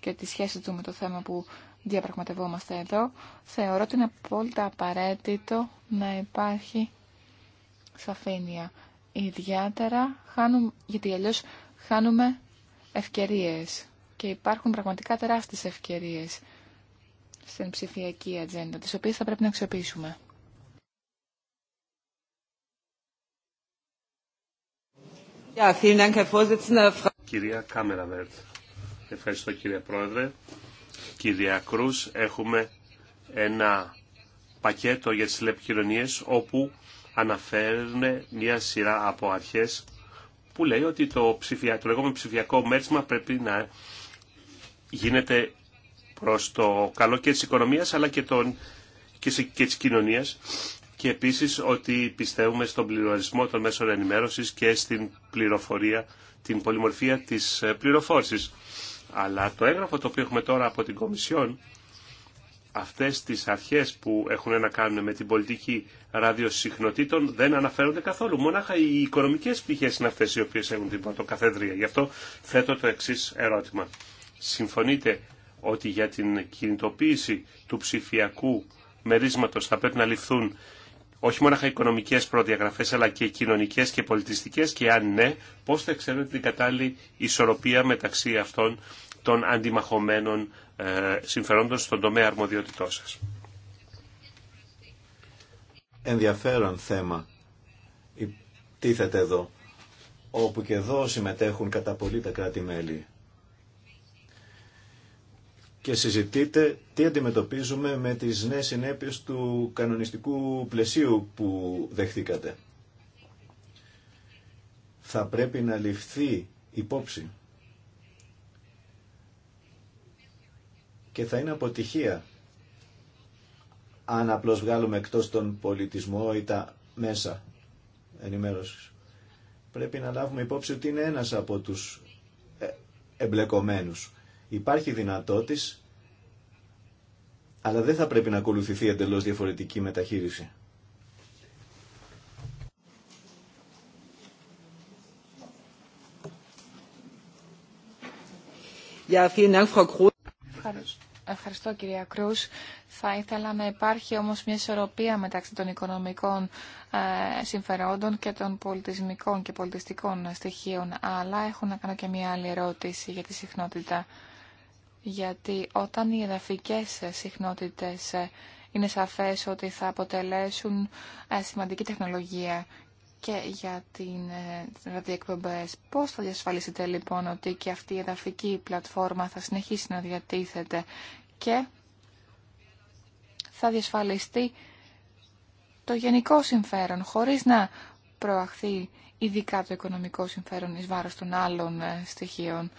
και τη σχέση του με το θέμα που διαπραγματευόμαστε εδώ, θεωρώ ότι είναι απόλυτα απαραίτητο να υπάρχει σαφήνεια. Ιδιαίτερα χάνουμε, γιατί αλλιώς χάνουμε ευκαιρίες και υπάρχουν πραγματικά τεράστιες ευκαιρίες στην ψηφιακή ατζέντα, τις οποίες θα πρέπει να αξιοποιήσουμε. Κυρία Κάμεραβερτ, ευχαριστώ κύριε Πρόεδρε. Κυρία Κρούς, έχουμε ένα πακέτο για τις τηλεπικοινωνίες όπου αναφέρουν μια σειρά από αρχές που λέει ότι το, ψηφιακό, το λεγόμενο ψηφιακό μέρισμα πρέπει να γίνεται προς το καλό και της οικονομίας αλλά και, των, και της κοινωνίας και επίσης ότι πιστεύουμε στον πληροφορισμό των μέσων ενημέρωσης και στην πληροφορία, την πολυμορφία της ε, πληροφόρησης. Αλλά το έγγραφο το οποίο έχουμε τώρα από την Κομισιόν, αυτές τις αρχές που έχουν να κάνουν με την πολιτική ραδιοσυχνοτήτων δεν αναφέρονται καθόλου. Μονάχα οι οικονομικές πτυχές είναι αυτές οι οποίες έχουν την πρωτοκαθεδρία. Γι' αυτό θέτω το εξή ερώτημα. Συμφωνείτε ότι για την κινητοποίηση του ψηφιακού μερίσματος θα πρέπει να ληφθούν όχι μόνο οικονομικές προδιαγραφέ, αλλά και κοινωνικές και πολιτιστικέ, και αν ναι, πώς θα ξέρετε την κατάλληλη ισορροπία μεταξύ αυτών των αντιμαχωμένων ε, συμφερόντων στον τομέα αρμοδιότητό σα. Ενδιαφέρον θέμα τίθεται εδώ, όπου και εδώ συμμετέχουν κατά πολύ τα κράτη-μέλη και συζητείτε τι αντιμετωπίζουμε με τις νέες συνέπειες του κανονιστικού πλαισίου που δεχθήκατε. Θα πρέπει να ληφθεί υπόψη και θα είναι αποτυχία αν απλώς βγάλουμε εκτός τον πολιτισμό ή τα μέσα ενημέρωσης. Πρέπει να λάβουμε υπόψη ότι είναι ένας από τους ε, εμπλεκομένους Υπάρχει δυνατότης, αλλά δεν θα πρέπει να ακολουθηθεί εντελώς διαφορετική μεταχείριση. Ευχαριστώ. κυρία Κρούς. Θα ήθελα να υπάρχει όμως μια ισορροπία μεταξύ των οικονομικών ε, συμφερόντων και των πολιτισμικών και πολιτιστικών στοιχείων. Αλλά έχω να κάνω και μια άλλη ερώτηση για τη συχνότητα γιατί όταν οι εδαφικές συχνότητες είναι σαφές ότι θα αποτελέσουν ε, σημαντική τεχνολογία και για την ε, ραδιοεκπομπές. Πώς θα διασφαλίσετε λοιπόν ότι και αυτή η εδαφική πλατφόρμα θα συνεχίσει να διατίθεται και θα διασφαλιστεί το γενικό συμφέρον χωρίς να προαχθεί ειδικά το οικονομικό συμφέρον εις βάρος των άλλων ε, στοιχείων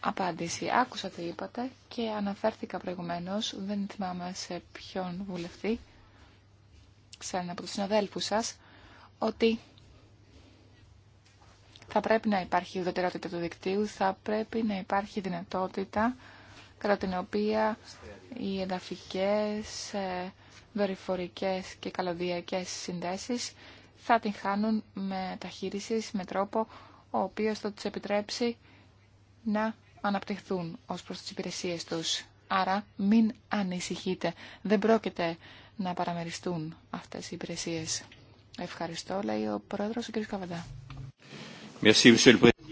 απάντηση. Άκουσα τι είπατε και αναφέρθηκα προηγουμένως, δεν θυμάμαι σε ποιον βουλευτή, σε έναν από τους συναδέλφου σας, ότι θα πρέπει να υπάρχει ουδετερότητα του δικτύου, θα πρέπει να υπάρχει δυνατότητα κατά την οποία οι εδαφικές, ε, δορυφορικές και καλωδιακές συνδέσεις θα την χάνουν με ταχύρισης, με τρόπο ο οποίος θα τους επιτρέψει να αναπτυχθούν ως προς τις υπηρεσίες τους. Άρα μην ανησυχείτε, δεν πρόκειται να παραμεριστούν αυτές οι υπηρεσίες. Ευχαριστώ, λέει ο Πρόεδρος, ο κ. Καβαντά.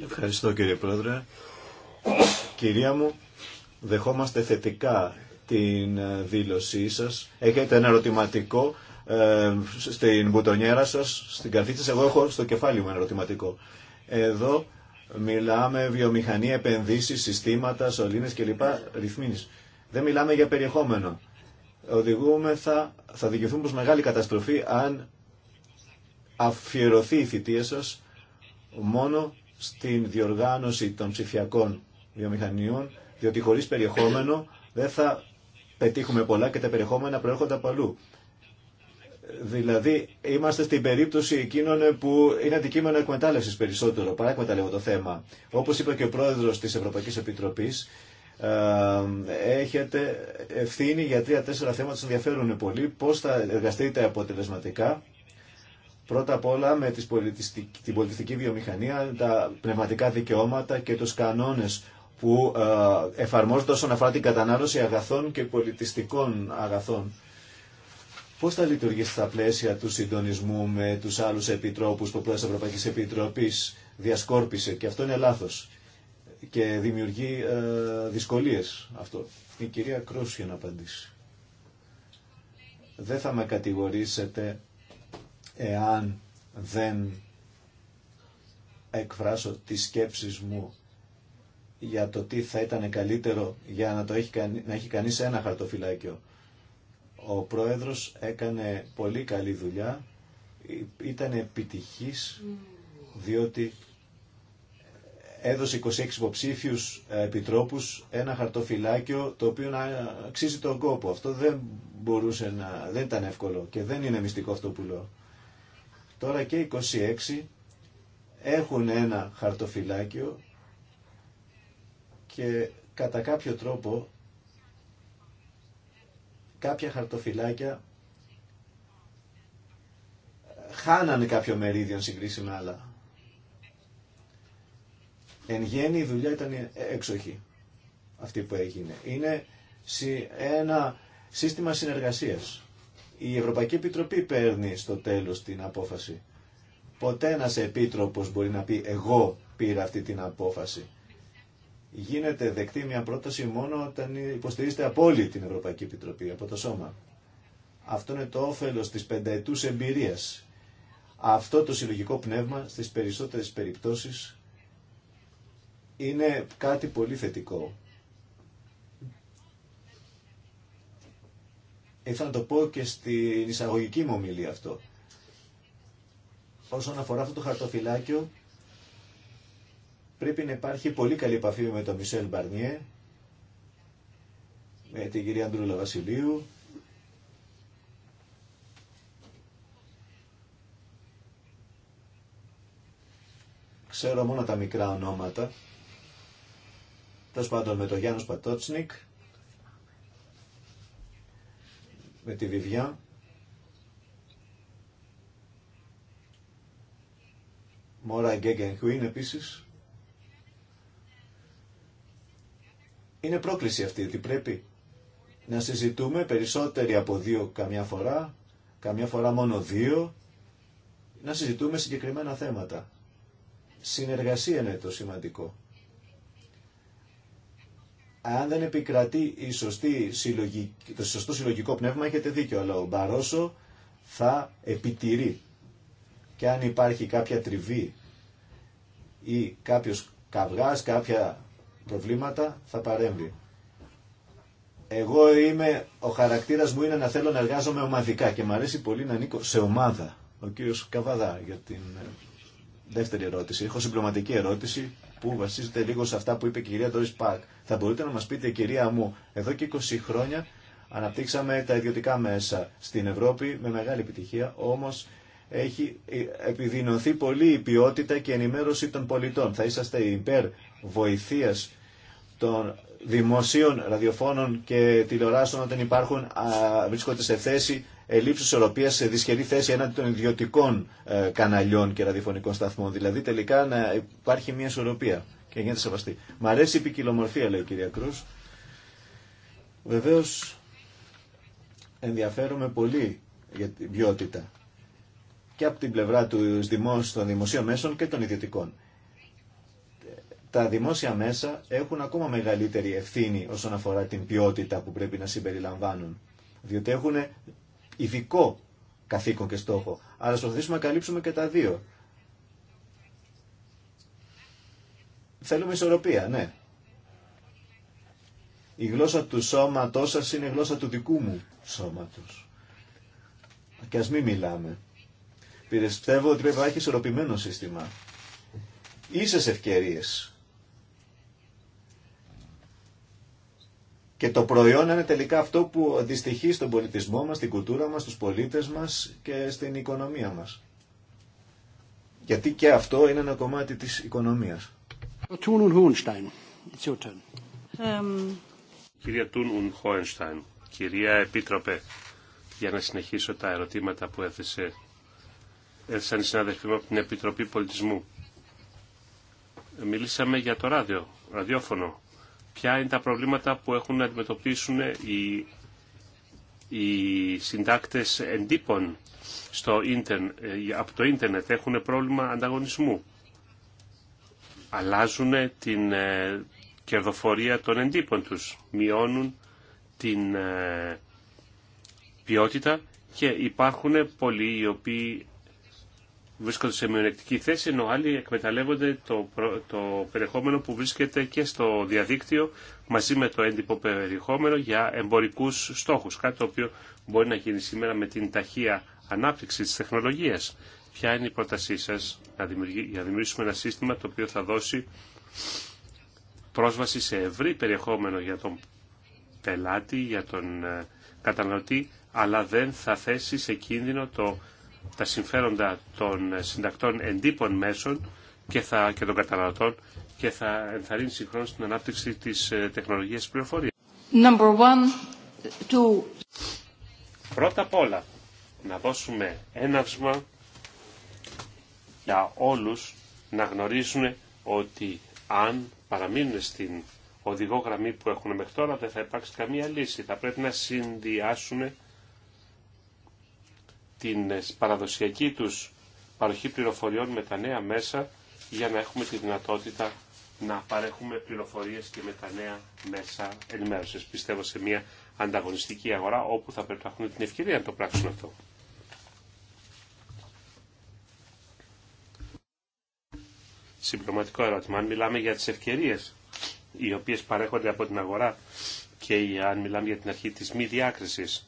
Ευχαριστώ κύριε Πρόεδρε. Κυρία μου, δεχόμαστε θετικά την ε, δήλωσή σας. Έχετε ένα ερωτηματικό ε, στην μπουτονιέρα σας, στην καρφίτσα Εγώ έχω στο κεφάλι μου ένα ερωτηματικό. Εδώ Μιλάμε βιομηχανία, επενδύσεις, συστήματα, σωλήνες κλπ. Ρυθμίνης. Δεν μιλάμε για περιεχόμενο. Οδηγούμε θα δικαιωθούμε προς μεγάλη καταστροφή αν αφιερωθεί η θητεία σας μόνο στην διοργάνωση των ψηφιακών βιομηχανιών, διότι χωρίς περιεχόμενο δεν θα πετύχουμε πολλά και τα περιεχόμενα προέρχονται από αλλού. Δηλαδή, είμαστε στην περίπτωση εκείνων που είναι αντικείμενο εκμετάλλευση περισσότερο, παρά εκμεταλλεύω το θέμα. Όπω είπε και ο πρόεδρο τη Ευρωπαϊκή Επιτροπή, ε, έχετε ευθύνη για τρία-τέσσερα θέματα που ενδιαφέρουν πολύ. Πώ θα εργαστείτε αποτελεσματικά, πρώτα απ' όλα με τις την πολιτιστική βιομηχανία, τα πνευματικά δικαιώματα και του κανόνε που ε, εφαρμόζονται όσον αφορά την κατανάλωση αγαθών και πολιτιστικών αγαθών Πώς θα λειτουργήσει στα πλαίσια του συντονισμού με τους άλλους επιτρόπους που πρόεδρος της Ευρωπαϊκής Επιτροπής διασκόρπισε και αυτό είναι λάθος και δημιουργεί ε, δυσκολίες αυτό. Η κυρία Κρούσια να απαντήσει. Δεν θα με κατηγορήσετε εάν δεν εκφράσω τις σκέψεις μου για το τι θα ήταν καλύτερο για να, το έχει, να έχει κανείς ένα χαρτοφυλάκιο. Ο πρόεδρος έκανε πολύ καλή δουλειά, ήταν επιτυχής διότι έδωσε 26 υποψήφιου ε, επιτρόπους ένα χαρτοφυλάκιο το οποίο να αξίζει τον κόπο. Αυτό δεν μπορούσε να. δεν ήταν εύκολο και δεν είναι μυστικό αυτό που λέω. Τώρα και 26 έχουν ένα χαρτοφυλάκιο και κατά κάποιο τρόπο κάποια χαρτοφυλάκια χάνανε κάποιο μερίδιο συγκρίση με άλλα. Εν γέννη η δουλειά ήταν έξοχη αυτή που έγινε. Είναι ένα σύστημα συνεργασίας. Η Ευρωπαϊκή Επιτροπή παίρνει στο τέλος την απόφαση. Ποτέ ένας επίτροπος μπορεί να πει εγώ πήρα αυτή την απόφαση γίνεται δεκτή μια πρόταση μόνο όταν υποστηρίζεται από όλη την Ευρωπαϊκή Επιτροπή, από το σώμα. Αυτό είναι το όφελο της πενταετού εμπειρία. Αυτό το συλλογικό πνεύμα στις περισσότερε περιπτώσεις είναι κάτι πολύ θετικό. Ήθελα να το πω και στην εισαγωγική μου ομιλία αυτό. Όσον αφορά αυτό το χαρτοφυλάκιο, Πρέπει να υπάρχει πολύ καλή επαφή με τον Μισελ Μπαρνιέ, με την κυρία Αντρούλα Βασιλείου, ξέρω μόνο τα μικρά ονόματα. Τέλο πάντων με τον Γιάννη Πατότσνικ, με τη Βιβιά, Μόρα Γκέγκεν Χουίν επίσης. Είναι πρόκληση αυτή ότι πρέπει να συζητούμε περισσότεροι από δύο καμιά φορά, καμιά φορά μόνο δύο, να συζητούμε συγκεκριμένα θέματα. Συνεργασία είναι το σημαντικό. Αν δεν επικρατεί η σωστή το σωστό συλλογικό πνεύμα, έχετε δίκιο, αλλά ο Μπαρόσο θα επιτηρεί. Και αν υπάρχει κάποια τριβή ή κάποιος καυγάς, κάποια προβλήματα θα παρέμβει. Εγώ είμαι, ο χαρακτήρας μου είναι να θέλω να εργάζομαι ομαδικά και μου αρέσει πολύ να ανήκω σε ομάδα. Ο κύριος Καβαδά για την ε, δεύτερη ερώτηση. Έχω συμπληρωματική ερώτηση που βασίζεται λίγο σε αυτά που είπε η κυρία Ντόρις Πακ. Θα μπορείτε να μας πείτε, κυρία μου, εδώ και 20 χρόνια αναπτύξαμε τα ιδιωτικά μέσα στην Ευρώπη με μεγάλη επιτυχία, όμως έχει ε, επιδεινωθεί πολύ η ποιότητα και η ενημέρωση των πολιτών. Θα είσαστε υπέρ βοηθείας των δημοσίων ραδιοφώνων και τηλεοράσεων όταν υπάρχουν βρίσκονται σε θέση ελλείψης οροπίας σε δυσχερή θέση έναντι των ιδιωτικών ε, καναλιών και ραδιοφωνικών σταθμών. Δηλαδή τελικά να υπάρχει μια ισορροπία και γίνεται σεβαστή. Μ' αρέσει η ποικιλομορφία λέει ο κυρία Κρούς. Βεβαίως ενδιαφέρομαι πολύ για την ποιότητα και από την πλευρά του δημόσιου, των δημοσίων μέσων και των ιδιωτικών τα δημόσια μέσα έχουν ακόμα μεγαλύτερη ευθύνη όσον αφορά την ποιότητα που πρέπει να συμπεριλαμβάνουν. Διότι έχουν ειδικό καθήκον και στόχο. Αλλά προσπαθήσουμε να καλύψουμε και τα δύο. Θέλουμε ισορροπία, ναι. Η γλώσσα του σώματός σας είναι η γλώσσα του δικού μου σώματος. Και ας μην μιλάμε. Πιστεύω ότι πρέπει να έχει ισορροπημένο σύστημα. Ίσες ευκαιρίες και το προϊόν είναι τελικά αυτό που αντιστοιχεί στον πολιτισμό μας, στην κουλτούρα μας, στους πολίτες μας και στην οικονομία μας. Γιατί και αυτό είναι ένα κομμάτι της οικονομίας. Κυρία Τούν Χόενστάιν, κυρία Επίτροπε, για να συνεχίσω τα ερωτήματα που έθεσε, έθεσαν οι συνάδελφοί μου από την Επιτροπή Πολιτισμού. Μιλήσαμε για το ράδιο, ραδιόφωνο ποια είναι τα προβλήματα που έχουν να αντιμετωπίσουν οι, οι συντάκτες εντύπων στο ίντερ, ε, από το ίντερνετ. Έχουν πρόβλημα ανταγωνισμού. Αλλάζουν ε, την ε, κερδοφορία των εντύπων τους. Μειώνουν την ποιότητα και υπάρχουν πολλοί οι οποίοι βρίσκονται σε μειονεκτική θέση, ενώ άλλοι εκμεταλλεύονται το, το περιεχόμενο που βρίσκεται και στο διαδίκτυο μαζί με το έντυπο περιεχόμενο για εμπορικούς στόχους, κάτι το οποίο μπορεί να γίνει σήμερα με την ταχεία ανάπτυξη της τεχνολογίας. Ποια είναι η πρότασή σας να για να δημιουργήσουμε ένα σύστημα το οποίο θα δώσει πρόσβαση σε ευρύ περιεχόμενο για τον πελάτη, για τον ε, καταναλωτή, αλλά δεν θα θέσει σε κίνδυνο το τα συμφέροντα των συντακτών εντύπων μέσων και, θα, και των καταναλωτών και θα ενθαρρύνει συγχρόνως την ανάπτυξη της ε, τεχνολογίας της πληροφορίας. Number one, two. Πρώτα απ' όλα, να δώσουμε έναυσμα για όλους να γνωρίζουν ότι αν παραμείνουν στην οδηγό γραμμή που έχουν μέχρι τώρα δεν θα υπάρξει καμία λύση. Θα πρέπει να συνδυάσουμε την παραδοσιακή τους παροχή πληροφοριών με τα νέα μέσα για να έχουμε τη δυνατότητα να παρέχουμε πληροφορίες και με τα νέα μέσα ενημέρωσης. Πιστεύω σε μια ανταγωνιστική αγορά όπου θα πρέπει να έχουν την ευκαιρία να το πράξουν αυτό. Συμπληρωματικό ερώτημα. Αν μιλάμε για τις ευκαιρίες οι οποίες παρέχονται από την αγορά και αν μιλάμε για την αρχή της μη διάκρισης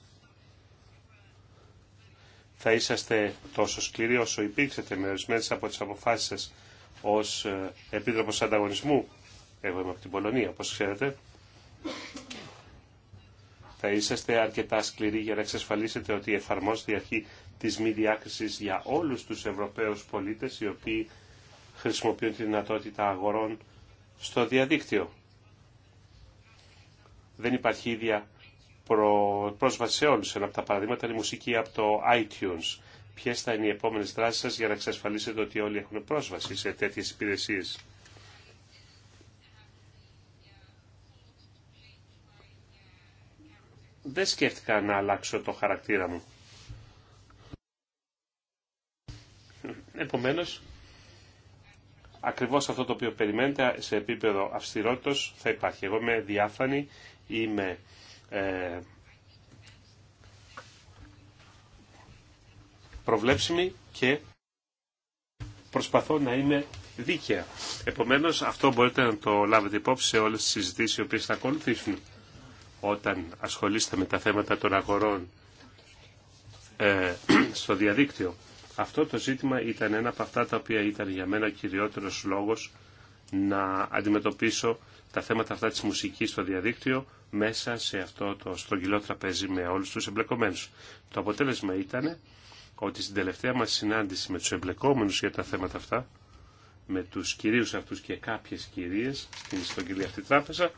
θα είσαστε τόσο σκληροί όσο υπήρξετε με ορισμένε από τι αποφάσει σα ω ε, Επίτροπο Ανταγωνισμού. Εγώ είμαι από την Πολωνία, όπω ξέρετε. Θα είσαστε αρκετά σκληροί για να εξασφαλίσετε ότι εφαρμόζεται η αρχή της μη διάκριση για όλους τους Ευρωπαίους πολίτες οι οποίοι χρησιμοποιούν τη δυνατότητα αγορών στο διαδίκτυο. Δεν υπάρχει ίδια προ... πρόσβαση σε όλους. Ένα από τα παραδείγματα είναι η μουσική από το iTunes. Ποιε θα είναι οι επόμενε δράσεις σα για να εξασφαλίσετε ότι όλοι έχουν πρόσβαση σε τέτοιες υπηρεσίε. Δεν σκέφτηκα να αλλάξω το χαρακτήρα μου. Επομένως, ακριβώς αυτό το οποίο περιμένετε σε επίπεδο αυστηρότητος θα υπάρχει. Εγώ είμαι διάφανη, είμαι ε, προβλέψιμη και προσπαθώ να είμαι δίκαια. Επομένως αυτό μπορείτε να το λάβετε υπόψη σε όλες τις συζητήσεις οι οποίες θα ακολουθήσουν. Όταν ασχολείστε με τα θέματα των αγορών ε, στο διαδίκτυο. Αυτό το ζήτημα ήταν ένα από αυτά τα οποία ήταν για μένα κυριότερος λόγος να αντιμετωπίσω τα θέματα αυτά της μουσικής στο διαδίκτυο μέσα σε αυτό το στρογγυλό τραπέζι με όλους τους εμπλεκομένους. Το αποτέλεσμα ήταν ότι στην τελευταία μας συνάντηση με τους εμπλεκόμενους για τα θέματα αυτά, με τους κυρίους αυτούς και κάποιες κυρίες στην στρογγυλή αυτή τράπεζα,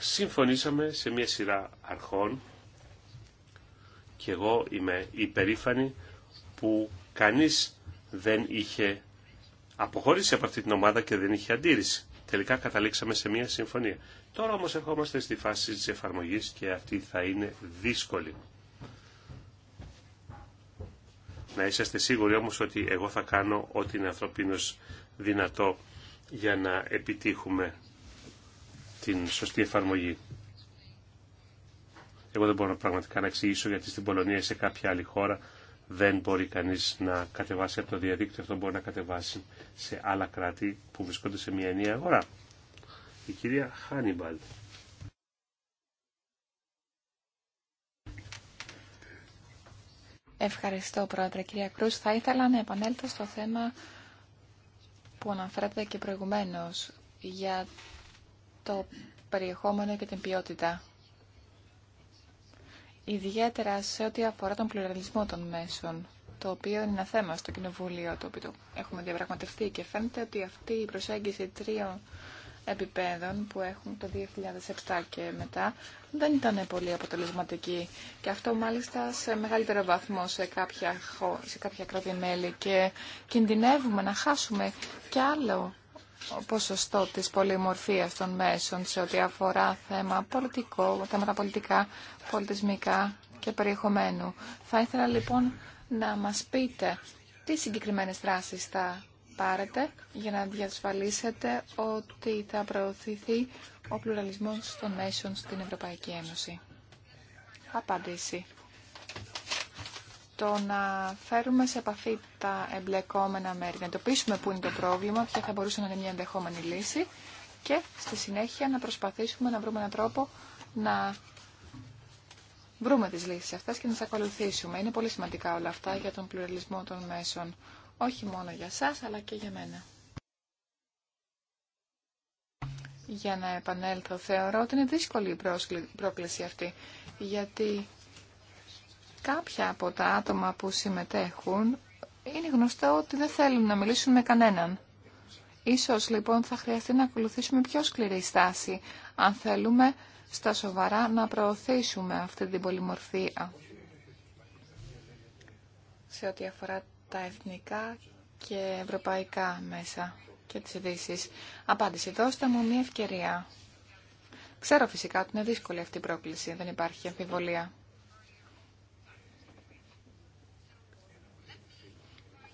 συμφωνήσαμε σε μια σειρά αρχών και εγώ είμαι υπερήφανη που κανείς δεν είχε αποχώρησε από αυτή την ομάδα και δεν είχε αντίρρηση. Τελικά καταλήξαμε σε μια συμφωνία. Τώρα όμως ερχόμαστε στη φάση της εφαρμογής και αυτή θα είναι δύσκολη. Να είσαστε σίγουροι όμως ότι εγώ θα κάνω ό,τι είναι ανθρωπίνως δυνατό για να επιτύχουμε την σωστή εφαρμογή. Εγώ δεν μπορώ πραγματικά να εξηγήσω γιατί στην Πολωνία ή σε κάποια άλλη χώρα δεν μπορεί κανείς να κατεβάσει από το διαδίκτυο, αυτό μπορεί να κατεβάσει σε άλλα κράτη που βρισκόνται σε μια ενιαία αγορά. Η κυρία Χάνιμπαλ. Ευχαριστώ πρόεδρε κυρία Κρούς. Θα ήθελα να επανέλθω στο θέμα που αναφέρατε και προηγουμένως για το περιεχόμενο και την ποιότητα. Ιδιαίτερα σε ό,τι αφορά τον πλουραλισμό των μέσων, το οποίο είναι ένα θέμα στο Κοινοβούλιο, το οποίο έχουμε διαπραγματευτεί και φαίνεται ότι αυτή η προσέγγιση τριών επιπέδων που έχουν το 2007 και μετά δεν ήταν πολύ αποτελεσματική και αυτό μάλιστα σε μεγαλύτερο βαθμό σε κάποια, σε κάποια κράτη-μέλη και κινδυνεύουμε να χάσουμε και άλλο ποσοστό της πολυμορφίας των μέσων σε ό,τι αφορά θέμα πολιτικό, θέματα πολιτικά, πολιτισμικά και περιεχομένου. Θα ήθελα λοιπόν να μας πείτε τι συγκεκριμένες δράσεις θα πάρετε για να διασφαλίσετε ότι θα προωθηθεί ο πλουραλισμός των μέσων στην Ευρωπαϊκή Ένωση. Απάντηση. Το να φέρουμε σε επαφή τα εμπλεκόμενα μέρη, να εντοπίσουμε πού είναι το πρόβλημα, ποια θα μπορούσε να είναι μια ενδεχόμενη λύση και στη συνέχεια να προσπαθήσουμε να βρούμε έναν τρόπο να βρούμε τις λύσεις αυτές και να τις ακολουθήσουμε. Είναι πολύ σημαντικά όλα αυτά για τον πλουραλισμό των μέσων όχι μόνο για σας αλλά και για μένα. Για να επανέλθω, θεωρώ ότι είναι δύσκολη η πρόκληση αυτή, γιατί κάποια από τα άτομα που συμμετέχουν είναι γνωστό ότι δεν θέλουν να μιλήσουν με κανέναν. Ίσως λοιπόν θα χρειαστεί να ακολουθήσουμε πιο σκληρή στάση, αν θέλουμε στα σοβαρά να προωθήσουμε αυτή την πολυμορφία. Σε ό,τι αφορά τα εθνικά και ευρωπαϊκά μέσα και τις ειδήσει. Απάντηση, δώστε μου μια ευκαιρία. Ξέρω φυσικά ότι είναι δύσκολη αυτή η πρόκληση, δεν υπάρχει αμφιβολία.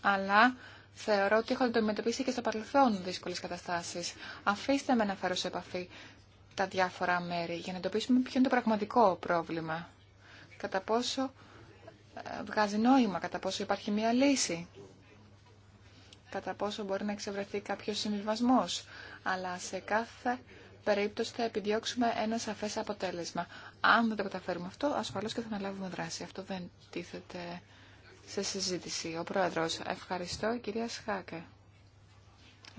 Αλλά θεωρώ ότι έχω αντιμετωπίσει και στο παρελθόν δύσκολε καταστάσει. Αφήστε με να φέρω σε επαφή τα διάφορα μέρη για να εντοπίσουμε ποιο είναι το πραγματικό πρόβλημα. Κατά πόσο βγάζει νόημα, κατά πόσο υπάρχει μία λύση, κατά πόσο μπορεί να εξευρεθεί κάποιος συμβιβασμός. Αλλά σε κάθε περίπτωση θα επιδιώξουμε ένα σαφές αποτέλεσμα. Αν δεν το καταφέρουμε αυτό, ασφαλώς και θα αναλάβουμε δράση. Αυτό δεν τίθεται σε συζήτηση. Ο Πρόεδρος, ευχαριστώ. Κυρία Σχάκε.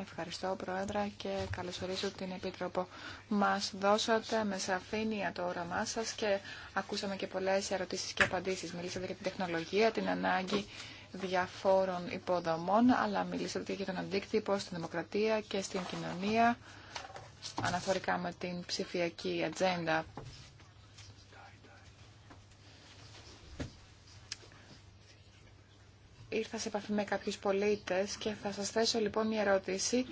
Ευχαριστώ, Πρόεδρα, και καλωσορίζω την Επίτροπο. Μας δώσατε με σαφήνεια το όραμά σας και ακούσαμε και πολλές ερωτήσεις και απαντήσεις. Μιλήσατε για την τεχνολογία, την ανάγκη διαφόρων υποδομών, αλλά μιλήσατε και για τον αντίκτυπο στην δημοκρατία και στην κοινωνία αναφορικά με την ψηφιακή ατζέντα ήρθα σε επαφή με κάποιους πολίτες και θα σας θέσω λοιπόν μια ερώτηση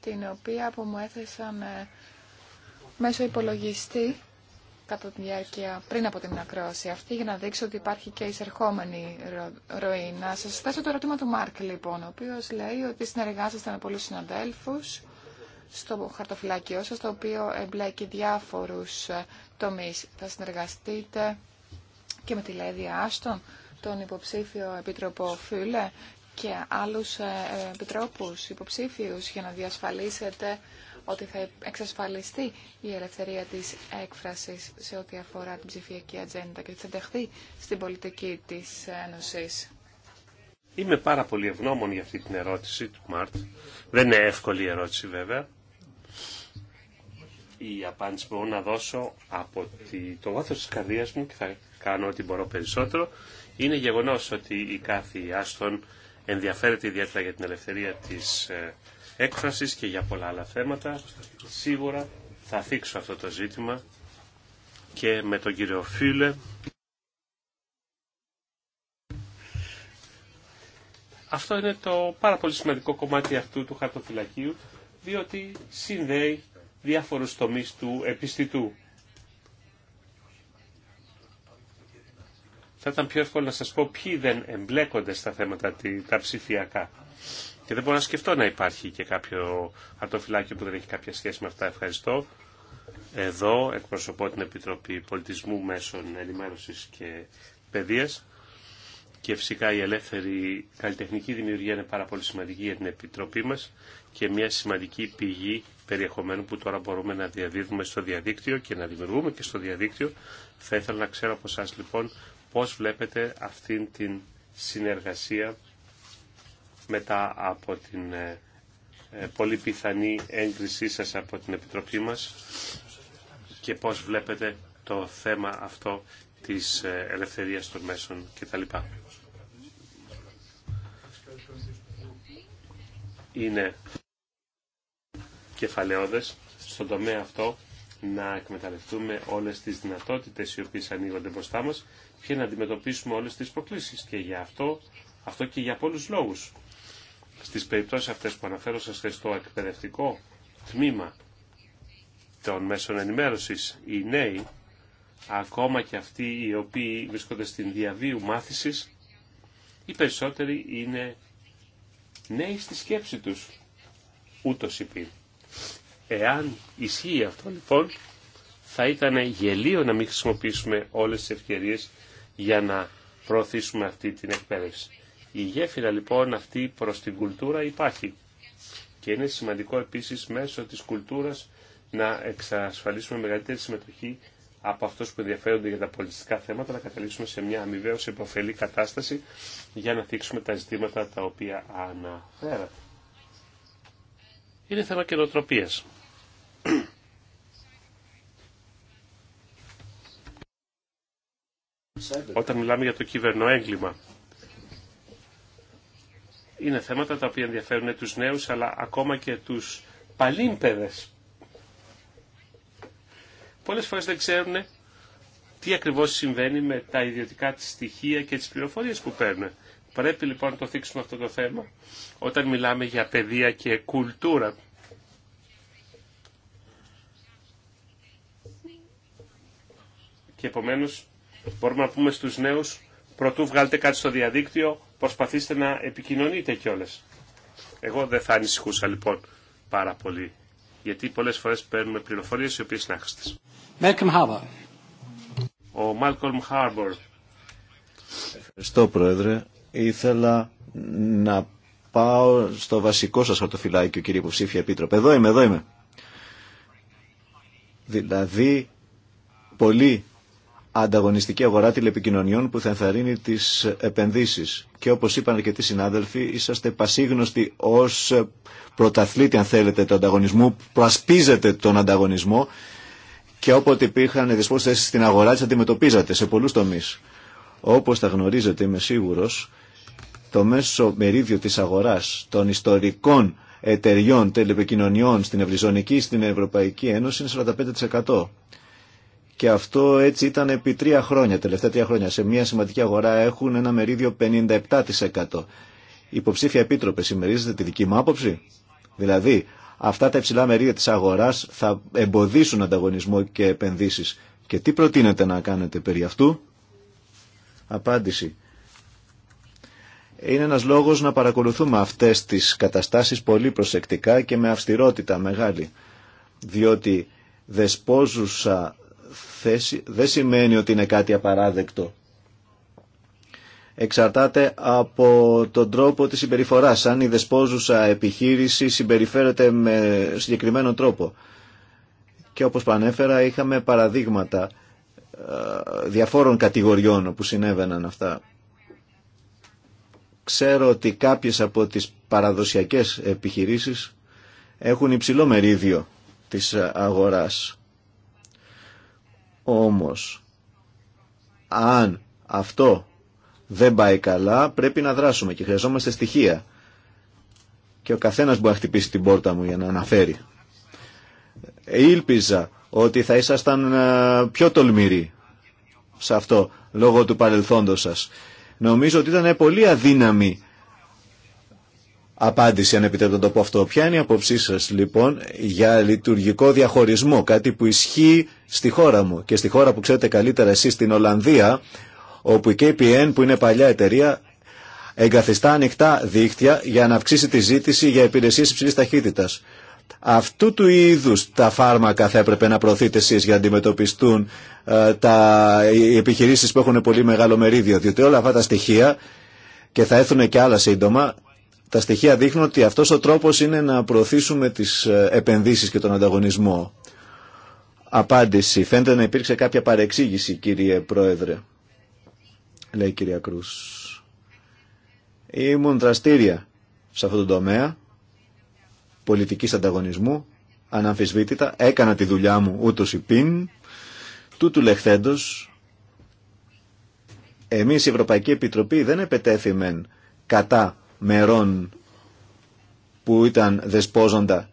την οποία που μου έθεσαν μέσω υπολογιστή κατά τη διάρκεια πριν από την ακρόαση αυτή για να δείξω ότι υπάρχει και εισερχόμενη ροή. Να σας θέσω το ερώτημα του Μάρκ λοιπόν, ο οποίος λέει ότι συνεργάζεστε με πολλούς συναδέλφους στο χαρτοφυλάκιό σας, το οποίο εμπλέκει διάφορους τομείς. Θα συνεργαστείτε και με τη Λέδη Άστον τον υποψήφιο Επίτροπο Φιούλε και άλλους ε, επιτρόπους υποψήφιους για να διασφαλίσετε ότι θα εξασφαλιστεί η ελευθερία της έκφρασης σε ό,τι αφορά την ψηφιακή ατζέντα και ότι θα τεχθεί στην πολιτική της Ένωσης. Είμαι πάρα πολύ ευγνώμων για αυτή την ερώτηση του Μάρτ. Δεν είναι εύκολη η ερώτηση βέβαια. Η απάντηση μπορώ να δώσω από το βάθος της καρδίας μου και θα κάνω ό,τι μπορώ περισσότερο είναι γεγονός ότι η κάθε Άστον ενδιαφέρεται ιδιαίτερα για την ελευθερία της ε, έκφρασης και για πολλά άλλα θέματα. Σίγουρα θα θίξω αυτό το ζήτημα και με τον κύριο Φίλε. Αυτό είναι το πάρα πολύ σημαντικό κομμάτι αυτού του χαρτοφυλακίου, διότι συνδέει διάφορους τομείς του επιστητού. θα ήταν πιο εύκολο να σας πω ποιοι δεν εμπλέκονται στα θέματα τα ψηφιακά. Και δεν μπορώ να σκεφτώ να υπάρχει και κάποιο αρτοφυλάκιο που δεν έχει κάποια σχέση με αυτά. Ευχαριστώ. Εδώ εκπροσωπώ την Επιτροπή Πολιτισμού Μέσων Ενημέρωσης και Παιδείας και φυσικά η ελεύθερη καλλιτεχνική δημιουργία είναι πάρα πολύ σημαντική για την Επιτροπή μας και μια σημαντική πηγή περιεχομένου που τώρα μπορούμε να διαδίδουμε στο διαδίκτυο και να δημιουργούμε και στο διαδίκτυο. Θα ήθελα να ξέρω από εσά λοιπόν Πώς βλέπετε αυτήν την συνεργασία μετά από την ε, ε, πολύ πιθανή έγκρισή σας από την Επιτροπή μας και πώς βλέπετε το θέμα αυτό της ε, ελευθερίας των μέσων κτλ. Είναι κεφαλαιόδες στον τομέα αυτό να εκμεταλλευτούμε όλες τις δυνατότητες οι οποίες ανοίγονται μπροστά μας και να αντιμετωπίσουμε όλες τις προκλήσεις. Και γι' αυτό, αυτό και για πολλούς λόγους. Στις περιπτώσεις αυτές που αναφέρω σας στο εκπαιδευτικό τμήμα των μέσων ενημέρωσης, οι νέοι, ακόμα και αυτοί οι οποίοι βρίσκονται στην διαβίου μάθησης, οι περισσότεροι είναι νέοι στη σκέψη τους, ούτως είπε. Εάν ισχύει αυτό λοιπόν, θα ήταν γελίο να μην χρησιμοποιήσουμε όλες τις ευκαιρίες για να προωθήσουμε αυτή την εκπαίδευση. Η γέφυρα λοιπόν αυτή προς την κουλτούρα υπάρχει και είναι σημαντικό επίσης μέσω της κουλτούρας να εξασφαλίσουμε μεγαλύτερη συμμετοχή από αυτούς που ενδιαφέρονται για τα πολιτιστικά θέματα, να καταλήξουμε σε μια αμοιβαίω υποφελή κατάσταση για να θίξουμε τα ζητήματα τα οποία αναφέρατε. Είναι θέμα καινοτροπίας. όταν μιλάμε για το έγκλημα Είναι θέματα τα οποία ενδιαφέρουν τους νέους, αλλά ακόμα και τους παλίμπεδες. Πολλές φορές δεν ξέρουν τι ακριβώς συμβαίνει με τα ιδιωτικά της στοιχεία και τις πληροφορίες που παίρνουν. Πρέπει λοιπόν να το θίξουμε αυτό το θέμα όταν μιλάμε για παιδεία και κουλτούρα. Και επομένως Μπορούμε να πούμε στους νέους, προτού βγάλετε κάτι στο διαδίκτυο, προσπαθήστε να επικοινωνείτε κιόλας. Εγώ δεν θα ανησυχούσα λοιπόν πάρα πολύ, γιατί πολλές φορές παίρνουμε πληροφορίες οι οποίες είναι άχρηστες. Ο Μάλκολμ Χάρμπορ. Ευχαριστώ Πρόεδρε. Ήθελα να πάω στο βασικό σας χαρτοφυλάκιο κύριε υποψήφια επίτροπε. Εδώ είμαι, εδώ είμαι. Δηλαδή, πολλοί ανταγωνιστική αγορά τηλεπικοινωνιών που θα ενθαρρύνει τι επενδύσει. Και όπως είπαν αρκετοί συνάδελφοι, είσαστε πασίγνωστοι ω πρωταθλήτη, αν θέλετε, του ανταγωνισμού, προασπίζετε τον ανταγωνισμό και όποτε υπήρχαν θέσει στην αγορά τις αντιμετωπίζατε σε πολλού τομεί. Όπω τα γνωρίζετε, είμαι σίγουρο, το μέσο μερίδιο τη αγορά των ιστορικών εταιριών τηλεπικοινωνιών στην Ευρυζωνική στην Ευρωπαϊκή Ένωση είναι 45%. Και αυτό έτσι ήταν επί τρία χρόνια, τελευταία τρία χρόνια. Σε μια σημαντική αγορά έχουν ένα μερίδιο 57%. υποψήφια επίτροπε συμμερίζεται τη δική μου άποψη. Δηλαδή, αυτά τα υψηλά μερίδια της αγορά θα εμποδίσουν ανταγωνισμό και επενδύσεις. Και τι προτείνετε να κάνετε περί αυτού. Απάντηση. Είναι ένας λόγος να παρακολουθούμε αυτές τις καταστάσεις πολύ προσεκτικά και με αυστηρότητα μεγάλη. Διότι δεσπόζουσα θέση δεν σημαίνει ότι είναι κάτι απαράδεκτο. Εξαρτάται από τον τρόπο της συμπεριφοράς. Αν η δεσπόζουσα επιχείρηση συμπεριφέρεται με συγκεκριμένο τρόπο. Και όπως πανέφερα είχαμε παραδείγματα ε, διαφόρων κατηγοριών που συνέβαιναν αυτά. Ξέρω ότι κάποιες από τις παραδοσιακές επιχειρήσεις έχουν υψηλό μερίδιο της ε, αγοράς. Όμως, αν αυτό δεν πάει καλά, πρέπει να δράσουμε και χρειαζόμαστε στοιχεία. Και ο καθένας μπορεί να χτυπήσει την πόρτα μου για να αναφέρει. Ήλπιζα ότι θα ήσασταν ε, πιο τολμηροί σε αυτό, λόγω του παρελθόντος σας. Νομίζω ότι ήταν πολύ αδύναμη απάντηση, αν επιτρέπετε να το πω αυτό. Ποια είναι η απόψή σα λοιπόν για λειτουργικό διαχωρισμό, κάτι που ισχύει στη χώρα μου και στη χώρα που ξέρετε καλύτερα εσεί, στην Ολλανδία, όπου η KPN που είναι παλιά εταιρεία εγκαθιστά ανοιχτά δίκτυα για να αυξήσει τη ζήτηση για υπηρεσίε υψηλή ταχύτητα. Αυτού του είδου τα φάρμακα θα έπρεπε να προωθείτε εσεί για να αντιμετωπιστούν ε, τα, οι επιχειρήσει που έχουν πολύ μεγάλο μερίδιο, διότι όλα αυτά τα στοιχεία και θα έρθουν και άλλα σύντομα, τα στοιχεία δείχνουν ότι αυτός ο τρόπος είναι να προωθήσουμε τις ε, επενδύσεις και τον ανταγωνισμό. Απάντηση. Φαίνεται να υπήρξε κάποια παρεξήγηση, κύριε Πρόεδρε. Λέει η κυρία Κρούς. Ήμουν δραστήρια σε αυτόν τον τομέα πολιτικής ανταγωνισμού, αναμφισβήτητα. Έκανα τη δουλειά μου ούτως υπήν. Τούτου λεχθέντος, εμείς η Ευρωπαϊκή Επιτροπή δεν επετέθημεν κατά μερών που ήταν δεσπόζοντα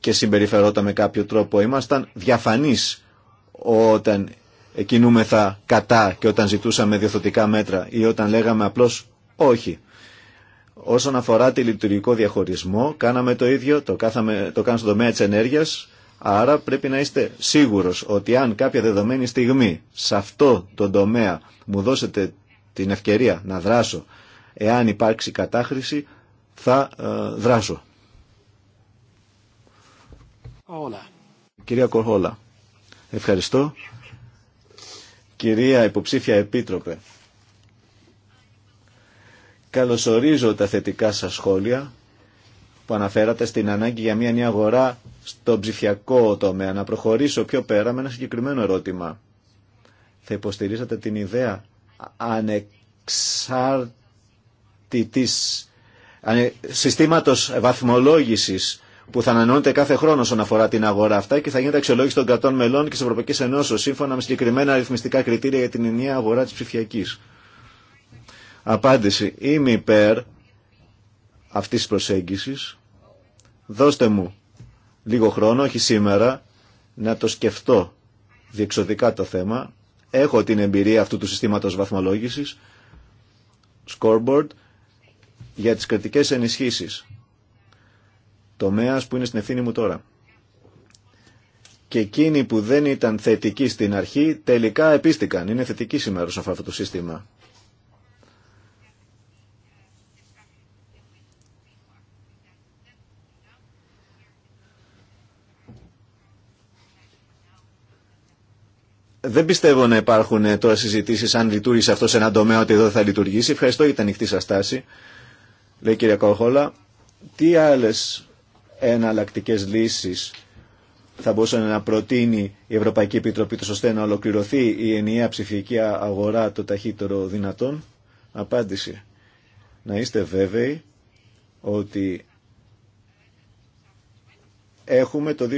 και συμπεριφερόταν με κάποιο τρόπο. Ήμασταν διαφανείς όταν κινούμεθα κατά και όταν ζητούσαμε διορθωτικά μέτρα ή όταν λέγαμε απλώς όχι. Όσον αφορά τη λειτουργικό διαχωρισμό, κάναμε το ίδιο, το, κάθαμε, το κάναμε στον τομέα της ενέργειας, άρα πρέπει να είστε σίγουρος ότι αν κάποια δεδομένη στιγμή σε αυτό το τομέα μου δώσετε την ευκαιρία να δράσω Εάν υπάρξει κατάχρηση θα ε, δράσω. Κυρία Κορχόλα, ευχαριστώ. Κυρία Υποψήφια Επίτροπε, καλωσορίζω τα θετικά σας σχόλια που αναφέρατε στην ανάγκη για μια νέα αγορά στο ψηφιακό τομέα. Να προχωρήσω πιο πέρα με ένα συγκεκριμένο ερώτημα. Θα υποστηρίζατε την ιδέα ανεξάρτητα της ε, συστήματος βαθμολόγησης που θα ανανεώνεται κάθε χρόνο όσον αφορά την αγορά αυτά και θα γίνεται αξιολόγηση των κρατών μελών και τη Ευρωπαϊκή Ενώσεω σύμφωνα με συγκεκριμένα αριθμιστικά κριτήρια για την ενιαία αγορά τη ψηφιακή. Απάντηση. Είμαι υπέρ αυτή τη προσέγγιση. Δώστε μου λίγο χρόνο, όχι σήμερα, να το σκεφτώ διεξοδικά το θέμα. Έχω την εμπειρία αυτού του συστήματος βαθμολόγηση. scoreboard, για τις κρατικές ενισχύσεις. Τομέας που είναι στην ευθύνη μου τώρα. Και εκείνοι που δεν ήταν θετικοί στην αρχή τελικά επίστηκαν. Είναι θετικοί σήμερα σε αυτό το σύστημα. δεν πιστεύω να υπάρχουν τώρα συζητήσει αν λειτουργήσε αυτό σε έναν τομέα ότι εδώ θα λειτουργήσει. Ευχαριστώ για την ανοιχτή σα τάση λέει η κυρία Καοχόλα, τι άλλες εναλλακτικές λύσεις θα μπορούσε να προτείνει η Ευρωπαϊκή Επιτροπή το ώστε να ολοκληρωθεί η ενιαία ψηφιακή αγορά το ταχύτερο δυνατόν. Απάντηση. Να είστε βέβαιοι ότι έχουμε το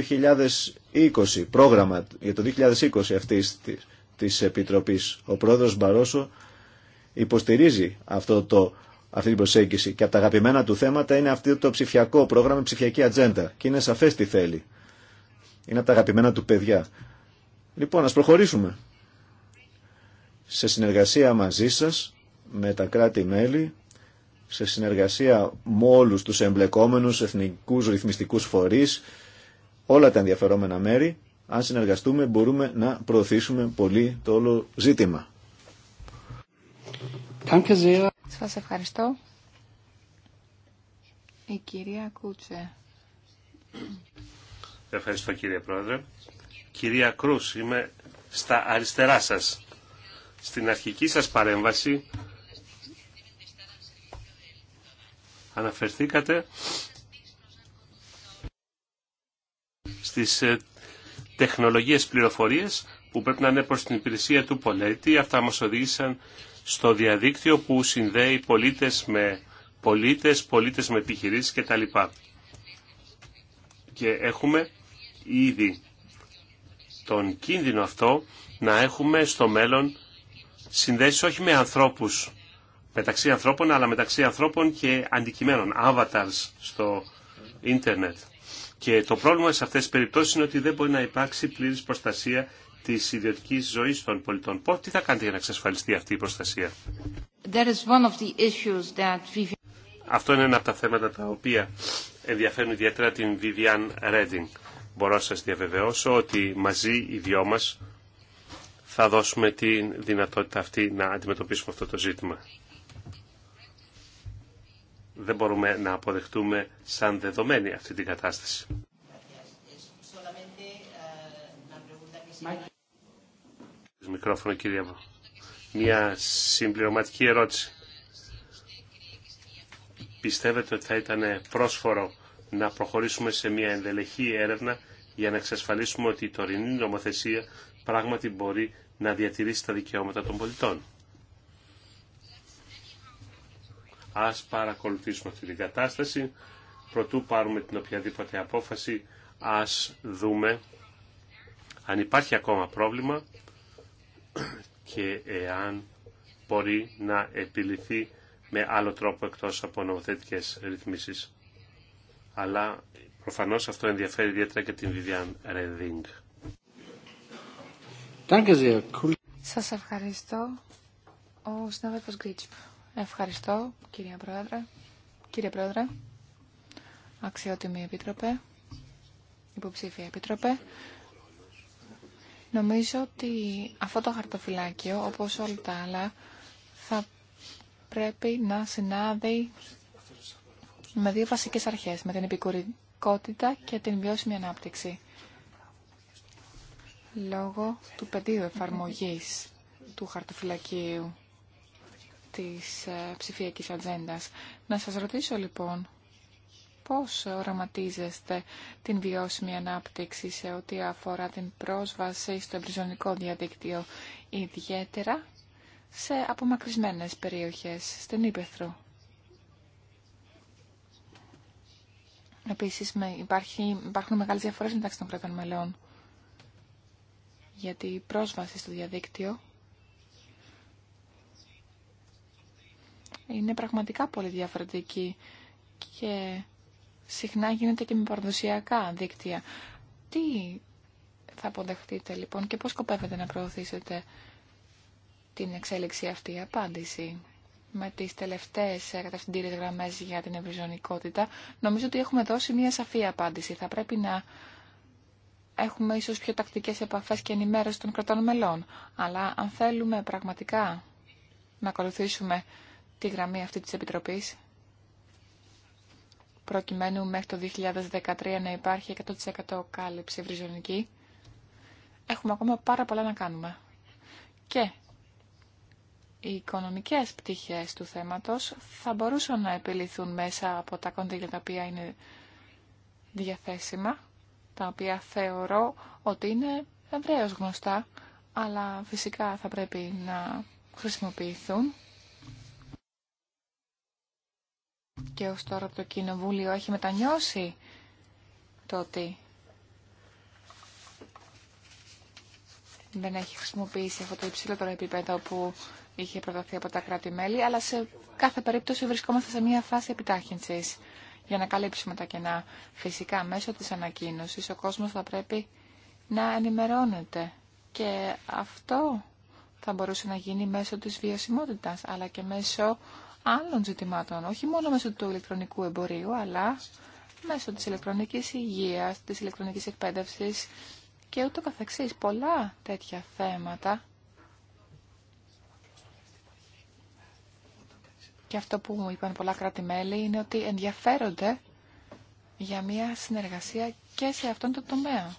2020, πρόγραμμα για το 2020 αυτής της Επιτροπής. Ο πρόεδρος Μπαρόσο υποστηρίζει αυτό το αυτή την προσέγγιση. Και από τα αγαπημένα του θέματα είναι αυτό το ψηφιακό πρόγραμμα, ψηφιακή ατζέντα. Και είναι σαφέ τι θέλει. Είναι από τα αγαπημένα του παιδιά. Λοιπόν, α προχωρήσουμε. Σε συνεργασία μαζί σα με τα κράτη-μέλη, σε συνεργασία με όλου του εμπλεκόμενου, εθνικού, ρυθμιστικού φορεί, όλα τα ενδιαφερόμενα μέρη, αν συνεργαστούμε μπορούμε να προωθήσουμε πολύ το όλο ζήτημα. Σας ευχαριστώ. Η κυρία Κούτσε. Ευχαριστώ κύριε Πρόεδρε. Κυρία Κρούς, είμαι στα αριστερά σας. Στην αρχική σας παρέμβαση αναφερθήκατε στις ε, τεχνολογίες πληροφορίες που πρέπει να είναι προς την υπηρεσία του πολέτη. Αυτά μας οδήγησαν στο διαδίκτυο που συνδέει πολίτες με πολίτες, πολίτες με επιχειρήσεις κτλ. Και έχουμε ήδη τον κίνδυνο αυτό να έχουμε στο μέλλον συνδέσεις όχι με ανθρώπους, μεταξύ ανθρώπων, αλλά μεταξύ ανθρώπων και αντικειμένων, avatars στο ίντερνετ. Και το πρόβλημα σε αυτές τις περιπτώσεις είναι ότι δεν μπορεί να υπάρξει πλήρης προστασία τη ιδιωτική ζωή των πολιτών. Πώς, τι θα κάνετε για να εξασφαλιστεί αυτή η προστασία. Αυτό είναι ένα από τα θέματα τα οποία ενδιαφέρουν ιδιαίτερα την Vivian Redding. Μπορώ να σας διαβεβαιώσω ότι μαζί οι δυο μας θα δώσουμε τη δυνατότητα αυτή να αντιμετωπίσουμε αυτό το ζήτημα. Δεν μπορούμε να αποδεχτούμε σαν δεδομένη αυτή την κατάσταση. Μια συμπληρωματική ερώτηση. Πιστεύετε ότι θα ήταν πρόσφορο να προχωρήσουμε σε μια ενδελεχή έρευνα για να εξασφαλίσουμε ότι η τωρινή νομοθεσία πράγματι μπορεί να διατηρήσει τα δικαιώματα των πολιτών. Ας παρακολουθήσουμε αυτή την κατάσταση. Προτού πάρουμε την οποιαδήποτε απόφαση, ας δούμε αν υπάρχει ακόμα πρόβλημα και εάν μπορεί να επιληθεί με άλλο τρόπο εκτός από νομοθετικές ρυθμίσεις. Αλλά προφανώς αυτό ενδιαφέρει ιδιαίτερα και την Βιβιάν Ρενδίνγκ. Σας ευχαριστώ, ο συνάδελφος Γκρίτσπ. Ευχαριστώ, κυρία Πρόεδρε. Κύριε Πρόεδρε, αξιότιμη Επίτροπε, υποψήφια Επίτροπε, Νομίζω ότι αυτό το χαρτοφυλάκιο, όπως όλα τα άλλα, θα πρέπει να συνάδει με δύο βασικές αρχές, με την επικουρικότητα και την βιώσιμη ανάπτυξη. Λόγω του πεδίου εφαρμογής του χαρτοφυλακίου της ε, ψηφιακής ατζέντα. Να σας ρωτήσω λοιπόν, πώς οραματίζεστε την βιώσιμη ανάπτυξη σε ό,τι αφορά την πρόσβαση στο εμπριζωνικό διαδίκτυο, ιδιαίτερα σε απομακρυσμένες περιοχές, στην Ήπεθρο. Επίσης υπάρχει, υπάρχουν μεγάλες διαφορές μεταξύ των κρατών μελών, γιατί η πρόσβαση στο διαδίκτυο είναι πραγματικά πολύ διαφορετική και συχνά γίνεται και με παραδοσιακά δίκτυα. Τι θα αποδεχτείτε λοιπόν και πώς σκοπεύετε να προωθήσετε την εξέλιξη αυτή η απάντηση με τις τελευταίες κατευθυντήριες γραμμές για την ευρυζωνικότητα. Νομίζω ότι έχουμε δώσει μια σαφή απάντηση. Θα πρέπει να έχουμε ίσως πιο τακτικές επαφές και ενημέρωση των κρατών μελών. Αλλά αν θέλουμε πραγματικά να ακολουθήσουμε τη γραμμή αυτή της Επιτροπής, προκειμένου μέχρι το 2013 να υπάρχει 100% κάλυψη ευρυζωνική. Έχουμε ακόμα πάρα πολλά να κάνουμε. Και οι οικονομικές πτυχές του θέματος θα μπορούσαν να επιληθούν μέσα από τα κονδύλια τα οποία είναι διαθέσιμα, τα οποία θεωρώ ότι είναι ευρέως γνωστά, αλλά φυσικά θα πρέπει να χρησιμοποιηθούν και ως τώρα το Κοινοβούλιο έχει μετανιώσει το ότι δεν έχει χρησιμοποιήσει αυτό το υψηλότερο επίπεδο που είχε προταθεί από τα κράτη-μέλη, αλλά σε κάθε περίπτωση βρισκόμαστε σε μια φάση επιτάχυνσης για να καλύψουμε τα κενά. Φυσικά, μέσω της ανακοίνωσης ο κόσμος θα πρέπει να ενημερώνεται και αυτό θα μπορούσε να γίνει μέσω της βιωσιμότητας, αλλά και μέσω άλλων ζητημάτων, όχι μόνο μέσω του ηλεκτρονικού εμπορίου, αλλά μέσω της ηλεκτρονικής υγείας, της ηλεκτρονικής εκπαίδευσης και ούτω καθεξής. Πολλά τέτοια θέματα. Και αυτό που μου είπαν πολλά κράτη-μέλη είναι ότι ενδιαφέρονται για μια συνεργασία και σε αυτόν τον τομέα.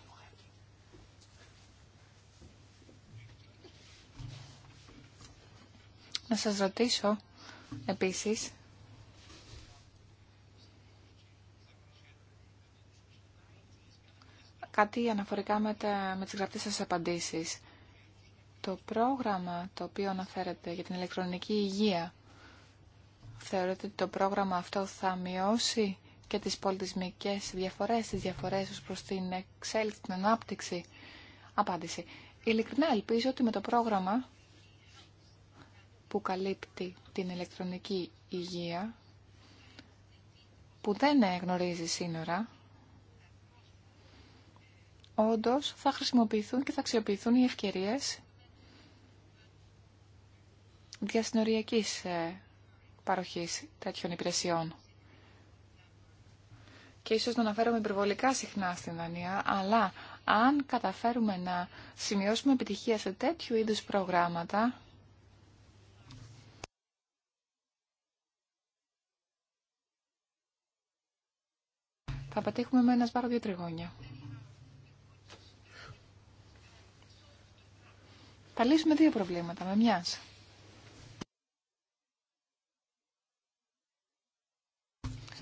Να σας ρωτήσω Επίσης, κάτι αναφορικά με, τα, με τις γραπτές σας απαντήσεις. Το πρόγραμμα το οποίο αναφέρεται για την ηλεκτρονική υγεία, θεωρείτε ότι το πρόγραμμα αυτό θα μειώσει και τις πολιτισμικές διαφορές, τις διαφορές ως προς την εξέλιξη, την ανάπτυξη. Απάντηση. Ειλικρινά ελπίζω ότι με το πρόγραμμα που καλύπτει την ηλεκτρονική υγεία, που δεν γνωρίζει σύνορα, όντως θα χρησιμοποιηθούν και θα αξιοποιηθούν οι ευκαιρίες διασυνοριακής ε, παροχής τέτοιων υπηρεσιών. Και ίσως το αναφέρομαι υπερβολικά συχνά στην Δανία, αλλά αν καταφέρουμε να σημειώσουμε επιτυχία σε τέτοιου είδους προγράμματα, θα πετύχουμε με ένα σπάρο δύο τριγώνια. Θα λύσουμε δύο προβλήματα με μιας.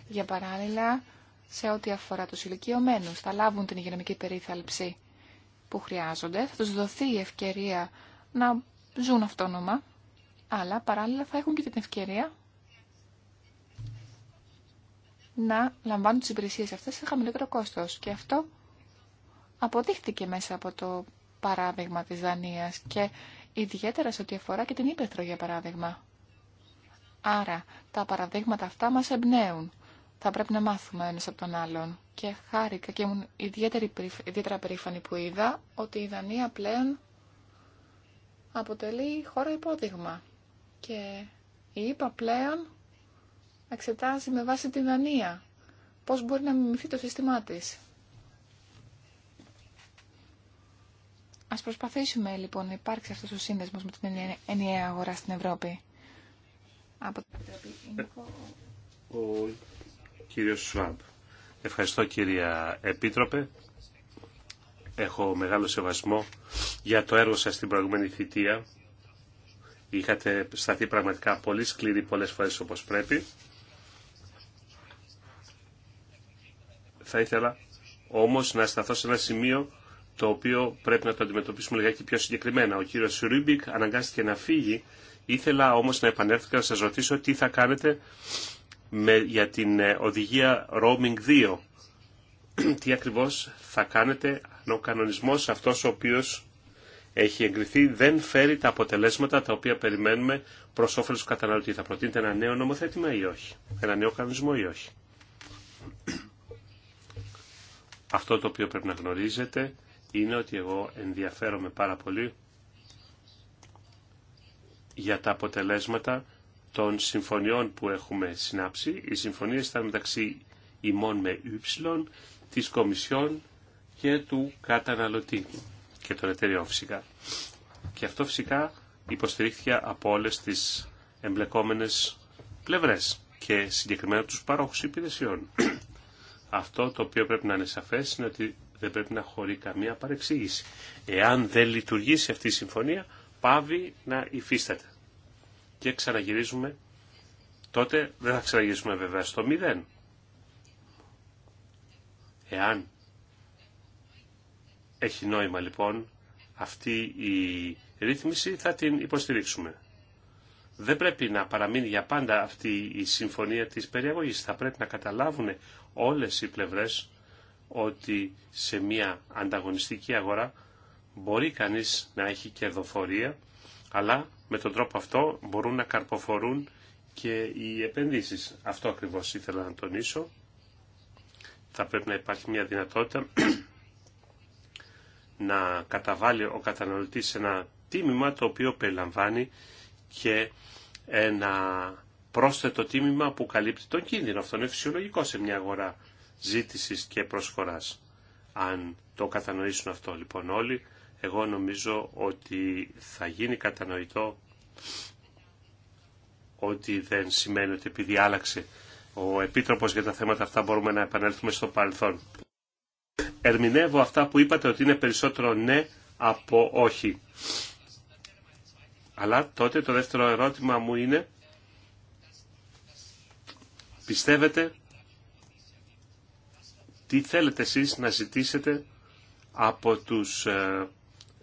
Για παράλληλα, σε ό,τι αφορά τους ηλικιωμένους, θα λάβουν την υγειονομική περίθαλψη που χρειάζονται, θα τους δοθεί η ευκαιρία να ζουν αυτόνομα, αλλά παράλληλα θα έχουν και την ευκαιρία να λαμβάνουν τις υπηρεσίες αυτές σε χαμηλότερο κόστος. Και αυτό αποδείχτηκε μέσα από το παράδειγμα της Δανία. και ιδιαίτερα σε ό,τι αφορά και την Ήπεθρο για παράδειγμα. Άρα τα παραδείγματα αυτά μας εμπνέουν. Θα πρέπει να μάθουμε ένα από τον άλλον. Και χάρηκα και ήμουν ιδιαίτερα περήφανη που είδα ότι η Δανία πλέον αποτελεί χώρο υπόδειγμα. Και είπα πλέον εξετάζει με βάση την δανεία πώς μπορεί να μιμηθεί το σύστημά της. Ας προσπαθήσουμε λοιπόν να υπάρξει αυτός ο σύνδεσμος με την ενιαία αγορά στην Ευρώπη. Από την Ο κύριος Σουάμπ. Ευχαριστώ κυρία Επίτροπε. Έχω μεγάλο σεβασμό για το έργο σας στην προηγούμενη θητεία. Είχατε σταθεί πραγματικά πολύ σκληροί πολλές φορές όπως πρέπει. Θα ήθελα όμως να σταθώ σε ένα σημείο το οποίο πρέπει να το αντιμετωπίσουμε λιγάκι πιο συγκεκριμένα. Ο κύριος Ρούμπικ αναγκάστηκε να φύγει. Ήθελα όμως να επανέλθω και να σας ρωτήσω τι θα κάνετε με, για την ε, οδηγία Roaming 2. τι ακριβώς θα κάνετε αν ο κανονισμός αυτός ο οποίος έχει εγκριθεί δεν φέρει τα αποτελέσματα τα οποία περιμένουμε προς όφελος του καταναλωτή. Θα προτείνετε ένα νέο νομοθέτημα ή όχι. Ένα νέο κανονισμό ή όχι. Αυτό το οποίο πρέπει να γνωρίζετε είναι ότι εγώ ενδιαφέρομαι πάρα πολύ για τα αποτελέσματα των συμφωνιών που έχουμε συνάψει. Οι συμφωνίες ήταν μεταξύ ημών με Y, της Κομισιόν και του καταναλωτή και των εταιριών φυσικά. Και αυτό φυσικά υποστηρίχθηκε από όλες τις εμπλεκόμενες πλευρές και συγκεκριμένα τους παρόχους υπηρεσιών. Αυτό το οποίο πρέπει να είναι σαφέ είναι ότι δεν πρέπει να χωρεί καμία παρεξήγηση. Εάν δεν λειτουργήσει αυτή η συμφωνία, πάβει να υφίσταται. Και ξαναγυρίζουμε, τότε δεν θα ξαναγυρίσουμε βέβαια στο μηδέν. Εάν έχει νόημα λοιπόν αυτή η ρύθμιση, θα την υποστηρίξουμε. Δεν πρέπει να παραμείνει για πάντα αυτή η συμφωνία της περιαγωγής. Θα πρέπει να καταλάβουν όλες οι πλευρές ότι σε μια ανταγωνιστική αγορά μπορεί κανείς να έχει κερδοφορία, αλλά με τον τρόπο αυτό μπορούν να καρποφορούν και οι επενδύσεις. Αυτό ακριβώς ήθελα να τονίσω. Θα πρέπει να υπάρχει μια δυνατότητα να καταβάλει ο καταναλωτής ένα τίμημα το οποίο περιλαμβάνει και ένα πρόσθετο τίμημα που καλύπτει τον κίνδυνο. Αυτό είναι φυσιολογικό σε μια αγορά ζήτησης και προσφοράς. Αν το κατανοήσουν αυτό λοιπόν όλοι, εγώ νομίζω ότι θα γίνει κατανοητό ότι δεν σημαίνει ότι επειδή άλλαξε ο Επίτροπος για τα θέματα αυτά μπορούμε να επανέλθουμε στο παρελθόν. Ερμηνεύω αυτά που είπατε ότι είναι περισσότερο ναι από όχι. Αλλά τότε το δεύτερο ερώτημα μου είναι πιστεύετε τι θέλετε εσείς να ζητήσετε από τους ε,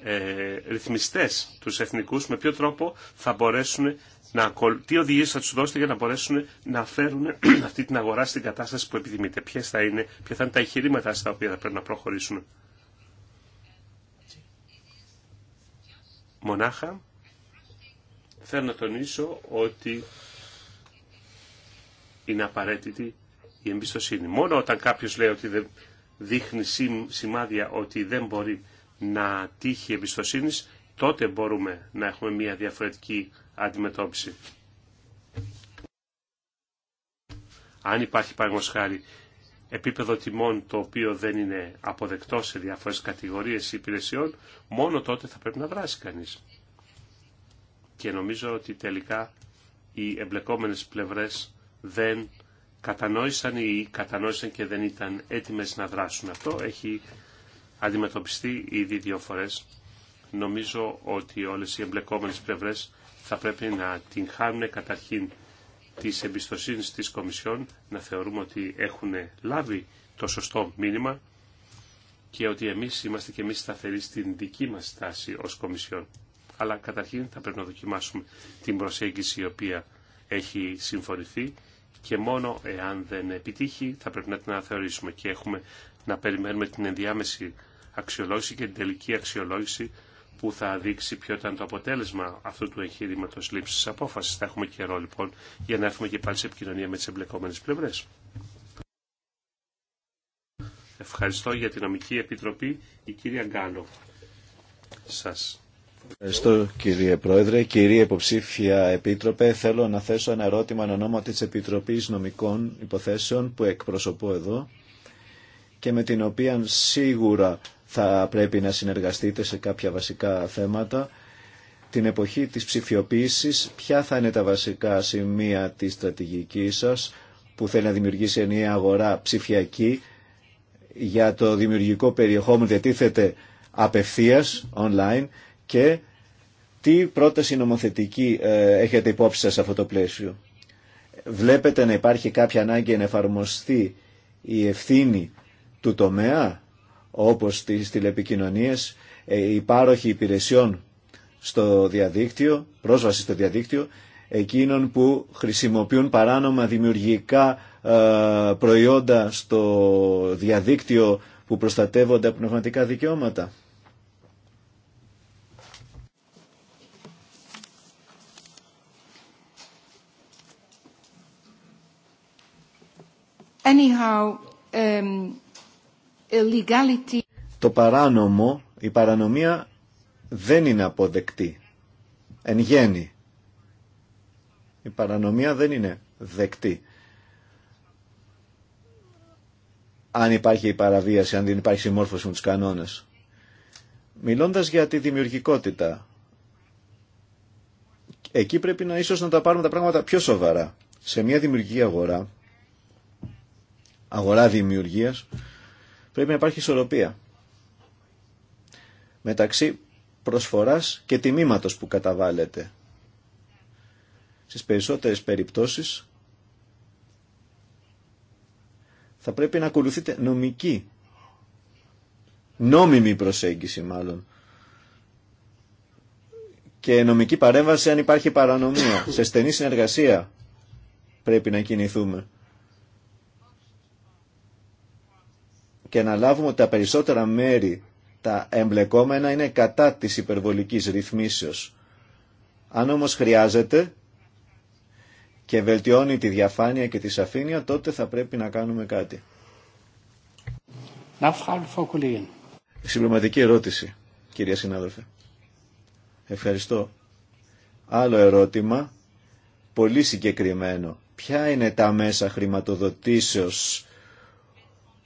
ε, ρυθμιστές, τους εθνικούς, με ποιο τρόπο θα μπορέσουν να, τι οδηγίες θα τους δώσετε για να μπορέσουν να φέρουν αυτή την αγορά στην κατάσταση που επιθυμείτε. Ποιε θα είναι, ποια θα είναι τα εγχειρήματα στα οποία θα πρέπει να προχωρήσουν. Μονάχα θέλω να τονίσω ότι είναι απαραίτητη η εμπιστοσύνη. Μόνο όταν κάποιος λέει ότι δεν δείχνει σημάδια ότι δεν μπορεί να τύχει εμπιστοσύνη, τότε μπορούμε να έχουμε μια διαφορετική αντιμετώπιση. Αν υπάρχει χάρη επίπεδο τιμών το οποίο δεν είναι αποδεκτό σε διάφορες κατηγορίες υπηρεσιών, μόνο τότε θα πρέπει να δράσει κανείς. Και νομίζω ότι τελικά οι εμπλεκόμενες πλευρές δεν κατανόησαν ή κατανόησαν και δεν ήταν έτοιμες να δράσουν. Αυτό έχει αντιμετωπιστεί ήδη δύο φορές. Νομίζω ότι όλες οι εμπλεκόμενες πλευρές θα πρέπει να την χάνουν καταρχήν της εμπιστοσύνης της Κομισιόν, να θεωρούμε ότι έχουν λάβει το σωστό μήνυμα και ότι εμείς είμαστε και εμείς σταθεροί στην δική μας στάση ως Κομισιόν. Αλλά καταρχήν θα πρέπει να δοκιμάσουμε την προσέγγιση η οποία έχει συμφωνηθεί και μόνο εάν δεν επιτύχει θα πρέπει να την αναθεωρήσουμε και έχουμε να περιμένουμε την ενδιάμεση αξιολόγηση και την τελική αξιολόγηση που θα δείξει ποιο ήταν το αποτέλεσμα αυτού του εγχείρηματο λήψη απόφαση. Θα έχουμε καιρό λοιπόν για να έρθουμε και πάλι σε επικοινωνία με τι εμπλεκόμενε πλευρέ. Ευχαριστώ για την Νομική Επιτροπή, η κυρία Γκάλο. Σας Ευχαριστώ κύριε Πρόεδρε. κυρίε Υποψήφια Επίτροπε, θέλω να θέσω ένα ερώτημα εν ονόματι της Επιτροπής Νομικών Υποθέσεων που εκπροσωπώ εδώ και με την οποία σίγουρα θα πρέπει να συνεργαστείτε σε κάποια βασικά θέματα. Την εποχή της ψηφιοποίησης, ποια θα είναι τα βασικά σημεία της στρατηγικής σας που θέλει να δημιουργήσει ενιαία αγορά ψηφιακή για το δημιουργικό περιεχόμενο διατίθεται απευθείας online και τι πρόταση νομοθετική ε, έχετε υπόψη σας σε αυτό το πλαίσιο. Βλέπετε να υπάρχει κάποια ανάγκη να εφαρμοστεί η ευθύνη του τομέα, όπως στις τηλεπικοινωνίες, η ε, πάροχοι υπηρεσιών στο διαδίκτυο, πρόσβαση στο διαδίκτυο, εκείνων που χρησιμοποιούν παράνομα δημιουργικά ε, προϊόντα στο διαδίκτυο που προστατεύονται από πνευματικά δικαιώματα. Anyhow, um, Το παράνομο, η παρανομία δεν είναι αποδεκτή. Εν γέννη. Η παρανομία δεν είναι δεκτή. Αν υπάρχει η παραβίαση, αν δεν υπάρχει μόρφωση με τους κανόνες. Μιλώντας για τη δημιουργικότητα, εκεί πρέπει να ίσως να τα πάρουμε τα πράγματα πιο σοβαρά. Σε μια δημιουργική αγορά αγορά δημιουργίας, πρέπει να υπάρχει ισορροπία μεταξύ προσφοράς και τιμήματος που καταβάλλεται. Στις περισσότερες περιπτώσεις θα πρέπει να ακολουθείτε νομική, νόμιμη προσέγγιση μάλλον και νομική παρέμβαση αν υπάρχει παρανομία. Σε στενή συνεργασία πρέπει να κινηθούμε. και να λάβουμε ότι τα περισσότερα μέρη τα εμπλεκόμενα είναι κατά της υπερβολικής ρυθμίσεως. Αν όμως χρειάζεται και βελτιώνει τη διαφάνεια και τη σαφήνεια, τότε θα πρέπει να κάνουμε κάτι. Συμπληρωματική ερώτηση, κυρία συνάδελφε. Ευχαριστώ. Άλλο ερώτημα, πολύ συγκεκριμένο. Ποια είναι τα μέσα χρηματοδοτήσεως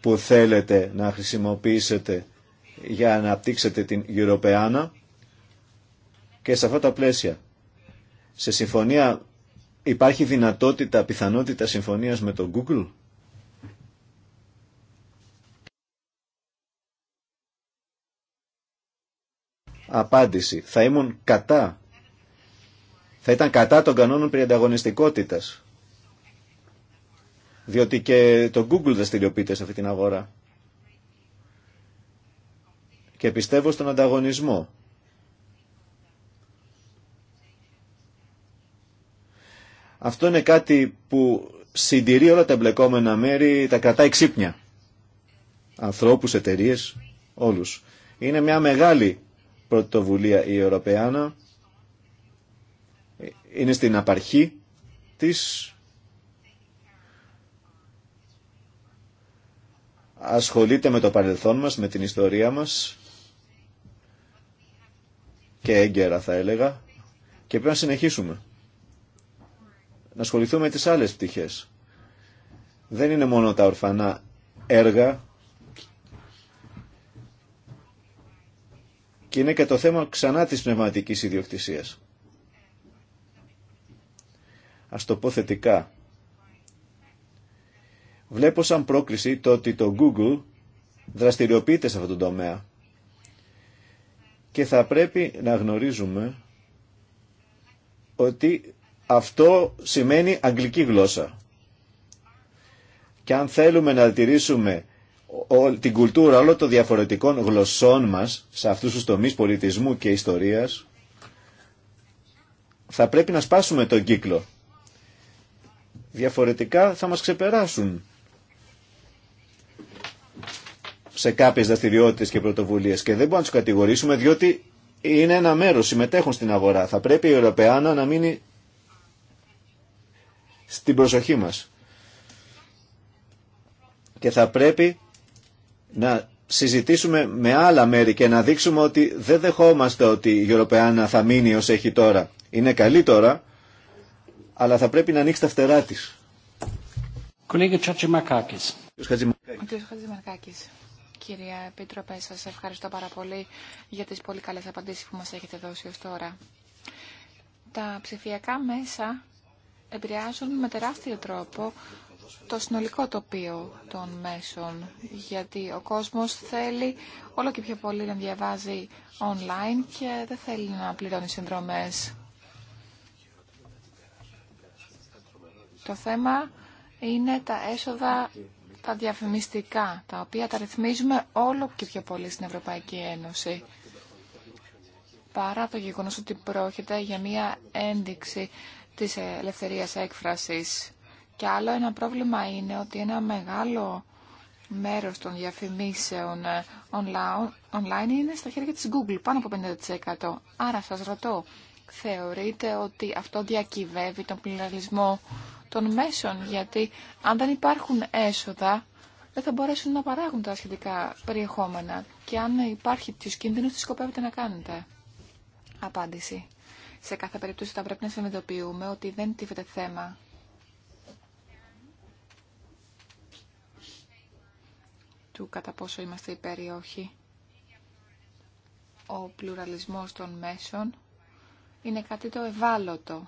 που θέλετε να χρησιμοποιήσετε για να αναπτύξετε την Ευρωπαϊκή και σε αυτά τα πλαίσια. Σε συμφωνία υπάρχει δυνατότητα, πιθανότητα συμφωνίας με το Google. Απάντηση. Θα ήμουν κατά. Θα ήταν κατά των κανόνων πριν διότι και το Google δραστηριοποιείται σε αυτή την αγορά. Και πιστεύω στον ανταγωνισμό. Αυτό είναι κάτι που συντηρεί όλα τα εμπλεκόμενα μέρη, τα κρατάει ξύπνια. Ανθρώπους, εταιρείε, όλους. Είναι μια μεγάλη πρωτοβουλία η Ευρωπαϊκή. Είναι στην απαρχή της ασχολείται με το παρελθόν μας, με την ιστορία μας και έγκαιρα θα έλεγα και πρέπει να συνεχίσουμε. Να ασχοληθούμε με τις άλλες πτυχές. Δεν είναι μόνο τα ορφανά έργα και είναι και το θέμα ξανά της πνευματικής ιδιοκτησίας. Ας το πω θετικά. Βλέπω σαν πρόκληση το ότι το Google δραστηριοποιείται σε αυτόν τον τομέα και θα πρέπει να γνωρίζουμε ότι αυτό σημαίνει αγγλική γλώσσα. Και αν θέλουμε να τηρήσουμε την κουλτούρα όλων των διαφορετικών γλωσσών μας σε αυτούς τους τομείς πολιτισμού και ιστορίας, θα πρέπει να σπάσουμε τον κύκλο. Διαφορετικά θα μας ξεπεράσουν σε κάποιε δραστηριότητε και πρωτοβουλίε και δεν μπορούμε να του κατηγορήσουμε διότι είναι ένα μέρο, συμμετέχουν στην αγορά. Θα πρέπει η Ευρωπαϊκή να μείνει στην προσοχή μα. Και θα πρέπει να συζητήσουμε με άλλα μέρη και να δείξουμε ότι δεν δεχόμαστε ότι η Ευρωπαϊκή θα μείνει ω έχει τώρα. Είναι καλή τώρα, αλλά θα πρέπει να ανοίξει τα φτερά τη. Κολέγιο Ο Κυρία Επίτροπε, σας ευχαριστώ πάρα πολύ για τις πολύ καλές απαντήσεις που μας έχετε δώσει ως τώρα. Τα ψηφιακά μέσα επηρεάζουν με τεράστιο τρόπο το συνολικό τοπίο των μέσων, γιατί ο κόσμος θέλει όλο και πιο πολύ να διαβάζει online και δεν θέλει να πληρώνει συνδρομές. Το θέμα είναι τα έσοδα τα διαφημιστικά, τα οποία τα ρυθμίζουμε όλο και πιο πολύ στην Ευρωπαϊκή Ένωση. Παρά το γεγονός ότι πρόκειται για μία ένδειξη της ελευθερίας έκφρασης. Και άλλο ένα πρόβλημα είναι ότι ένα μεγάλο μέρος των διαφημίσεων ε, online είναι στα χέρια της Google, πάνω από 50%. Άρα σας ρωτώ, θεωρείτε ότι αυτό διακυβεύει τον πληραλισμό των μέσων, γιατί αν δεν υπάρχουν έσοδα, δεν θα μπορέσουν να παράγουν τα σχετικά περιεχόμενα. Και αν υπάρχει τους κίνδυνους, τι σκοπεύετε να κάνετε. Απάντηση. Σε κάθε περίπτωση θα πρέπει να συνειδητοποιούμε ότι δεν τίθεται θέμα. του κατά πόσο είμαστε υπέρ ή όχι. Ο πλουραλισμός των μέσων είναι κάτι το ευάλωτο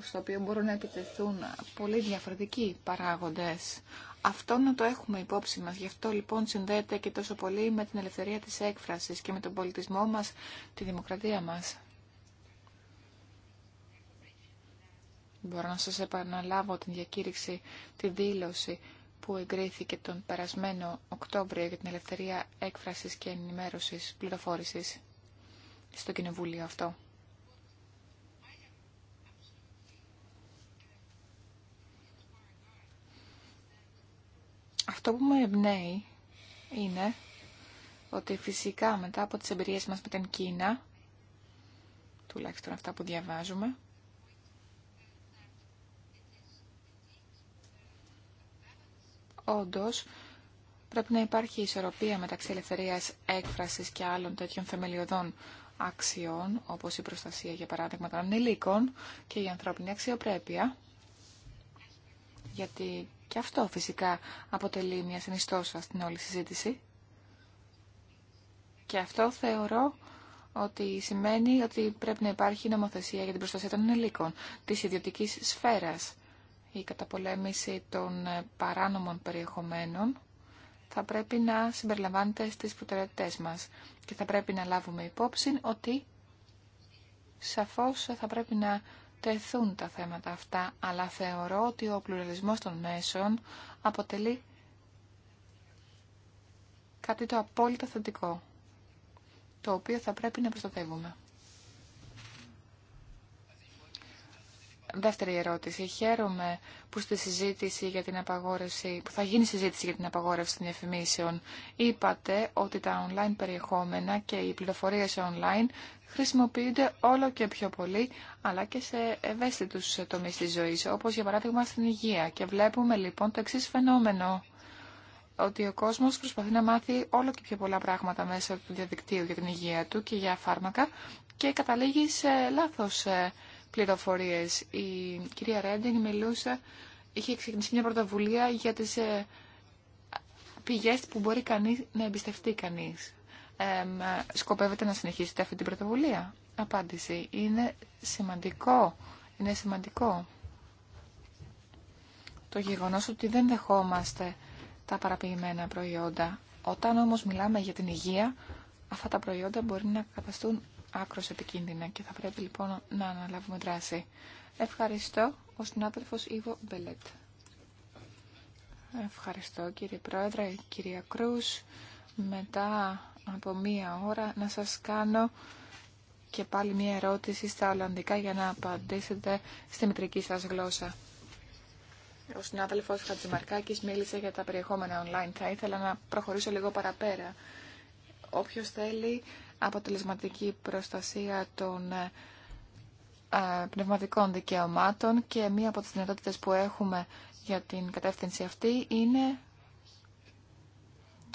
στο οποίο μπορούν να επιτεθούν πολύ διαφορετικοί παράγοντες. Αυτό να το έχουμε υπόψη μας. Γι' αυτό λοιπόν συνδέεται και τόσο πολύ με την ελευθερία της έκφρασης και με τον πολιτισμό μας, τη δημοκρατία μας. Μπορώ να σας επαναλάβω την διακήρυξη, τη δήλωση που εγκρίθηκε τον περασμένο Οκτώβριο για την ελευθερία έκφρασης και ενημέρωσης πληροφόρησης στο Κοινοβούλιο αυτό. Αυτό που με εμπνέει είναι ότι φυσικά μετά από τις εμπειρίες μας με την Κίνα, τουλάχιστον αυτά που διαβάζουμε, όντως πρέπει να υπάρχει ισορροπία μεταξύ ελευθερίας έκφρασης και άλλων τέτοιων θεμελιωδών αξιών, όπως η προστασία για παράδειγμα των ανηλίκων και η ανθρώπινη αξιοπρέπεια, γιατί και αυτό φυσικά αποτελεί μια συνιστόσα στην όλη συζήτηση. Και αυτό θεωρώ ότι σημαίνει ότι πρέπει να υπάρχει νομοθεσία για την προστασία των ενηλίκων, της ιδιωτικής σφαίρας. Η καταπολέμηση των παράνομων περιεχομένων θα πρέπει να συμπεριλαμβάνεται στις προτεραιότητές μας και θα πρέπει να λάβουμε υπόψη ότι σαφώς θα πρέπει να τεθούν τα θέματα αυτά, αλλά θεωρώ ότι ο πλουραλισμός των μέσων αποτελεί κάτι το απόλυτα θετικό, το οποίο θα πρέπει να προστατεύουμε. Δεύτερη ερώτηση. Χαίρομαι που στη συζήτηση για την απαγόρευση, που θα γίνει συζήτηση για την απαγόρευση των διαφημίσεων, είπατε ότι τα online περιεχόμενα και οι πληροφορίε online χρησιμοποιούνται όλο και πιο πολύ, αλλά και σε ευαίσθητου τομεί τη ζωή, όπω για παράδειγμα στην υγεία. Και βλέπουμε λοιπόν το εξή φαινόμενο, ότι ο κόσμος προσπαθεί να μάθει όλο και πιο πολλά πράγματα μέσα του διαδικτύου για την υγεία του και για φάρμακα και καταλήγει σε λάθος ε, πληροφορίες. Η κυρία Ρέντινγκ μιλούσε, είχε ξεκινήσει μια πρωτοβουλία για τις ε, πηγές που μπορεί κανείς να εμπιστευτεί κανείς. Ε, σκοπεύετε να συνεχίσετε αυτή την πρωτοβουλία. Απάντηση. Είναι σημαντικό. Είναι σημαντικό το γεγονός ότι δεν δεχόμαστε τα παραποιημένα προϊόντα. Όταν όμως μιλάμε για την υγεία, αυτά τα προϊόντα μπορεί να καταστούν άκρος επικίνδυνα και θα πρέπει λοιπόν να αναλάβουμε δράση. Ευχαριστώ ο συνάδελφος Ιβο Μπελέτ. Ευχαριστώ κύριε Πρόεδρε, κυρία Κρούς. Μετά από μία ώρα να σας κάνω και πάλι μία ερώτηση στα Ολλανδικά για να απαντήσετε στη μητρική σας γλώσσα. Ο συνάδελφος Χατζημαρκάκης μίλησε για τα περιεχόμενα online. Θα ήθελα να προχωρήσω λίγο παραπέρα. Όποιος θέλει αποτελεσματική προστασία των ε, ε, πνευματικών δικαιωμάτων και μία από τις δυνατότητες που έχουμε για την κατεύθυνση αυτή είναι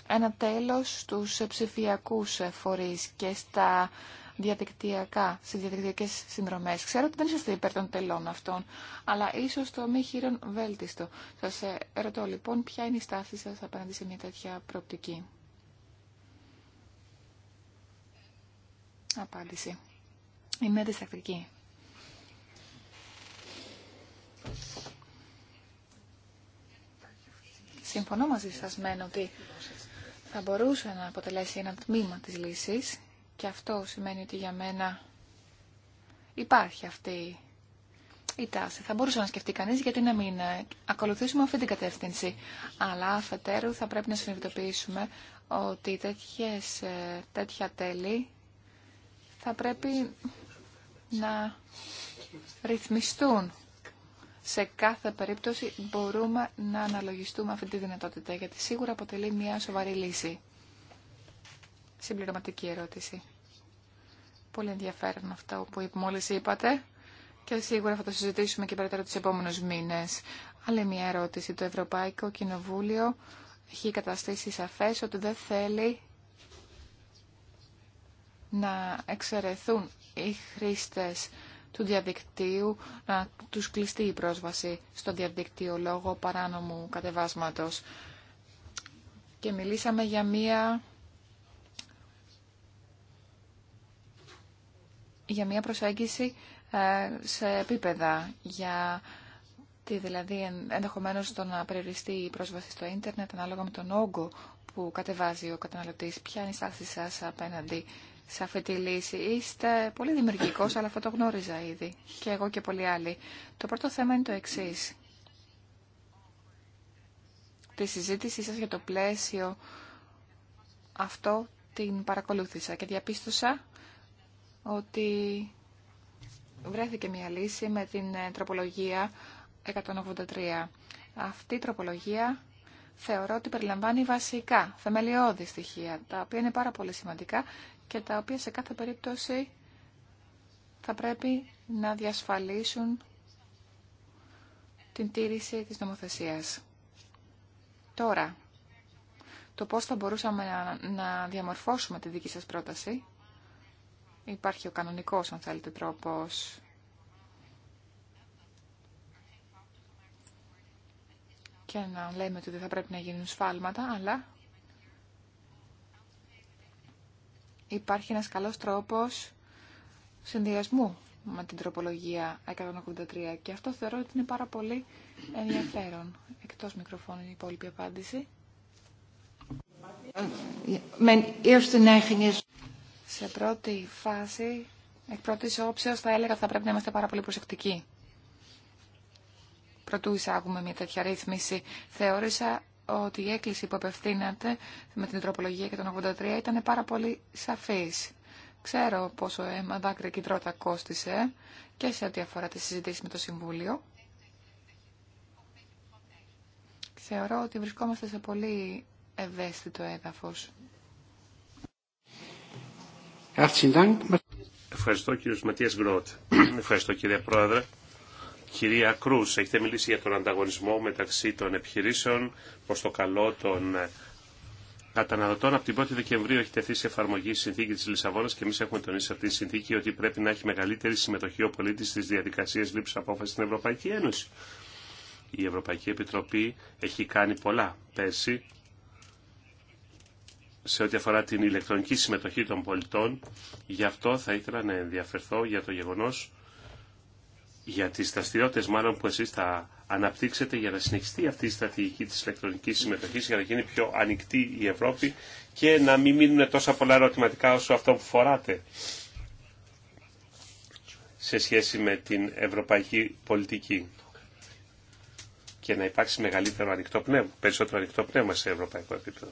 ένα τέλος στους ψηφιακούς φορείς και στα διαδικτυακά, στις διαδικτυακές συνδρομές. Ξέρω ότι δεν είσαστε υπέρ των τελών αυτών, αλλά ίσως το μη χείρον βέλτιστο. Σας ε, ρωτώ λοιπόν ποια είναι η στάση σας απέναντι σε μια τέτοια προοπτική. Απάντηση. Είμαι διστακτική. Συμφωνώ μαζί σας μεν ότι θα μπορούσε να αποτελέσει ένα τμήμα της λύσης και αυτό σημαίνει ότι για μένα υπάρχει αυτή η τάση. Θα μπορούσε να σκεφτεί κανείς γιατί να μην ακολουθήσουμε αυτή την κατεύθυνση. Αλλά αφετέρου θα πρέπει να συνειδητοποιήσουμε ότι τέτοιες, ε, τέτοια τέλη θα πρέπει να ρυθμιστούν. Σε κάθε περίπτωση μπορούμε να αναλογιστούμε αυτή τη δυνατότητα, γιατί σίγουρα αποτελεί μια σοβαρή λύση. Συμπληρωματική ερώτηση. Πολύ ενδιαφέρον αυτό που μόλις είπατε και σίγουρα θα το συζητήσουμε και περαιτέρω τους επόμενους μήνες. Άλλη μια ερώτηση. Το Ευρωπαϊκό Κοινοβούλιο έχει καταστήσει σαφές ότι δεν θέλει να εξαιρεθούν οι χρήστες του διαδικτύου, να τους κλειστεί η πρόσβαση στο διαδικτύο λόγω παράνομου κατεβάσματος. Και μιλήσαμε για μία για μια προσέγγιση ε, σε επίπεδα, για τη δηλαδή ενδεχομένως το να περιοριστεί η πρόσβαση στο ίντερνετ ανάλογα με τον όγκο που κατεβάζει ο καταναλωτής. Ποια είναι η στάση σας απέναντι σε αυτή τη λύση. Είστε πολύ δημιουργικός, αλλά αυτό το γνώριζα ήδη. Και εγώ και πολλοί άλλοι. Το πρώτο θέμα είναι το εξή. Τη συζήτησή σας για το πλαίσιο αυτό την παρακολούθησα και διαπίστωσα ότι βρέθηκε μια λύση με την ε, τροπολογία 183. Αυτή η τροπολογία θεωρώ ότι περιλαμβάνει βασικά, θεμελιώδη στοιχεία, τα οποία είναι πάρα πολύ σημαντικά και τα οποία σε κάθε περίπτωση θα πρέπει να διασφαλίσουν την τήρηση της νομοθεσίας. Τώρα, το πώς θα μπορούσαμε να, διαμορφώσουμε τη δική σας πρόταση. Υπάρχει ο κανονικός, αν θέλετε, τρόπος και να λέμε ότι δεν θα πρέπει να γίνουν σφάλματα, αλλά υπάρχει ένας καλός τρόπος συνδυασμού με την τροπολογία 183 και αυτό θεωρώ ότι είναι πάρα πολύ ενδιαφέρον. Εκτός μικροφώνου η υπόλοιπη απάντηση. Σε πρώτη φάση, εκ πρώτη όψεως θα έλεγα ότι θα πρέπει να είμαστε πάρα πολύ προσεκτικοί. Προτού εισάγουμε μια τέτοια ρύθμιση, θεώρησα ότι η έκκληση που απευθύνατε με την τροπολογία και τον 83 ήταν πάρα πολύ σαφής. Ξέρω πόσο αίμα, δάκρυα και τρώτα κόστισε και σε ό,τι αφορά τη συζήτηση με το Συμβούλιο. Θεωρώ ότι βρισκόμαστε σε πολύ ευαίσθητο έδαφος. Ευχαριστώ κύριος Ματίας Γκρότ. Ευχαριστώ κύριε Πρόεδρε. Κυρία Κρούς, έχετε μιλήσει για τον ανταγωνισμό μεταξύ των επιχειρήσεων προς το καλό των καταναλωτών. Από την 1η Δεκεμβρίου έχει τεθεί σε εφαρμογή η συνθήκη τη Λισαβόνα και εμεί έχουμε τονίσει αυτή τη συνθήκη εχετε θεσει ό,τι αφορά την ηλεκτρονική συμμετοχή των πολιτών. Γι' αυτό θα ήθελα να εχει μεγαλυτερη συμμετοχη ο πολιτη στι διαδικασιε ληψης αποφαση στην ευρωπαικη ενωση η ευρωπαικη επιτροπη εχει κανει πολλα περσι σε οτι αφορα την ηλεκτρονικη συμμετοχη των πολιτων γι αυτο θα ηθελα να ενδιαφερθω για το γεγονός για τις δραστηριότητε μάλλον που εσείς θα αναπτύξετε για να συνεχιστεί αυτή η στρατηγική της ηλεκτρονικής συμμετοχής για να γίνει πιο ανοιχτή η Ευρώπη και να μην μείνουν τόσα πολλά ερωτηματικά όσο αυτό που φοράτε σε σχέση με την ευρωπαϊκή πολιτική και να υπάρξει μεγαλύτερο ανοιχτό πνεύμα, περισσότερο ανοιχτό πνεύμα σε ευρωπαϊκό επίπεδο.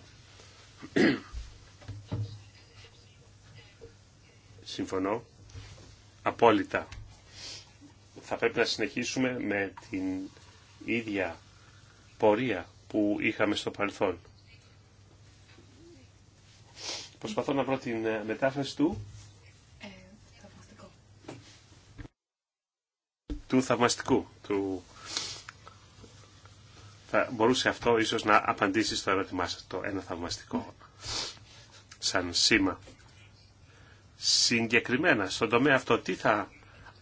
Συμφωνώ απόλυτα θα πρέπει να συνεχίσουμε με την ίδια πορεία που είχαμε στο παρελθόν. Προσπαθώ να βρω την ε, μετάφραση του. Ε, του θαυμαστικού. Του... Θα μπορούσε αυτό ίσως να απαντήσει στο ερώτημά σας. Το ένα θαυμαστικό. Σαν σήμα. Συγκεκριμένα, στον τομέα αυτό τι θα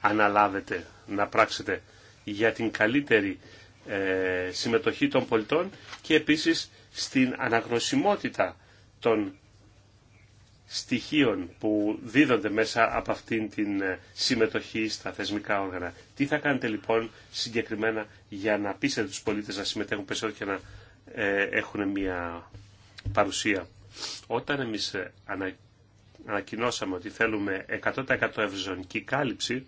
αναλάβετε να πράξετε για την καλύτερη ε, συμμετοχή των πολιτών και επίσης στην αναγνωσιμότητα των στοιχείων που δίδονται μέσα από αυτήν την ε, συμμετοχή στα θεσμικά όργανα. Τι θα κάνετε λοιπόν συγκεκριμένα για να πείσετε τους πολίτες να συμμετέχουν περισσότερο και να ε, έχουν μια παρουσία. Όταν εμείς ε, ανακοινώσαμε ότι θέλουμε 100% ευζωνική κάλυψη,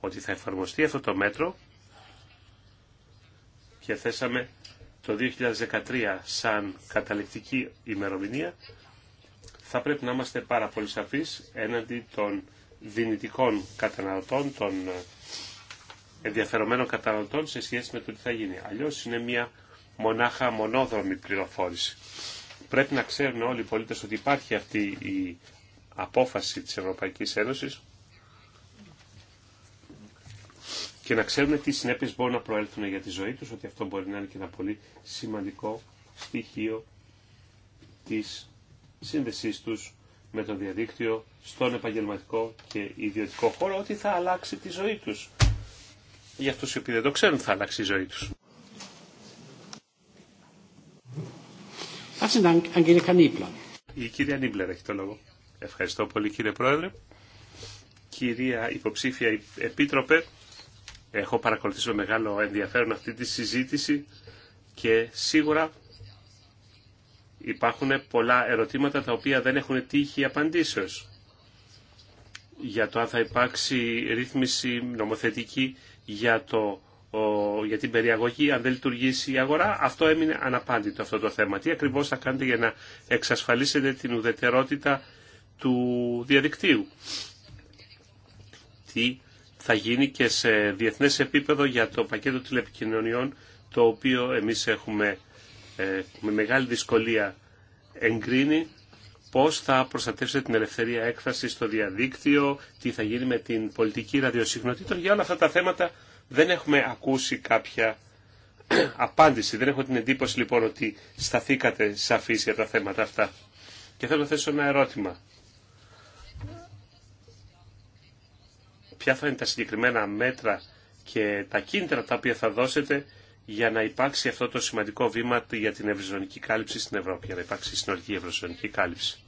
ότι θα εφαρμοστεί αυτό το μέτρο και θέσαμε το 2013 σαν καταληκτική ημερομηνία, θα πρέπει να είμαστε πάρα πολύ σαφείς έναντι των δυνητικών καταναλωτών, των ε, ενδιαφερομένων καταναλωτών σε σχέση με το τι θα γίνει. Αλλιώς είναι μια μονάχα μονόδρομη πληροφόρηση. Πρέπει να ξέρουν όλοι οι πολίτες ότι υπάρχει αυτή η απόφαση της Ευρωπαϊκής Ένωσης και να ξέρουν τι συνέπειες μπορούν να προέλθουν για τη ζωή τους, ότι αυτό μπορεί να είναι και ένα πολύ σημαντικό στοιχείο της σύνδεσής τους με το διαδίκτυο στον επαγγελματικό και ιδιωτικό χώρο, ότι θα αλλάξει τη ζωή τους. Για αυτούς οι οποίοι δεν το ξέρουν θα αλλάξει η ζωή τους. Η κυρία Νίμπλερ έχει το λόγο. Ευχαριστώ πολύ κύριε Πρόεδρε. Κυρία Υποψήφια Επίτροπε, Έχω παρακολουθήσει με μεγάλο ενδιαφέρον αυτή τη συζήτηση και σίγουρα υπάρχουν πολλά ερωτήματα τα οποία δεν έχουν τύχει απαντήσεως για το αν θα υπάρξει ρύθμιση νομοθετική για, το, για την περιαγωγή, αν δεν λειτουργήσει η αγορά. Αυτό έμεινε αναπάντητο αυτό το θέμα. Τι ακριβώς θα κάνετε για να εξασφαλίσετε την ουδετερότητα του διαδικτύου. Τι θα γίνει και σε διεθνές επίπεδο για το πακέτο τηλεπικοινωνιών το οποίο εμείς έχουμε ε, με μεγάλη δυσκολία εγκρίνει πώς θα προστατεύσετε την ελευθερία έκφραση στο διαδίκτυο, τι θα γίνει με την πολιτική ραδιοσυχνοτήτων. Για όλα αυτά τα θέματα δεν έχουμε ακούσει κάποια απάντηση. Δεν έχω την εντύπωση λοιπόν ότι σταθήκατε σαφείς για τα θέματα αυτά. Και θέλω να θέσω ένα ερώτημα. ποια θα είναι τα συγκεκριμένα μέτρα και τα κίνητρα τα οποία θα δώσετε για να υπάρξει αυτό το σημαντικό βήμα για την ευρωζωνική κάλυψη στην Ευρώπη, για να υπάρξει συνολική ευρωζωνική κάλυψη.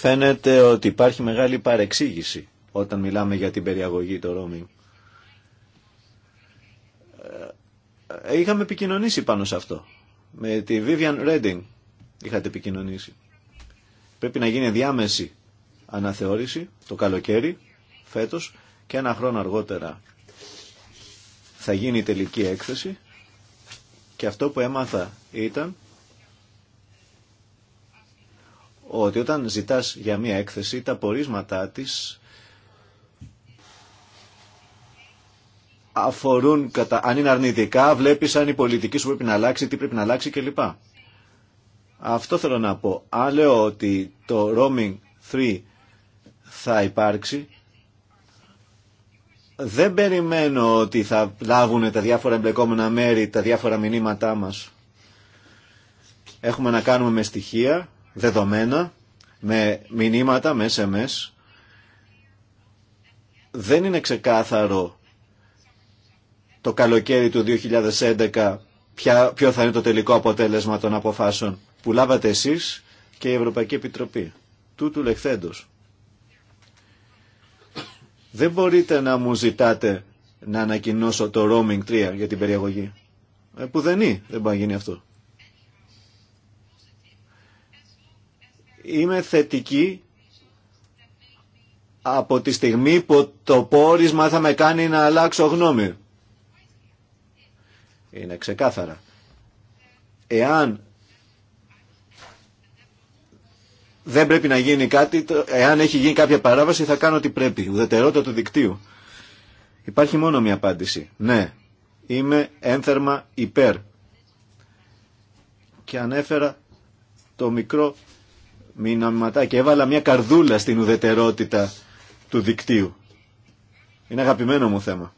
Φαίνεται ότι υπάρχει μεγάλη παρεξήγηση όταν μιλάμε για την περιαγωγή το roaming. Ε, είχαμε επικοινωνήσει πάνω σε αυτό. Με τη Vivian Redding είχατε επικοινωνήσει. Πρέπει να γίνει διάμεση αναθεώρηση το καλοκαίρι φέτος και ένα χρόνο αργότερα θα γίνει η τελική έκθεση και αυτό που έμαθα ήταν ότι όταν ζητάς για μία έκθεση τα πορίσματά της αφορούν, κατα... αν είναι αρνητικά, βλέπεις αν η πολιτική σου πρέπει να αλλάξει, τι πρέπει να αλλάξει κλπ. Αυτό θέλω να πω. Αν λέω ότι το roaming 3 θα υπάρξει. Δεν περιμένω ότι θα λάβουν τα διάφορα εμπλεκόμενα μέρη, τα διάφορα μηνύματά μας. Έχουμε να κάνουμε με στοιχεία, δεδομένα, με μηνύματα, με SMS. Δεν είναι ξεκάθαρο το καλοκαίρι του 2011 ποιο θα είναι το τελικό αποτέλεσμα των αποφάσεων που λάβατε εσείς και η Ευρωπαϊκή Επιτροπή. Τούτου λεχθέντος. Δεν μπορείτε να μου ζητάτε να ανακοινώσω το roaming 3 για την περιαγωγή. Ε, που δεν είναι, δεν μπορεί να γίνει αυτό. Είμαι θετική από τη στιγμή που το πόρισμα θα με κάνει να αλλάξω γνώμη. Είναι ξεκάθαρα. Εάν δεν πρέπει να γίνει κάτι, εάν έχει γίνει κάποια παράβαση θα κάνω ό,τι πρέπει. Ουδετερότητα του δικτύου. Υπάρχει μόνο μία απάντηση. Ναι, είμαι ένθερμα υπέρ. Και ανέφερα το μικρό μηναματάκι. Έβαλα μία καρδούλα στην ουδετερότητα του δικτύου. Είναι αγαπημένο μου θέμα.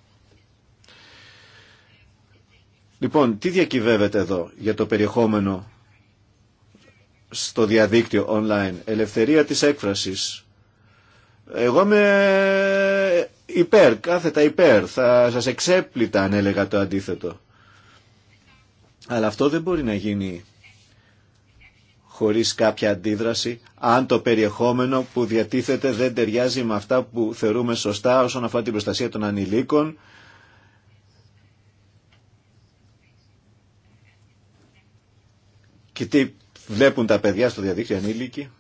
Λοιπόν, τι διακυβεύεται εδώ για το περιεχόμενο στο διαδίκτυο online. Ελευθερία της έκφρασης. Εγώ είμαι υπέρ, κάθετα υπέρ. Θα σας εξέπλητα αν έλεγα το αντίθετο. Αλλά αυτό δεν μπορεί να γίνει χωρίς κάποια αντίδραση, αν το περιεχόμενο που διατίθεται δεν ταιριάζει με αυτά που θεωρούμε σωστά όσον αφορά την προστασία των ανηλίκων, και τι βλέπουν τα παιδιά στο διαδίκτυο ανήλικοι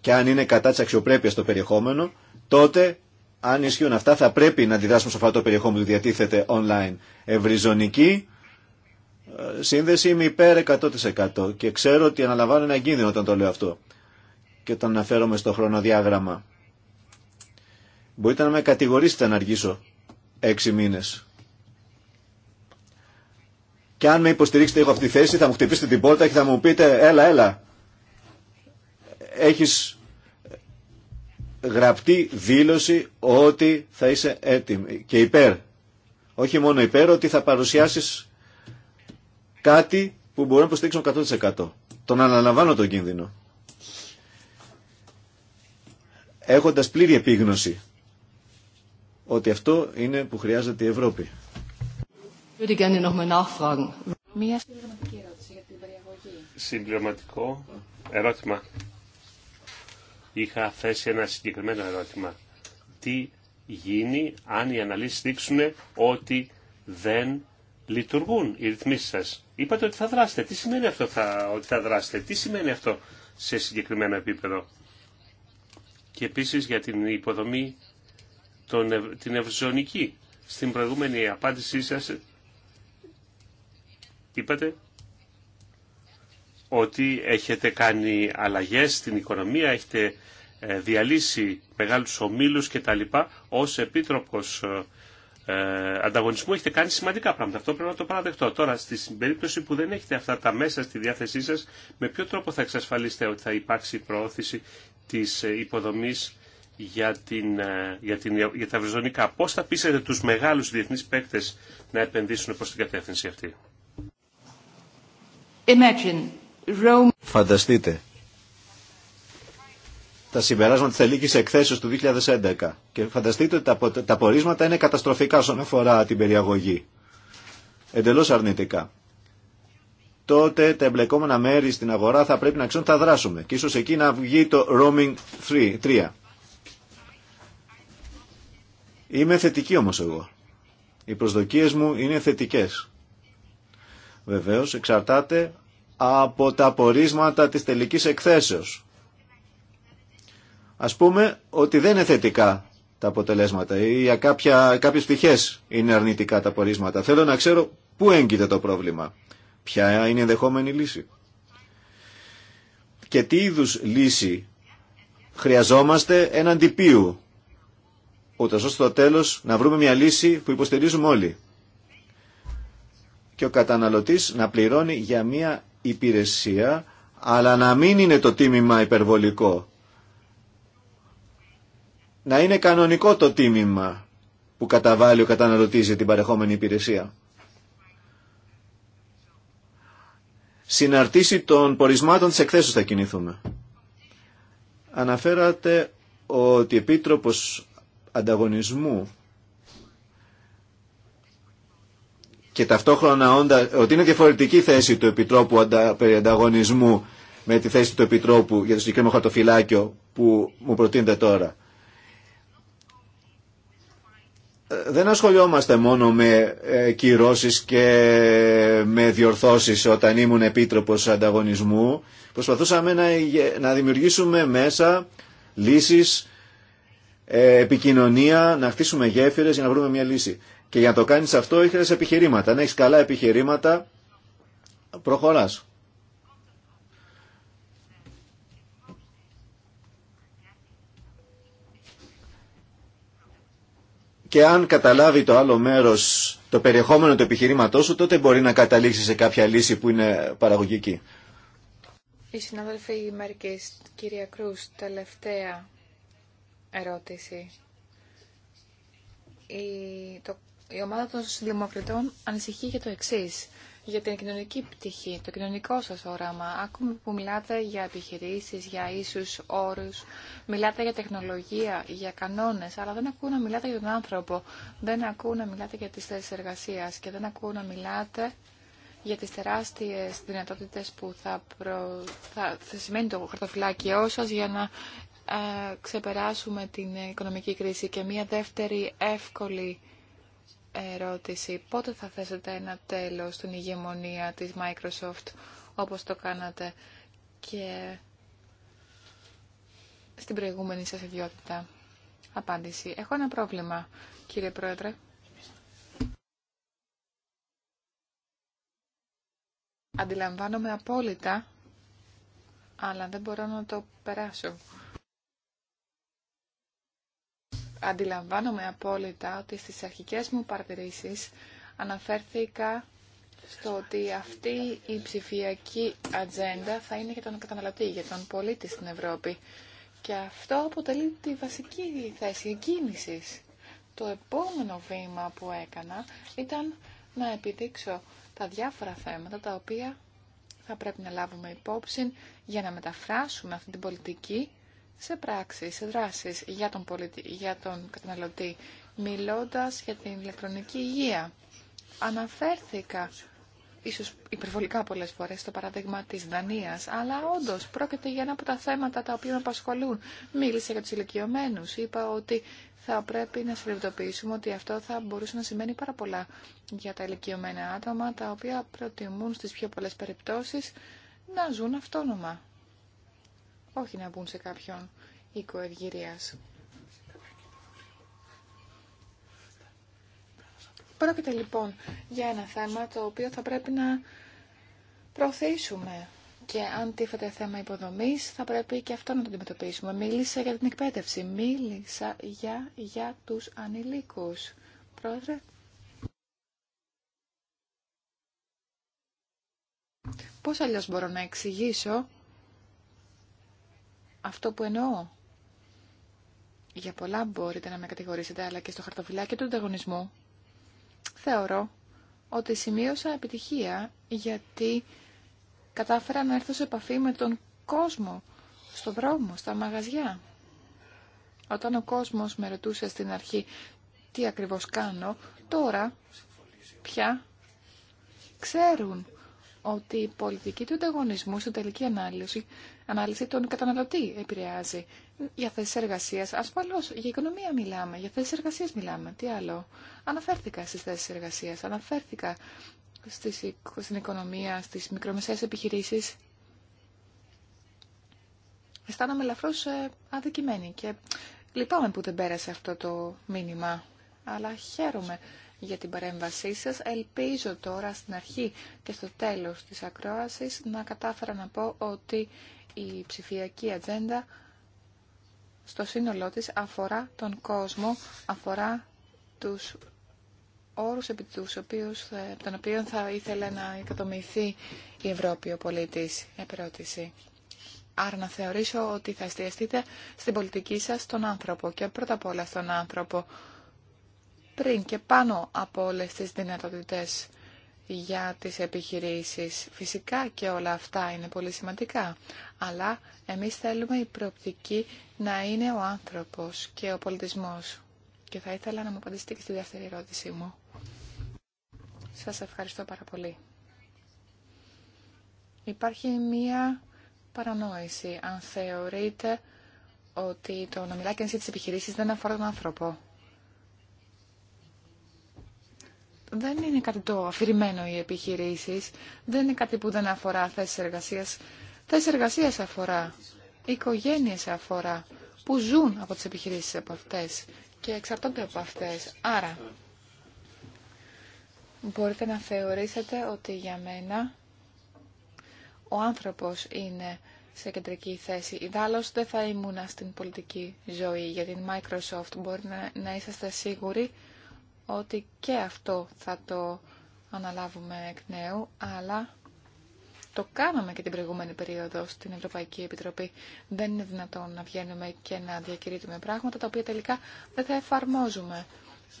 και αν είναι κατά τη αξιοπρέπεια το περιεχόμενο, τότε αν ισχύουν αυτά θα πρέπει να αντιδράσουμε σε αυτό το περιεχόμενο που διατίθεται online. Ευρυζωνική ε, σύνδεση είμαι υπέρ 100% και ξέρω ότι αναλαμβάνω ένα κίνδυνο όταν το λέω αυτό και όταν αναφέρομαι στο χρονοδιάγραμμα. Μπορείτε να με κατηγορήσετε να αργήσω έξι μήνες. Και αν με υποστηρίξετε εγώ αυτή τη θέση, θα μου χτυπήσετε την πόρτα και θα μου πείτε, έλα, έλα, έχεις γραπτή δήλωση ότι θα είσαι έτοιμη και υπέρ. Όχι μόνο υπέρ, ότι θα παρουσιάσεις κάτι που μπορεί να υποστηρίξουν 100%. Τον αναλαμβάνω τον κίνδυνο. Έχοντας πλήρη επίγνωση ότι αυτό είναι που χρειάζεται η Ευρώπη. Μία συμπληρωματική ερώτηση για την Συμπληρωματικό ερώτημα. Είχα θέσει ένα συγκεκριμένο ερώτημα. Τι γίνει αν οι αναλύσει δείξουν ότι δεν λειτουργούν οι ρυθμίσει σα. Είπατε ότι θα δράσετε. Τι σημαίνει αυτό θα, ότι θα δράσετε. Τι σημαίνει αυτό σε συγκεκριμένο επίπεδο. Και επίση για την υποδομή τον, την ευρωζωνική. Στην προηγούμενη απάντησή σας είπατε ότι έχετε κάνει αλλαγές στην οικονομία, έχετε ε, διαλύσει μεγάλους ομίλους και τα λοιπά, ως επίτροπος ε, ε, ανταγωνισμού έχετε κάνει σημαντικά πράγματα. Αυτό πρέπει να το παραδεχτώ. Τώρα, στην περίπτωση που δεν έχετε αυτά τα μέσα στη διάθεσή σας, με ποιο τρόπο θα εξασφαλίσετε ότι θα υπάρξει προώθηση της υποδομής για, την, για, την, για τα βρυζονικά. Πώς θα πείσετε τους μεγάλους διεθνείς παίκτες να επενδύσουν προς την κατεύθυνση αυτή. Φανταστείτε τα συμπεράσματα της ελίκης εκθέσεως του 2011 και φανταστείτε ότι τα, πορίσματα είναι καταστροφικά όσον αφορά την περιαγωγή. Εντελώς αρνητικά. Τότε τα εμπλεκόμενα μέρη στην αγορά θα πρέπει να ξέρουν θα δράσουμε και ίσως εκεί να βγει το roaming 3. 3. Είμαι θετική όμως εγώ. Οι προσδοκίες μου είναι θετικές. Βεβαίως εξαρτάται από τα απορίσματα της τελικής εκθέσεως. Ας πούμε ότι δεν είναι θετικά τα αποτελέσματα ή για κάποια, κάποιες πτυχές είναι αρνητικά τα πορίσματα. Θέλω να ξέρω πού έγκυται το πρόβλημα, ποια είναι η για καποια καποιες πτυχες ειναι αρνητικα τα απορισματα θελω να λύση και τι είδους λύση χρειαζόμαστε έναν τυπίου ούτως ώστε στο τέλος να βρούμε μια λύση που υποστηρίζουμε όλοι και ο καταναλωτής να πληρώνει για μια υπηρεσία, αλλά να μην είναι το τίμημα υπερβολικό. Να είναι κανονικό το τίμημα που καταβάλει ο καταναλωτής για την παρεχόμενη υπηρεσία. Συναρτήσει των πορισμάτων της εκθέσεως θα κινηθούμε. Αναφέρατε ότι Επίτροπος Ανταγωνισμού και ταυτόχρονα όντα, ότι είναι διαφορετική θέση του Επιτρόπου περί ανταγωνισμού με τη θέση του Επιτρόπου για το συγκεκριμένο χαρτοφυλάκιο που μου προτείνεται τώρα. Ε, δεν ασχολιόμαστε μόνο με ε, κυρώσεις και με διορθώσεις όταν ήμουν Επίτροπος Ανταγωνισμού. Προσπαθούσαμε να, να δημιουργήσουμε μέσα λύσεις, ε, επικοινωνία, να χτίσουμε γέφυρες για να βρούμε μια λύση. Και για να το κάνεις αυτό έχεις επιχειρήματα. Αν έχεις καλά επιχειρήματα, προχωράς. Και αν καταλάβει το άλλο μέρος το περιεχόμενο του επιχειρήματός σου, τότε μπορεί να καταλήξει σε κάποια λύση που είναι παραγωγική. Η συνάδελφη Μαρκής, κυρία Κρούς, τελευταία ερώτηση. Η, το η ομάδα των δημοκρατών ανησυχεί για το εξή. Για την κοινωνική πτυχή, το κοινωνικό σα όραμα, άκουμε που μιλάτε για επιχειρήσει, για ίσου όρου, μιλάτε για τεχνολογία, για κανόνε, αλλά δεν ακούω να μιλάτε για τον άνθρωπο, δεν ακούω να μιλάτε για τι θέσει εργασία και δεν ακούω να μιλάτε για τις τεράστιες δυνατότητες που θα, προ... θα... θα σημαίνει το χαρτοφυλάκιό σας για να ε, ξεπεράσουμε την οικονομική κρίση και μια δεύτερη εύκολη ερώτηση. Πότε θα θέσετε ένα τέλος στην ηγεμονία της Microsoft όπως το κάνατε και στην προηγούμενη σας ιδιότητα. Απάντηση. Έχω ένα πρόβλημα, κύριε Πρόεδρε. Αντιλαμβάνομαι απόλυτα, αλλά δεν μπορώ να το περάσω αντιλαμβάνομαι απόλυτα ότι στις αρχικές μου παρατηρήσεις αναφέρθηκα στο ότι αυτή η ψηφιακή ατζέντα θα είναι για τον καταναλωτή, για τον πολίτη στην Ευρώπη. Και αυτό αποτελεί τη βασική θέση κίνηση. Το επόμενο βήμα που έκανα ήταν να επιδείξω τα διάφορα θέματα τα οποία θα πρέπει να λάβουμε υπόψη για να μεταφράσουμε αυτή την πολιτική σε πράξεις, σε δράσεις για τον, για τον καταναλωτή, μιλώντας για την ηλεκτρονική υγεία. Αναφέρθηκα ίσως υπερβολικά πολλές φορές στο παράδειγμα της Δανίας, αλλά όντως πρόκειται για ένα από τα θέματα τα οποία με απασχολούν. Μίλησα για τους ηλικιωμένου. είπα ότι θα πρέπει να συνειδητοποιήσουμε ότι αυτό θα μπορούσε να σημαίνει πάρα πολλά για τα ηλικιωμένα άτομα, τα οποία προτιμούν στις πιο πολλές περιπτώσεις να ζουν αυτόνομα όχι να μπουν σε κάποιον οίκο ευγυρίας. Πρόκειται λοιπόν για ένα θέμα το οποίο θα πρέπει να προωθήσουμε. Και αν τίθεται θέμα υποδομής, θα πρέπει και αυτό να το αντιμετωπίσουμε. Μίλησα για την εκπαίδευση, μίλησα για, για τους ανηλίκους. Πρόεδρε. Πώς αλλιώς μπορώ να εξηγήσω αυτό που εννοώ. Για πολλά μπορείτε να με κατηγορήσετε, αλλά και στο χαρτοφυλάκι του ανταγωνισμού θεωρώ ότι σημείωσα επιτυχία γιατί κατάφερα να έρθω σε επαφή με τον κόσμο, στον δρόμο, στα μαγαζιά. Όταν ο κόσμος με ρωτούσε στην αρχή τι ακριβώς κάνω, τώρα πια ξέρουν ότι η πολιτική του ανταγωνισμού στην τελική ανάλυση ανάλυση τον καταναλωτή επηρεάζει. Για θέσει εργασία, ασφαλώ, για οικονομία μιλάμε, για θέσει εργασία μιλάμε. Τι άλλο. Αναφέρθηκα στι θέσει εργασία, αναφέρθηκα στις, στην οικονομία, στι μικρομεσαίε επιχειρήσει. Αισθάνομαι ελαφρώ ε, αδικημένη και λυπάμαι που δεν πέρασε αυτό το μήνυμα. Αλλά χαίρομαι για την παρέμβασή σας. Ελπίζω τώρα στην αρχή και στο τέλος της ακρόασης να κατάφερα να πω ότι η ψηφιακή ατζέντα στο σύνολό της αφορά τον κόσμο, αφορά τους όρους επί τους οποίους, από θα ήθελε να εκατομηθεί η Ευρώπη ο πολίτης. Άρα να θεωρήσω ότι θα εστιαστείτε στην πολιτική σας τον άνθρωπο και πρώτα απ' όλα στον άνθρωπο πριν και πάνω από όλες τις δυνατότητες για τις επιχειρήσεις. Φυσικά και όλα αυτά είναι πολύ σημαντικά, αλλά εμείς θέλουμε η προοπτική να είναι ο άνθρωπος και ο πολιτισμός. Και θα ήθελα να μου απαντήσετε και στη δεύτερη ερώτησή μου. Σας ευχαριστώ πάρα πολύ. Υπάρχει μία παρανόηση αν θεωρείτε ότι το να μιλάει και τις επιχειρήσεις δεν αφορά τον άνθρωπο. δεν είναι κάτι το αφηρημένο οι επιχειρήσει, δεν είναι κάτι που δεν αφορά θέσει εργασία, θέσει εργασίας αφορά, οικογένειε αφορά, που ζουν από τι επιχειρήσει από αυτές και εξαρτώνται από αυτές. Άρα, μπορείτε να θεωρήσετε ότι για μένα ο άνθρωπος είναι σε κεντρική θέση. Ιδάλλως δεν θα ήμουν στην πολιτική ζωή για την Microsoft. Μπορεί να, να είσαστε σίγουροι ότι και αυτό θα το αναλάβουμε εκ νέου, αλλά το κάναμε και την προηγούμενη περίοδο στην Ευρωπαϊκή Επιτροπή. Δεν είναι δυνατόν να βγαίνουμε και να διακηρύττουμε πράγματα τα οποία τελικά δεν θα εφαρμόζουμε.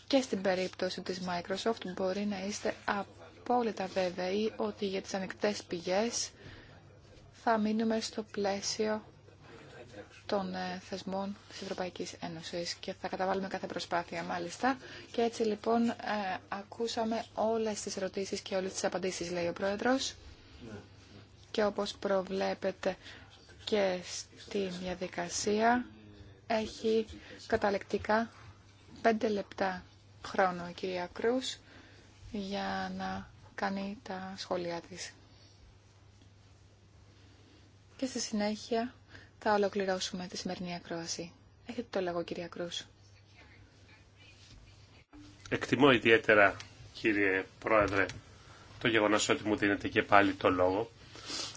Και στην περίπτωση της Microsoft μπορεί να είστε απόλυτα βέβαιοι ότι για τις ανοιχτές πηγές θα μείνουμε στο πλαίσιο των ε, θεσμών της Ευρωπαϊκής Ένωσης και θα καταβάλουμε κάθε προσπάθεια μάλιστα. Και έτσι λοιπόν ε, ακούσαμε όλες τις ερωτήσεις και όλες τις απαντήσεις λέει ο Πρόεδρος και όπως προβλέπετε και στη διαδικασία έχει καταλεκτικά πέντε λεπτά χρόνο η κυρία Κρούς για να κάνει τα σχόλιά της. Και στη συνέχεια θα ολοκληρώσουμε τη σημερινή ακρόαση. Έχετε το λόγο, κυρία Κρούς. Εκτιμώ ιδιαίτερα, κύριε Πρόεδρε, το γεγονός ότι μου δίνετε και πάλι το λόγο,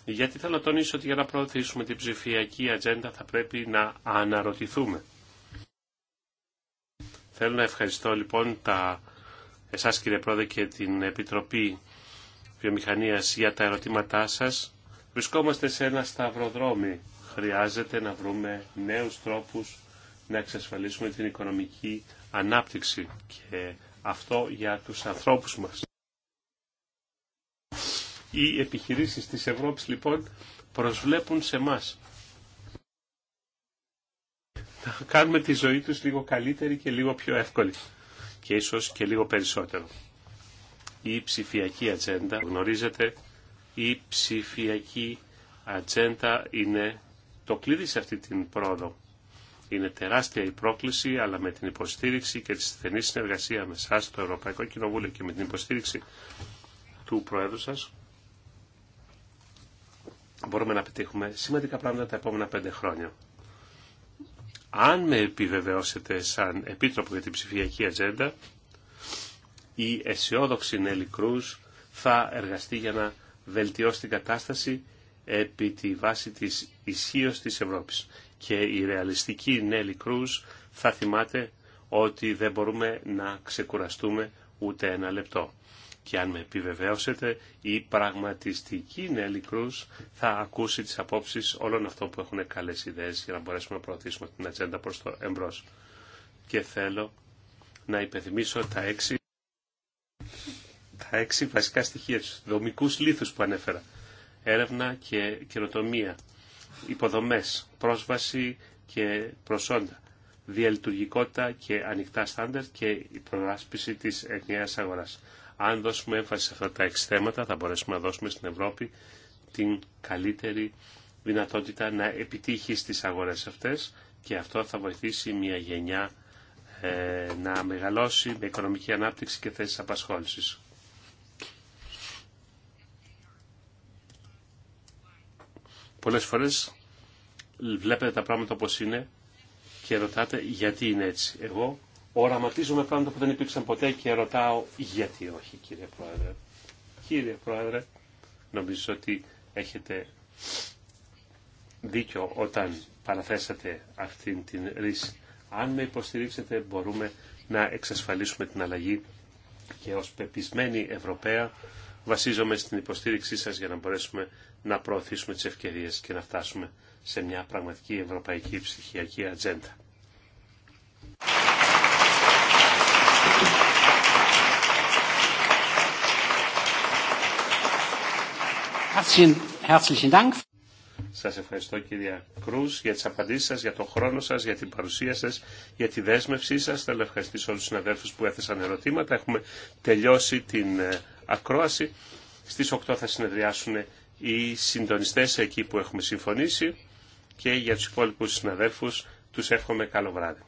γιατί θέλω να τονίσω ότι για να προωθήσουμε την ψηφιακή ατζέντα θα πρέπει να αναρωτηθούμε. Θέλω να ευχαριστώ λοιπόν τα, εσάς κύριε Πρόεδρε και την Επιτροπή Βιομηχανίας για τα ερωτήματά σας. Βρισκόμαστε σε ένα σταυροδρόμι χρειάζεται να βρούμε νέους τρόπους να εξασφαλίσουμε την οικονομική ανάπτυξη και αυτό για τους ανθρώπους μας. Οι επιχειρήσεις της Ευρώπης λοιπόν προσβλέπουν σε μας να κάνουμε τη ζωή τους λίγο καλύτερη και λίγο πιο εύκολη και ίσως και λίγο περισσότερο. Η ψηφιακή ατζέντα, γνωρίζετε, η ψηφιακή ατζέντα είναι το κλειδί σε αυτή την πρόοδο. Είναι τεράστια η πρόκληση, αλλά με την υποστήριξη και τη στενή συνεργασία με εσά, το Ευρωπαϊκό Κοινοβούλιο και με την υποστήριξη του Προέδρου σας, μπορούμε να πετύχουμε σημαντικά πράγματα τα επόμενα πέντε χρόνια. Αν με επιβεβαιώσετε σαν Επίτροπο για την ψηφιακή ατζέντα, η αισιόδοξη Νέλη Κρούς θα εργαστεί για να βελτιώσει την κατάσταση επί τη βάση της ισχύως της Ευρώπης. Και η ρεαλιστική Νέλη Κρούς θα θυμάται ότι δεν μπορούμε να ξεκουραστούμε ούτε ένα λεπτό. Και αν με επιβεβαίωσετε, η πραγματιστική Νέλη Κρούς θα ακούσει τις απόψεις όλων αυτών που έχουν καλές ιδέες για να μπορέσουμε να προωθήσουμε την ατζέντα προς το εμπρός. Και θέλω να υπενθυμίσω τα έξι, τα έξι βασικά στοιχεία, δομικούς λήθους που ανέφερα έρευνα και καινοτομία, υποδομές, πρόσβαση και προσόντα, διαλειτουργικότητα και ανοιχτά στάνταρτ και η προγράσπιση της ενιαίας αγοράς. Αν δώσουμε έμφαση σε αυτά τα έξι θα μπορέσουμε να δώσουμε στην Ευρώπη την καλύτερη δυνατότητα να επιτύχει στις αγορές αυτές και αυτό θα βοηθήσει μια γενιά ε, να μεγαλώσει με οικονομική ανάπτυξη και θέσεις απασχόλησης. Πολλές φορές βλέπετε τα πράγματα όπως είναι και ρωτάτε γιατί είναι έτσι. Εγώ οραματίζομαι πράγματα που δεν υπήρξαν ποτέ και ρωτάω γιατί όχι κύριε Πρόεδρε. Κύριε Πρόεδρε, νομίζω ότι έχετε δίκιο όταν παραθέσατε αυτήν την ρίση. Αν με υποστηρίξετε μπορούμε να εξασφαλίσουμε την αλλαγή και ως πεπισμένη Ευρωπαία βασίζομαι στην υποστήριξή σας για να μπορέσουμε να προωθήσουμε τις ευκαιρίες και να φτάσουμε σε μια πραγματική ευρωπαϊκή ψυχιακή ατζέντα. Σας ευχαριστώ κυρία Κρούς για τις απαντήσεις σας, για τον χρόνο σας, για την παρουσία σας, για τη δέσμευσή σας. Θέλω να ευχαριστήσω όλους τους συναδέλφους που έθεσαν ερωτήματα. Έχουμε τελειώσει την ε, ακρόαση. Στις 8 θα συνεδριάσουν οι συντονιστές εκεί που έχουμε συμφωνήσει και για τους υπόλοιπους συναδέλφους τους εύχομαι καλό βράδυ.